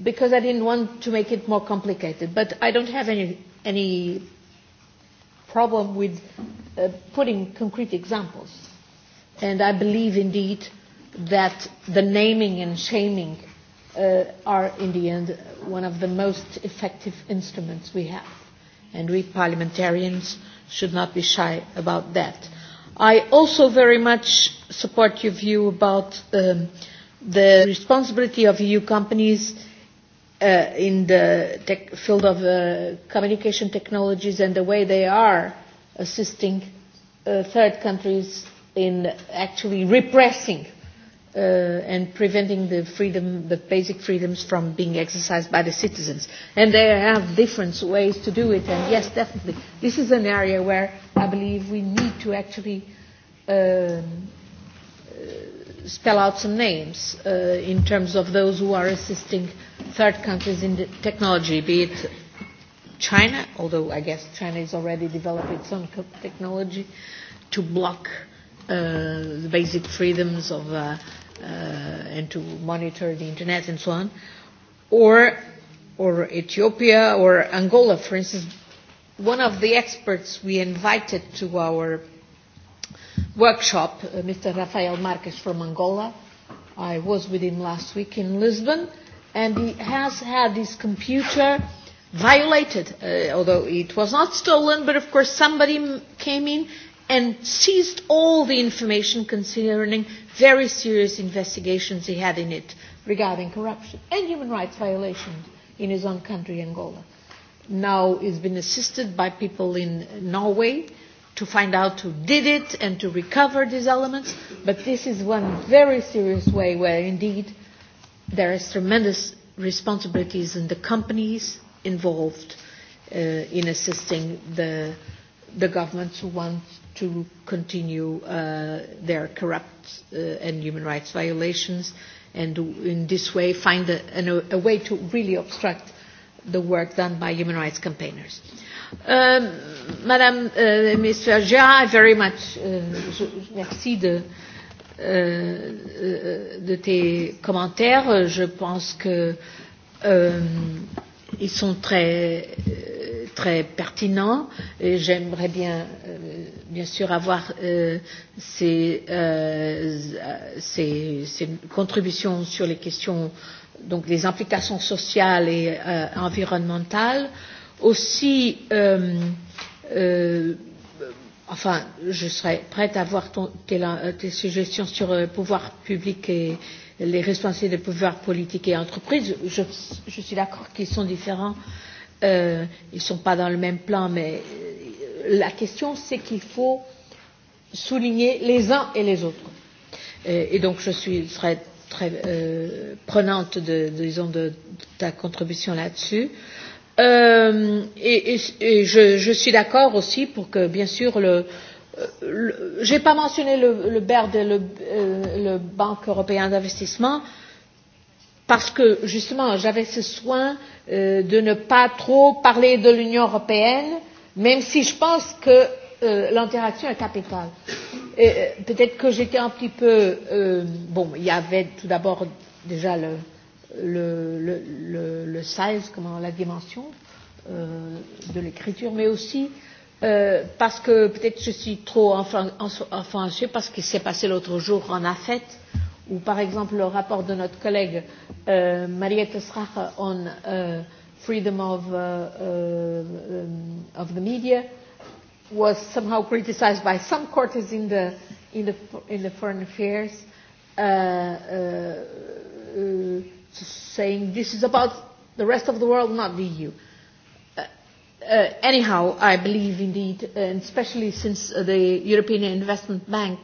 because I didn't want to make it more complicated. But I don't have any, any problem with uh, putting concrete examples. And I believe indeed that the naming and shaming uh, are in the end one of the most effective instruments we have. And we parliamentarians uh, should not be shy about that. I also very much support your view about um, the responsibility of EU companies uh, in the tech field of uh, communication technologies and the way they are assisting uh, third countries in actually repressing uh, and preventing the freedom, the basic freedoms from being exercised by the citizens. And they have different ways to do it. And yes, definitely, this is an area where I believe we need to actually um, uh, spell out some names uh, in terms of those who are assisting third countries in the technology, be it China, although I guess China is already developing its own technology to block uh, the basic freedoms of uh, uh, and to monitor the internet and so on, or, or Ethiopia or Angola, for instance. One of the experts we invited to our workshop, uh, Mr. Rafael Marques from Angola, I was with him last week in Lisbon, and he has had his computer violated, uh, although it was not stolen, but of course somebody came in and seized all the information concerning very serious investigations he had in it regarding corruption and human rights violations in his own country, Angola. Now he's been assisted by people in Norway to find out who did it and to recover these elements, but this is one very serious way where indeed there is tremendous responsibilities in the companies involved uh, in assisting the, the governments who want to continue uh, their corrupt uh, and human rights violations and in this way find a, an, a way to really obstruct the work done by human rights campaigners. Um, Madame uh, Ms. Vergia, I very much uh, je, merci de, euh, de tes commentaires. Je pense que euh, um, ils sont très, euh, très pertinents et j'aimerais bien, euh, bien sûr, avoir euh, ces, euh, ces, ces contributions sur les questions, donc les implications sociales et euh, environnementales. Aussi, euh, euh, enfin, je serais prête à avoir ton, tes, euh, tes suggestions sur le pouvoir public et, euh, les responsabilités des pouvoirs politiques et entreprises. Je, je suis d'accord qu'ils sont différents, euh, ils ne sont pas dans le même plan, mais euh, la question c'est qu'il faut souligner les uns et les autres. Et, euh, et donc je suis très, très euh, prenante de, disons, de, de ta contribution là-dessus. Euh, et et, et je, je suis d'accord aussi pour que, bien sûr, le, euh, je euh, n'ai pas mentionné le, le BERD et le, euh, le Banque européenne d'investissement parce que justement j'avais ce soin euh, de ne pas trop parler de l'Union européenne, même si je pense que euh, l'interaction est capitale. Et, euh, peut-être que j'étais un petit peu euh, bon, il y avait tout d'abord déjà le, le, le, le, le size, comment la dimension euh, de l'écriture, mais aussi euh, Euh, parce que peut-être je suis trop influencée par ce qui s'est passé l'autre jour en AFET, ou par exemple le rapport de notre collègue euh, Mariette Strache on euh, freedom of, uh, uh, um, of the media was somehow criticized by some quarters in the, in the, in the foreign affairs, uh, uh, uh, saying this is about the rest of the world, not the EU. Uh, Uh, anyhow, I believe indeed, and especially since uh, the European Investment Bank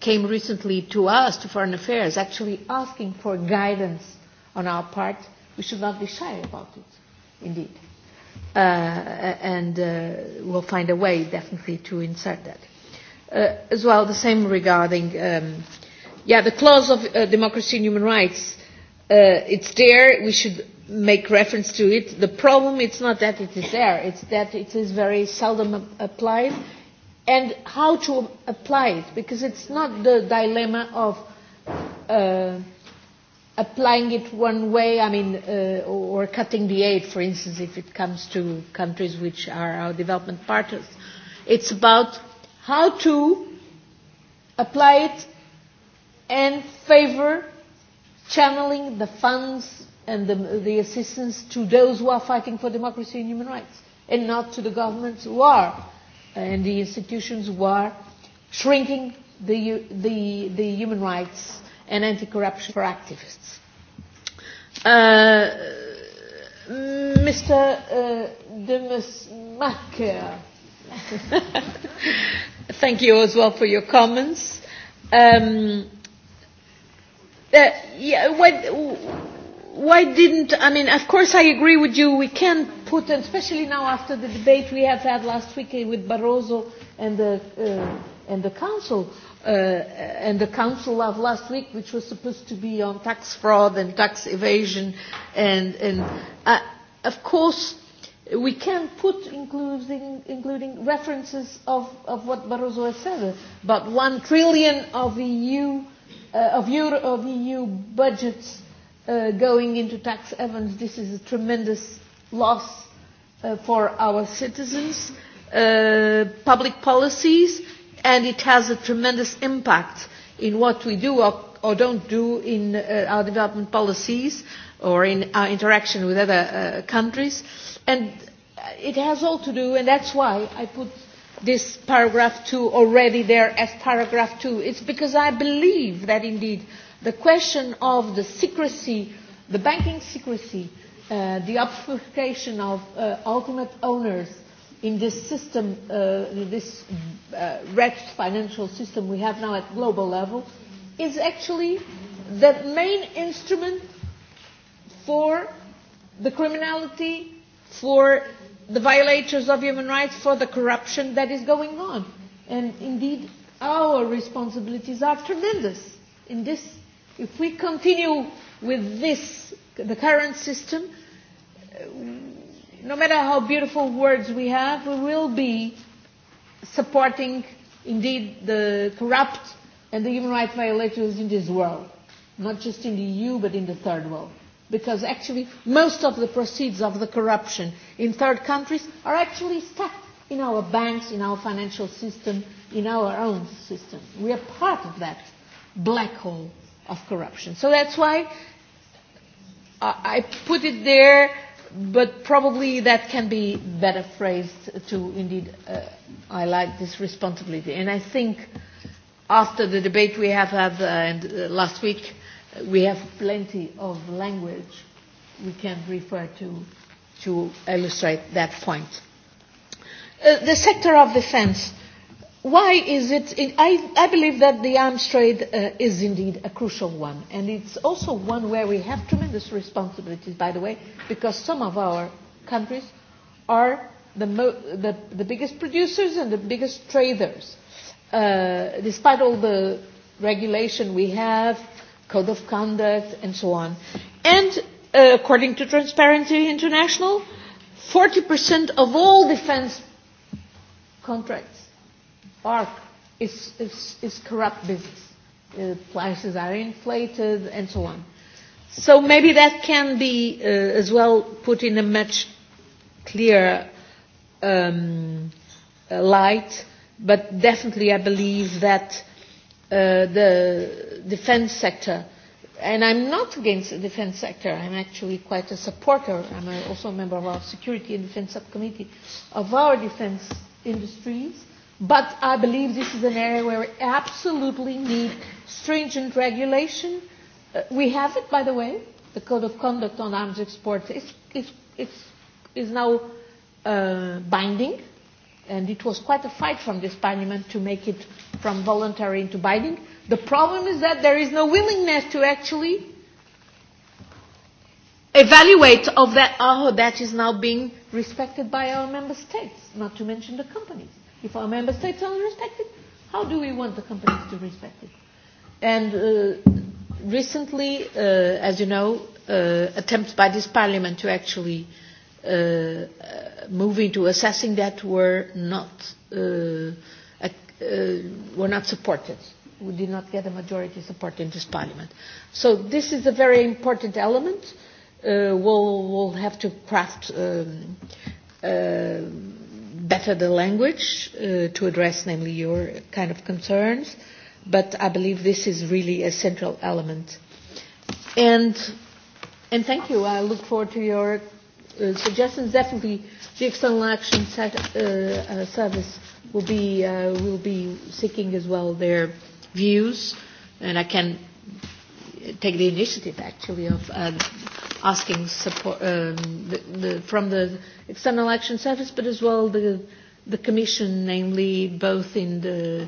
came recently to us, to Foreign Affairs, actually asking for guidance on our part, we should not be shy about it, indeed. Uh, and uh, we'll find a way, definitely, to insert that. Uh, as well, the same regarding, um, yeah, the clause of uh, democracy and human rights, uh, it's there. We should make reference to it. The problem it's not that it is there, it's that it is very seldom applied and how to apply it because it's not the dilemma of uh, applying it one way, I mean, uh, or cutting the aid, for instance, if it comes to countries which are our development partners. It's about how to apply it and favor channeling the funds and the, the assistance to those who are fighting for democracy and human rights, and not to the governments who are and the institutions who are shrinking the, the, the human rights and anti-corruption for activists. Uh, Mr. Uh, de Macker, thank you as well for your comments. Um, uh, yeah, when, why didn't I mean? Of course, I agree with you. We can put, especially now after the debate we have had last week with Barroso and the uh, and the Council uh, and the Council of last week, which was supposed to be on tax fraud and tax evasion, and and uh, of course. We can put including, including references of, of what Barroso has said about one trillion of EU, uh, of, Euro, of EU budgets uh, going into tax havens. This is a tremendous loss uh, for our citizens, uh, public policies, and it has a tremendous impact in what we do or, or don't do in uh, our development policies or in our interaction with other uh, countries. And it has all to do, and that's why I put this paragraph 2 already there as paragraph 2. It's because I believe that indeed the question of the secrecy, the banking secrecy, uh, the obfuscation of uh, ultimate owners in this system, uh, this uh, wretched financial system we have now at global level, is actually the main instrument for the criminality, for the violators of human rights, for the corruption that is going on. And indeed, our responsibilities are tremendous in this If we continue with this, the current system, no matter how beautiful words we have, we will be supporting indeed the corrupt and the human rights violators in this world, not just in the EU but in the third world. Because actually most of the proceeds of the corruption in third countries are actually stuck in our banks, in our financial system, in our own system. We are part of that black hole of corruption. So that's why I put it there, but probably that can be better phrased to indeed uh, highlight this responsibility. And I think after the debate we have had uh, and, uh, last week, uh, we have plenty of language we can refer to to illustrate that point. Uh, the sector of defense. Uh, why is it? In, I, I believe that the arms trade uh, is indeed a crucial one, and it's also one where we have tremendous responsibilities, by the way, because some of our countries are the, mo- the, the biggest producers and the biggest traders. Uh, despite all the regulation we have, code of conduct, and so on. And uh, according to Transparency International, 40% of all defense contracts arc is, is, is corrupt business. Uh, prices are inflated and so on. So maybe that can be uh, as well put in a much clearer um, uh, light, but definitely I believe that uh, the defense sector, and I'm not against the defense sector, I'm actually quite a supporter, I'm also a member of our Security and Defense Subcommittee, of our defense industries, But I believe this is an area where we absolutely need stringent regulation. Uh, we have it, by the way. The Code of Conduct on Arms Exports is, is, is, is now uh, binding, and it was quite a fight from this Parliament to make it from voluntary into binding. The problem is that there is no willingness to actually evaluate of that, how oh, that is now being respected by our member states, not to mention the companies if our member states don't respect it, how do we want the companies to respect it? And uh, recently, uh, as you know, uh, attempts by this parliament to actually uh, uh move into assessing that were not uh, uh, were not supported. We did not get a majority support in this parliament. So this is a very important element. Uh, we'll, we'll have to craft um, uh, better the language uh, to address, namely, your kind of concerns. But I believe this is really a central element. And, and thank you. I look forward to your uh, suggestions. Definitely, the External Action set, uh, uh, Service will be, uh, will be seeking as well their views. And I can take the initiative, actually, of uh, asking support um, the, the, from the External Action Service, but as well the, the Commission, namely both in the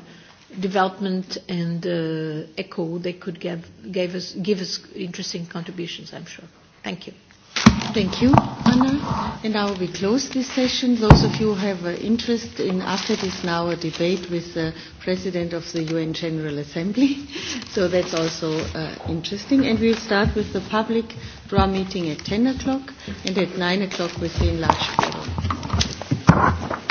development and uh, ECHO, they could give, give, us, give us interesting contributions, I'm sure. Thank you. Thank you, Anna. And now we close this session. Those of you who have uh, interest in after this now a debate with the President of the UN General Assembly. so that's also uh, interesting. And we'll start with the public for our meeting at 10 o'clock and at 9 o'clock with the enlarged forum.